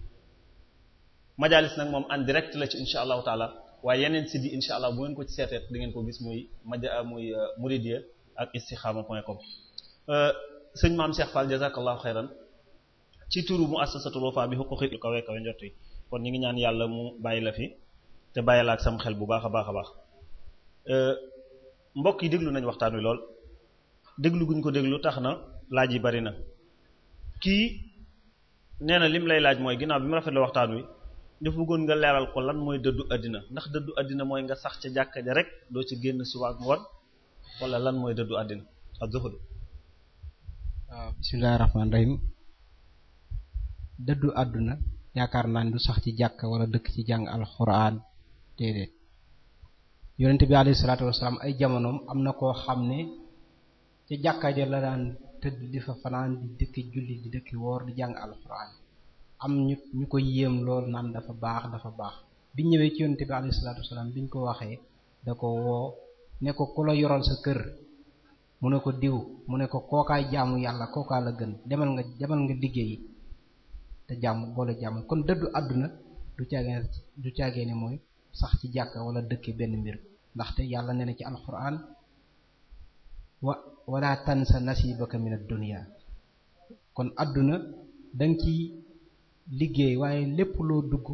majalis nag moom en direct la ci insha allahu taala waaye yeneen si di insha allah bu ngeen ko ci seeteet di ngeen ko gis muy maja muy eh, muridiya ak istixaama point ko eh, sëñ maam Cheikh Fall jazakallahu xayran ci turu mu assasatul Wafa bi xuquqi lu kawe kawe njort yi kon ñu ngi ñaan yàlla mu bàyyi la fi te bàyyi la ak sam xel bu baax a baax a baax euh, mbokk yi déglu nañ waxtaan wi lool déglu guñ ko déglu tax na laaj yi bari na kii nee na lim lay laaj mooy ginnaaw bi mu rafet la waxtaan wi dafa bëggoon nga leeral ko lan mooy dëddu àddina ndax dëddu àddina mooy nga sax ca jàkka ja rek doo ci génn si waag ngoon wala lan mooy dëddu àddina ak zuhud waaw ah, bismillahir rahmanir rahim dëddu àdduna yaakaar naa ne du sax ci jàkk wala dëkk ci jàng alxuraan déedéet yonente bi alayhi salaatu wasalaam ay jamonoom am na koo xam ne ca jàkka ja la daan tëdd di fa fanaan di dëkki julli di dëkki woor di jàng alxuraan am ñu ñu ko yéem lool naan dafa baax dafa baax bi ñëwee ci yonente bi alayhi salaatu wasalaam bi ñu ko waxee da ko woo ne ko ku la yoroon sa kër mu ne ko diw mu ne ko kookaay jaamu yàlla kookaa la gën demal nga demal nga liggéey te jàmm boole jàmm kon dëddu àdduna du caageen du caagee ne mooy sax ci jàkka wala dëkke benn mbir ndaxte yàlla nee na ci alquran wa wala tansa nasibaka min ad-dunya kon àdduna danga ci liggéey waaye lépp loo dugg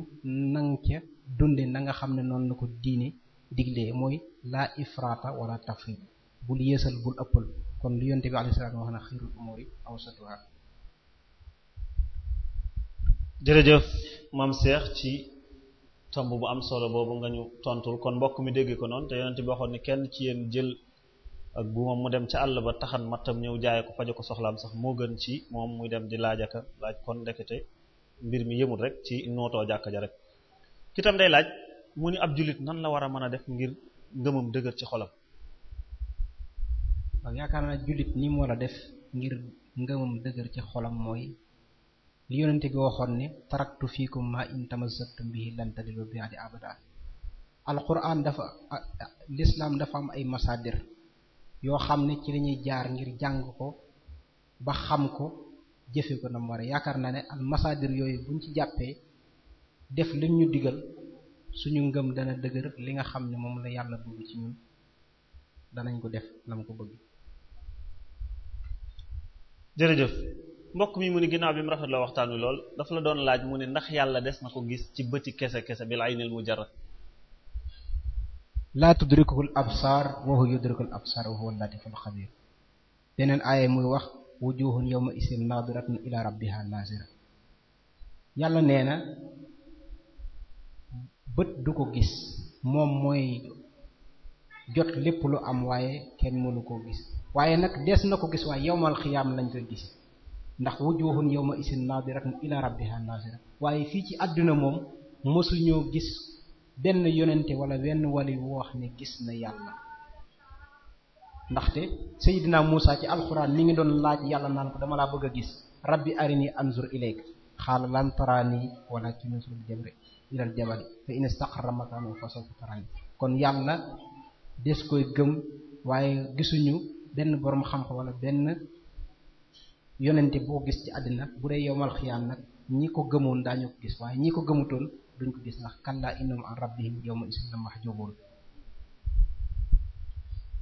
nang ca dunde na nga xam ne noonu la ko diine diglee mooy laa ifrata wala tafrit bul yéesal bul ëppal kon li yonte bi alayhi wax na xayrul umuri awsatuha jërëjëf maam Cheikh ci tomb bu am solo boobu nga ñu tontul kon mbokk mi dégg ko noonu te yonent bi waxoon ne kenn ci yéen jël ak buumam mu dem ci àll ba taxan mattam ñëw jaay ko faje ko soxlaam sax moo gën ci moom muy dem di laajaka laaj kon ndekete mbir mi yëmul rek ci nootoo jàkk ja rek ki tam day laaj mu ni ab jullit nan la war a mën a def ngir ngëmam dëgër ci xolam waaw yaakaar naa jullit ni mu war a def ngir ngëmam dëgër ci xolam mooy li yonente gi waxoon ne taraktu fiikum ma in tamassaktum bihi lan tadilu biadi abadan alquran dafa l'islam dafa am ay masadir yoo xam ne ci lañuy jaar ngir jàng ko ba xam ko jëfe a yaakaar naa ne al masadir yooyu buñ ci jàppee def liñ ñu digal suñu ngëm dana dëgër li nga xam ne moom la yàlla bëgg ci ñun danañ ko def nam ko bëgg jërëjëf mbokk mi mu ne ginnaaw bi mu rafet la waxtaan wi lool dafa la doon laaj mu ne ndax yàlla des na ko gis ci bëti kese kese bil aynil mujarrad laa tudrikuhul absaar wa huwa yudrikul absaar wa huwa latiful xabiir beneen aaya muy wax wujuhun yawma isin naadiratun ila rabbiha naazira yàlla nee na bët du ko gis moom mooy jot lépp lu am waaye kenn mënu koo gis waaye nag des na ko gis waaye yawmal xiyaam lañ koy gis ndax wujuhun yawma isin nadiratun ila rabbiha nazira waaye fii ci àdduna moom mosuñoo gis benn yonente wala wenn wali woo wax ne gis na yàlla ndaxte Seydina Muusa ci alxuraan mi ngi doon laaj yàlla naan ko dama laa bëgg a gis rabbi arini anzur ilayk xaala lan taraani walakin anzur jamre ilal jabali fa in istaqarra makaanu fa sawfa taraani kon yàlla des koy gëm waaye gisuñu benn boroom xam-xam wala benn yonente boo gis ci àddina bu dee yowmal xiyaam nag ñi ko gëmoon daañu gis waaye ñi ko gëmutoon duñ ko gis ndax kallaa innahum an rabbihim yowma isin la mahjuubuun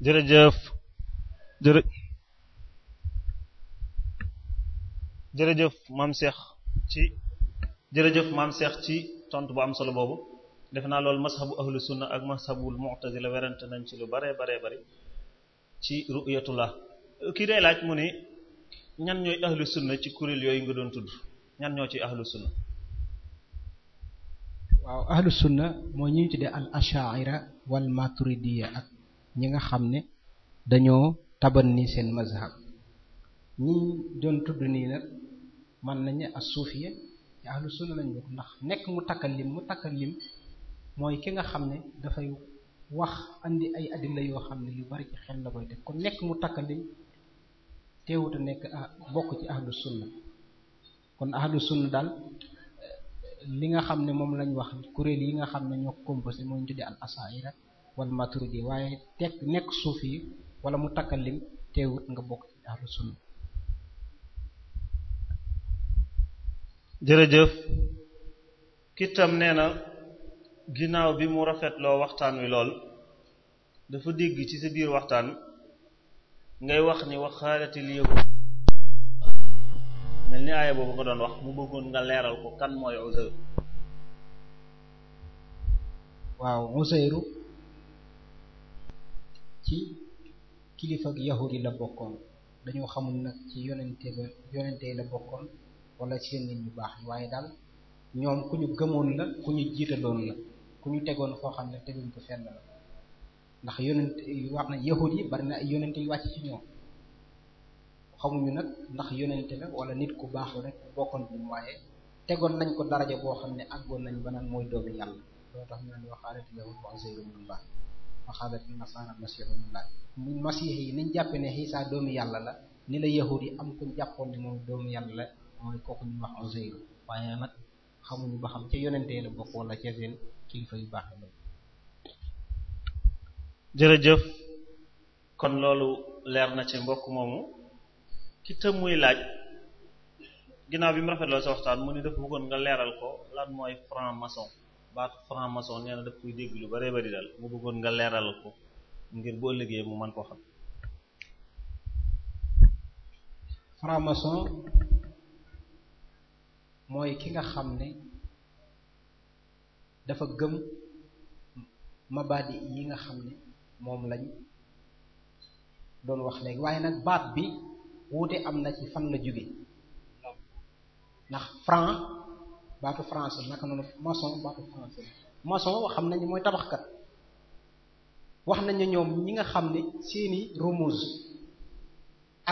jërëjëf jërë jërëjëf maam jërëjëf maam Cheikh ci tontu bu am solo boobu def naa loolu mashabu ahlu sunna ak mashabul mu'tazila werante nañ ci lu bare bare bari ci ru'yatullah kii day laaj mu ni ñan ñooy ahlu sunna ci kuréel yooyu nga doon tudd ñan ñoo ci ahlu sunna waaw ahlu sunna mooy ñuy tuddee al ashaira wal maturidiya ak ñi nga xam ne dañoo taban ni seen mazhab ñi doon tudd nii nag man nañu as suufiya ci ahlu sunna lañ bokk ndax nekk mu takkal lim mu takkal lim mooy ki nga xam ne dafay wax andi ay adilla yoo xam ne yu bari ci xel la koy teg kon nekk mu takkal lim teewut a nekk bokk ci ahlu sunna kon ahlu sunna daal li nga xam ne moom lañu wax kuréel yi nga xam ne ñoo composé moo ñu tuddee al asaira wal maturidi waaye tekk nekk suuf yi wala mu takkalim teewut nga bokk ci ahlu sunna jërëjëf kitam nee na ginnaaw bi mu rafetloo waxtaan wi lool dafa dégg ci sa biir waxtaan ngay wax ni waxaalatil yahud mel ni aaya boobu nga doon wax mu bëggoon nga leeral ko kan mooy Uzayr waaw Uzayru ci kilifa ak yahud yi la bokkoon dañoo xamul nag ci yonente la yonente yi la bokkoon wala seen nit ñu baax yi waaye daal ñoom ku ñu gëmoon la ku ñu jiitaloon la ku ñu tegoon foo xam ne teguñ ko fenn la ndax yonent wax na yahud yi bari na ay yonent yu wàcc ci ñoom xamuñu nag ndax yonent la wala nit ku baax la rek bokkoon bi mu waaye tegoon nañ ko daraja boo xam ne àggoon nañ ba naan mooy doomu yàlla loo tax ñu naan waxaalat yahud wa azayru minullah waxaalat nasara masihu mu masih yi niñ jàppe ne xiisa doomu yàlla la ni la yahud yi am ko jàppoon ne moom doomu yàlla la mooy kooku ñu wax azayru waaye nag xamuñu ba xam ca yonente la bokk wala ca seen kilifa yu jërëjëf kon loolu leer na ci mbokk moomu ki tëm muy laaj ginnaaw bi mu rafetloo sa waxtaan mu ni dafa bëggoon nga leeral ko lan mooy franc maçon baat franc maçon nee lu bare bari daal bëggoon nga leeral ko ngir boo liggéey mu mën koo xam ki nga xam ne dafa gëm mabaadi yi nga xam ne moom lañ doon wax léegi waaye nag baat bi wuute am na ci fan la jóge ndax franc baatu français naka noonu maçon baatu français maçon xam nañu mooy tabaxkat wax nañu ñoom ñi nga xam ni seeni rumuz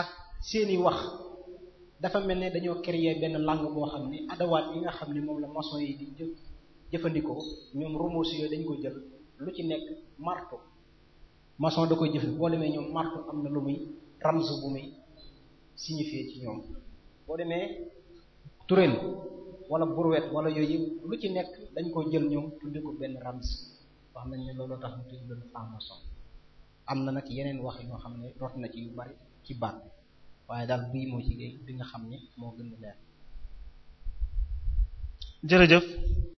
ak seeni wax dafa mel ne dañoo créer benn langue boo xam ne adawaat yi nga xam ne moom la maçon yi di jëfandikoo ñoom rumuz yooyu dañ ko jël lu ci nekk marto maçon da koy jëfe boo demee ñoom martu am na lu muy ramsu bu muy signifié ci ñoom boo demee turel wala burwet wala yooyu lu ci nekk dañ ko jël ñoom tudde ko benn rams wax nañ ne looloo tax ñu tudde leen franc-maçon am na nag yeneen wax yoo xam ne rot na ci yu bari ci baat bi waaye daal bii moo ci bi nga xam ne moo gën a leer jërëjëf